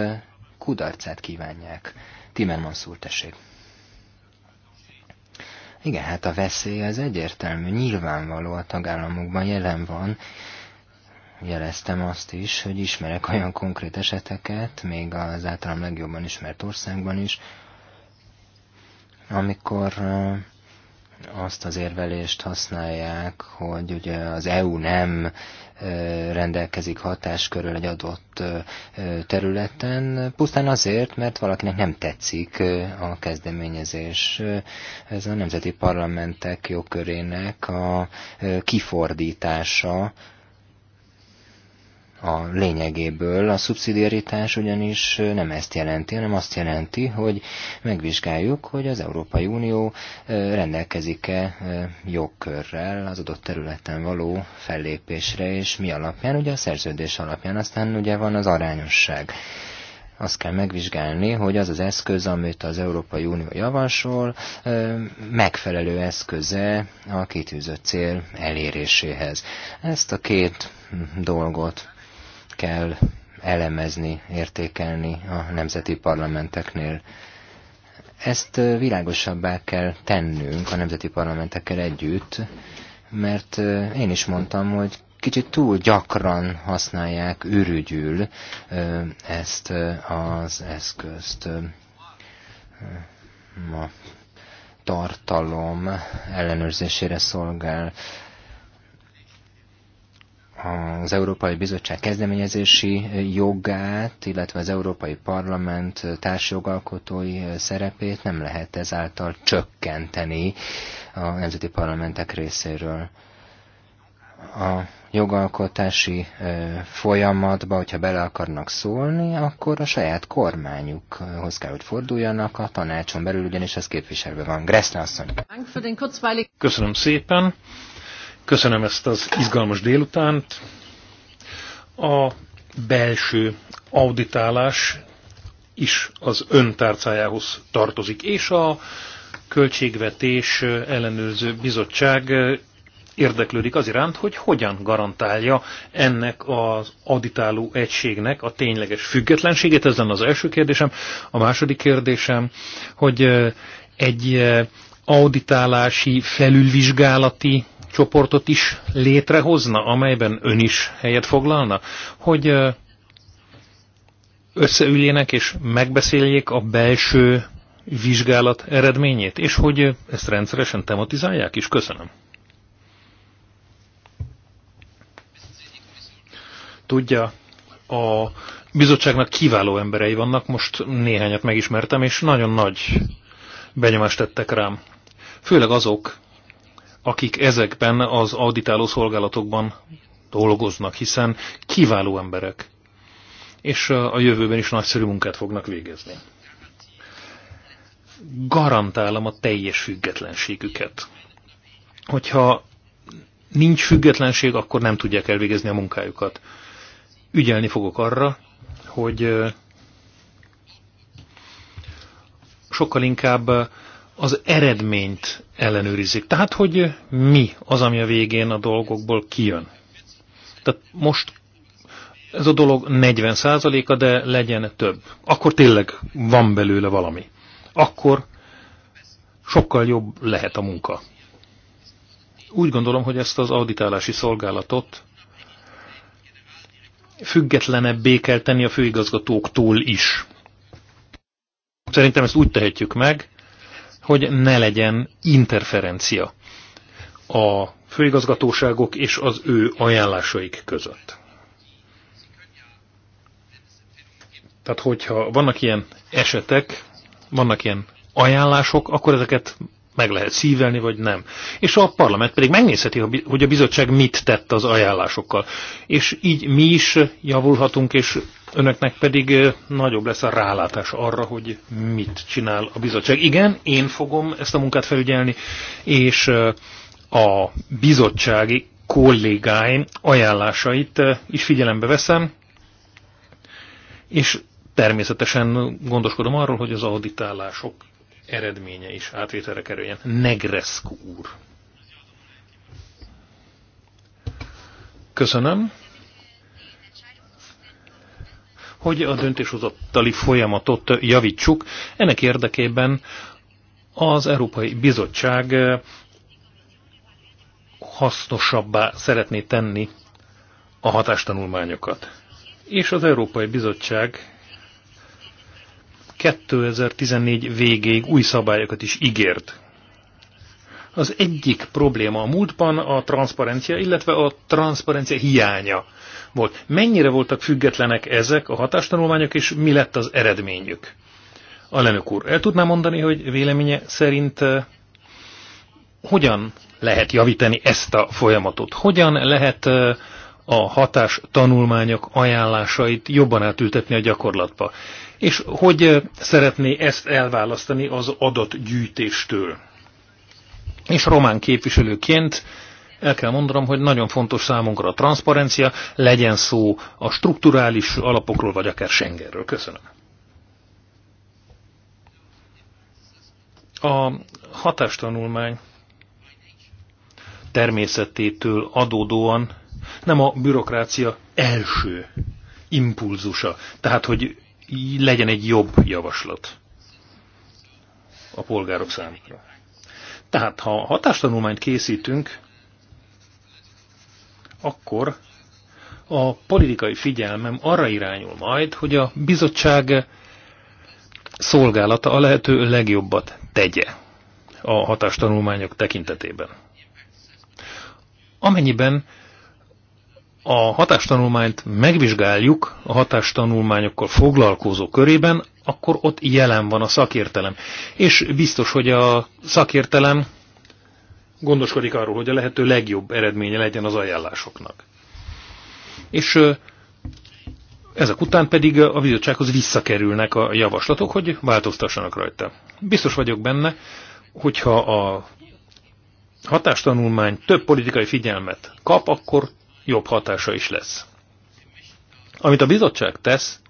kudarcát kívánják. Timen úr, tessék! Igen, hát a veszély az egyértelmű, nyilvánvaló a tagállamokban jelen van. Jeleztem azt is, hogy ismerek olyan konkrét eseteket, még az általam legjobban ismert országban is, amikor azt az érvelést használják, hogy ugye az EU nem rendelkezik hatáskörül egy adott területen, pusztán azért, mert valakinek nem tetszik a kezdeményezés. Ez a nemzeti parlamentek jogkörének a kifordítása, a lényegéből. A szubszidiaritás ugyanis nem ezt jelenti, hanem azt jelenti, hogy megvizsgáljuk, hogy az Európai Unió rendelkezik-e jogkörrel az adott területen való fellépésre, és mi alapján, ugye a szerződés alapján, aztán ugye van az arányosság azt kell megvizsgálni, hogy az az eszköz, amit az Európai Unió javasol, megfelelő eszköze a kitűzött cél eléréséhez. Ezt a két dolgot kell elemezni, értékelni a nemzeti parlamenteknél. Ezt világosabbá kell tennünk a nemzeti parlamentekkel együtt, mert én is mondtam, hogy kicsit túl gyakran használják ürügyül ezt az eszközt. Ma tartalom ellenőrzésére szolgál az Európai Bizottság kezdeményezési jogát, illetve az Európai Parlament társjogalkotói szerepét nem lehet ezáltal csökkenteni a nemzeti parlamentek részéről. A jogalkotási folyamatba, hogyha bele akarnak szólni, akkor a saját kormányukhoz kell, hogy forduljanak a tanácson belül, ugyanis ez képviselve van. Gressle asszony. Köszönöm szépen. Köszönöm ezt az izgalmas délutánt. A belső auditálás is az öntárcájához tartozik, és a Költségvetés Ellenőrző Bizottság érdeklődik az iránt, hogy hogyan garantálja ennek az auditáló egységnek a tényleges függetlenségét. Ez lenne az első kérdésem. A második kérdésem, hogy egy auditálási felülvizsgálati csoportot is létrehozna, amelyben ön is helyet foglalna, hogy összeüljenek és megbeszéljék a belső vizsgálat eredményét, és hogy ezt rendszeresen tematizálják is. Köszönöm. Tudja, a bizottságnak kiváló emberei vannak, most néhányat megismertem, és nagyon nagy benyomást tettek rám. Főleg azok, akik ezekben az auditáló szolgálatokban dolgoznak, hiszen kiváló emberek, és a jövőben is nagyszerű munkát fognak végezni. Garantálom a teljes függetlenségüket. Hogyha nincs függetlenség, akkor nem tudják elvégezni a munkájukat. Ügyelni fogok arra, hogy sokkal inkább az eredményt ellenőrizik. Tehát, hogy mi az, ami a végén a dolgokból kijön. Tehát most ez a dolog 40%-a, de legyen több. Akkor tényleg van belőle valami. Akkor sokkal jobb lehet a munka. Úgy gondolom, hogy ezt az auditálási szolgálatot függetlenebb kell tenni a főigazgatóktól is. Szerintem ezt úgy tehetjük meg, hogy ne legyen interferencia a főigazgatóságok és az ő ajánlásaik között. Tehát, hogyha vannak ilyen esetek, vannak ilyen ajánlások, akkor ezeket meg lehet szívelni, vagy nem. És a parlament pedig megnézheti, hogy a bizottság mit tett az ajánlásokkal. És így mi is javulhatunk, és önöknek pedig nagyobb lesz a rálátás arra, hogy mit csinál a bizottság. Igen, én fogom ezt a munkát felügyelni, és a bizottsági kollégáim ajánlásait is figyelembe veszem, és természetesen gondoskodom arról, hogy az auditálások eredménye is átvételre kerüljen. Negrescu úr. Köszönöm. Hogy a döntéshozatali folyamatot javítsuk, ennek érdekében az Európai Bizottság eh, hasznosabbá szeretné tenni a hatástanulmányokat. És az Európai Bizottság 2014 végéig új szabályokat is ígért. Az egyik probléma a múltban a transzparencia, illetve a transzparencia hiánya volt. Mennyire voltak függetlenek ezek a hatástanulmányok, és mi lett az eredményük? lenök úr, el tudná mondani, hogy véleménye szerint eh, hogyan lehet javítani ezt a folyamatot? Hogyan lehet eh, a hatás tanulmányok ajánlásait jobban átültetni a gyakorlatba? és hogy szeretné ezt elválasztani az adatgyűjtéstől. És román képviselőként el kell mondanom, hogy nagyon fontos számunkra a transzparencia, legyen szó a strukturális alapokról, vagy akár Schengenről. Köszönöm. A hatástanulmány természetétől adódóan nem a bürokrácia első impulzusa. Tehát, hogy legyen egy jobb javaslat a polgárok számára. Tehát, ha hatástanulmányt készítünk, akkor a politikai figyelmem arra irányul majd, hogy a bizottság szolgálata a lehető legjobbat tegye a hatástanulmányok tekintetében. Amennyiben a hatástanulmányt megvizsgáljuk a hatástanulmányokkal foglalkozó körében, akkor ott jelen van a szakértelem. És biztos, hogy a szakértelem gondoskodik arról, hogy a lehető legjobb eredménye legyen az ajánlásoknak. És ezek után pedig a bizottsághoz visszakerülnek a javaslatok, hogy változtassanak rajta. Biztos vagyok benne, hogyha a hatástanulmány több politikai figyelmet kap, akkor jobb hatása is lesz. Amit a bizottság tesz,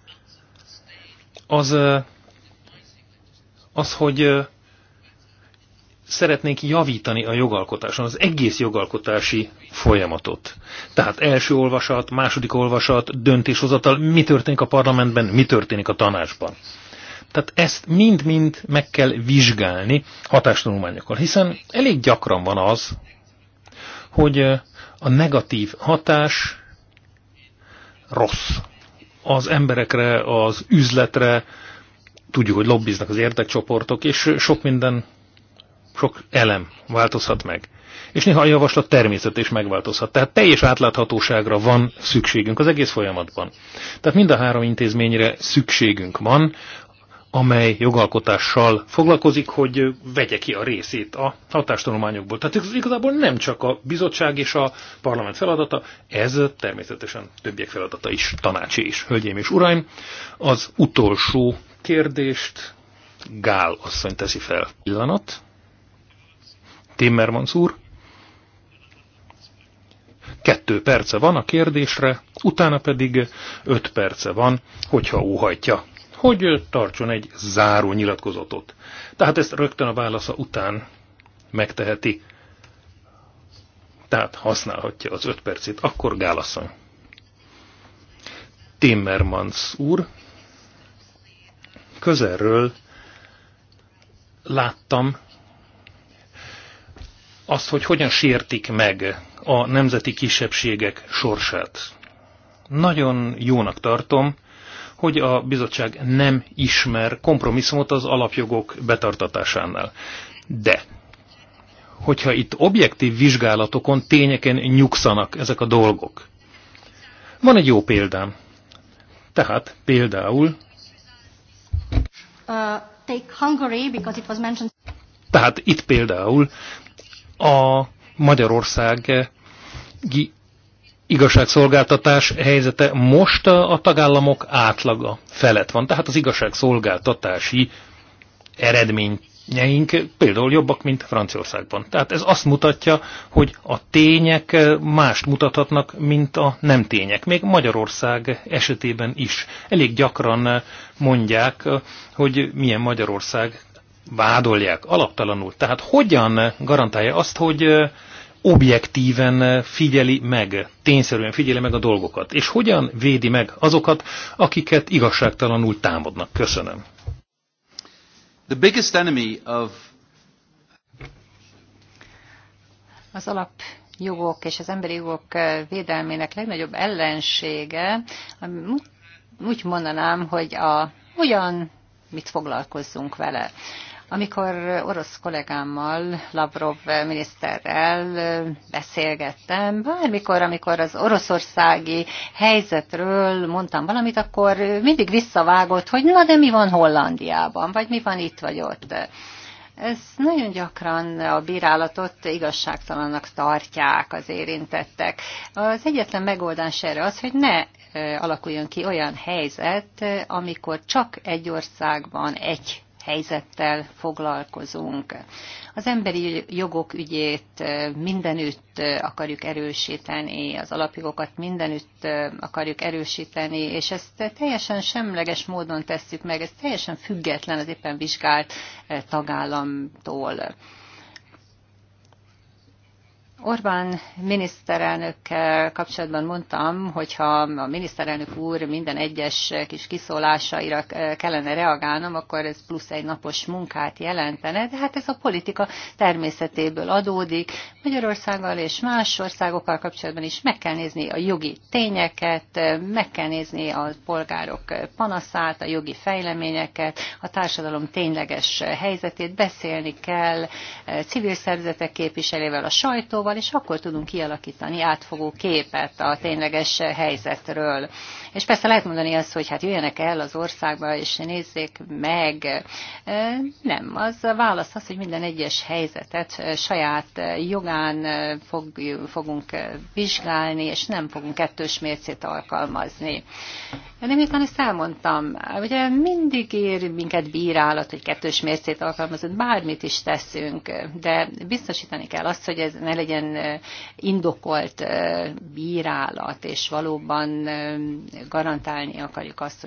az, az hogy szeretnék javítani a jogalkotáson, az egész jogalkotási folyamatot. Tehát első olvasat, második olvasat, döntéshozatal, mi történik a parlamentben, mi történik a tanácsban. Tehát ezt mind-mind meg kell vizsgálni hatástanulmányokkal, hiszen elég gyakran van az, hogy a negatív hatás rossz. Az emberekre, az üzletre, tudjuk, hogy lobbiznak az érdekcsoportok, és sok minden, sok elem változhat meg. És néha a javaslat természet is megváltozhat. Tehát teljes átláthatóságra van szükségünk az egész folyamatban. Tehát mind a három intézményre szükségünk van amely jogalkotással foglalkozik, hogy vegye ki a részét a hatástanulmányokból. Tehát ez igazából nem csak a bizottság és a parlament feladata, ez természetesen többiek feladata is, tanácsi is. Hölgyeim és uraim, az utolsó kérdést Gál asszony teszi fel. Pillanat. Timmermans úr. Kettő perce van a kérdésre, utána pedig öt perce van, hogyha óhajtja hogy tartson egy záró nyilatkozatot. Tehát ezt rögtön a válasza után megteheti. Tehát használhatja az öt percét. Akkor Gálasszony. Timmermans úr, közelről láttam azt, hogy hogyan sértik meg a nemzeti kisebbségek sorsát. Nagyon jónak tartom, hogy a bizottság nem ismer kompromisszumot az alapjogok betartatásánál. De hogyha itt objektív vizsgálatokon, tényeken nyugszanak ezek a dolgok. Van egy jó példám. Tehát például... Uh, take Hungary, because it was mentioned... Tehát itt például a Magyarország igazságszolgáltatás helyzete most a tagállamok átlaga felett van. Tehát az igazságszolgáltatási eredményeink például jobbak, mint Franciaországban. Tehát ez azt mutatja, hogy a tények mást mutathatnak, mint a nem tények. Még Magyarország esetében is. Elég gyakran mondják, hogy milyen Magyarország vádolják alaptalanul. Tehát hogyan garantálja azt, hogy objektíven eh, figyeli meg, tényszerűen figyeli meg a dolgokat, és hogyan védi meg azokat, akiket igazságtalanul támadnak. Köszönöm. The biggest enemy of... Az alap jogok és az emberi jogok eh, védelmének legnagyobb ellensége, úgy mondanám, hogy a, ugyan mit foglalkozzunk vele. Amikor orosz kollégámmal, Lavrov miniszterrel beszélgettem, bármikor, amikor az oroszországi helyzetről mondtam valamit, akkor mindig visszavágott, hogy na de mi van Hollandiában, vagy mi van itt vagy ott. Ez nagyon gyakran a bírálatot igazságtalannak tartják az érintettek. Az egyetlen megoldás erre az, hogy ne alakuljon ki olyan helyzet, amikor csak egy országban egy helyzettel foglalkozunk. Az emberi jogok ügyét mindenütt akarjuk erősíteni, az alapjogokat mindenütt akarjuk erősíteni, és ezt teljesen semleges módon tesszük meg, ez teljesen független az éppen vizsgált tagállamtól. Orbán miniszterelnökkel kapcsolatban mondtam, hogyha a miniszterelnök úr minden egyes kis kiszólásaira eh, kellene reagálnom, akkor ez plusz egy napos munkát jelentene, de hát ez a politika természetéből adódik. Magyarországgal és más országokkal kapcsolatban is meg kell nézni a jogi tényeket, meg kell nézni a polgárok panaszát, a jogi fejleményeket, a társadalom tényleges helyzetét, beszélni kell eh, civil szervezetek képviselével, a sajtóval, valóban, és akkor tudunk kialakítani átfogó képet a tényleges helyzetről. És persze lehet mondani azt, hogy hát jöjjenek el az országba, és nézzék meg. Nem, az a válasz az, hogy minden egyes helyzetet saját jogán fog, fogunk vizsgálni, és nem fogunk kettős mércét alkalmazni. De miután ezt elmondtam, ugye mindig ér minket bírálat, hogy kettős mércét alkalmazunk, bármit is teszünk, de biztosítani kell azt, hogy ez ne legyen indokolt bírálat, és valóban garantálni akarjuk azt, hogy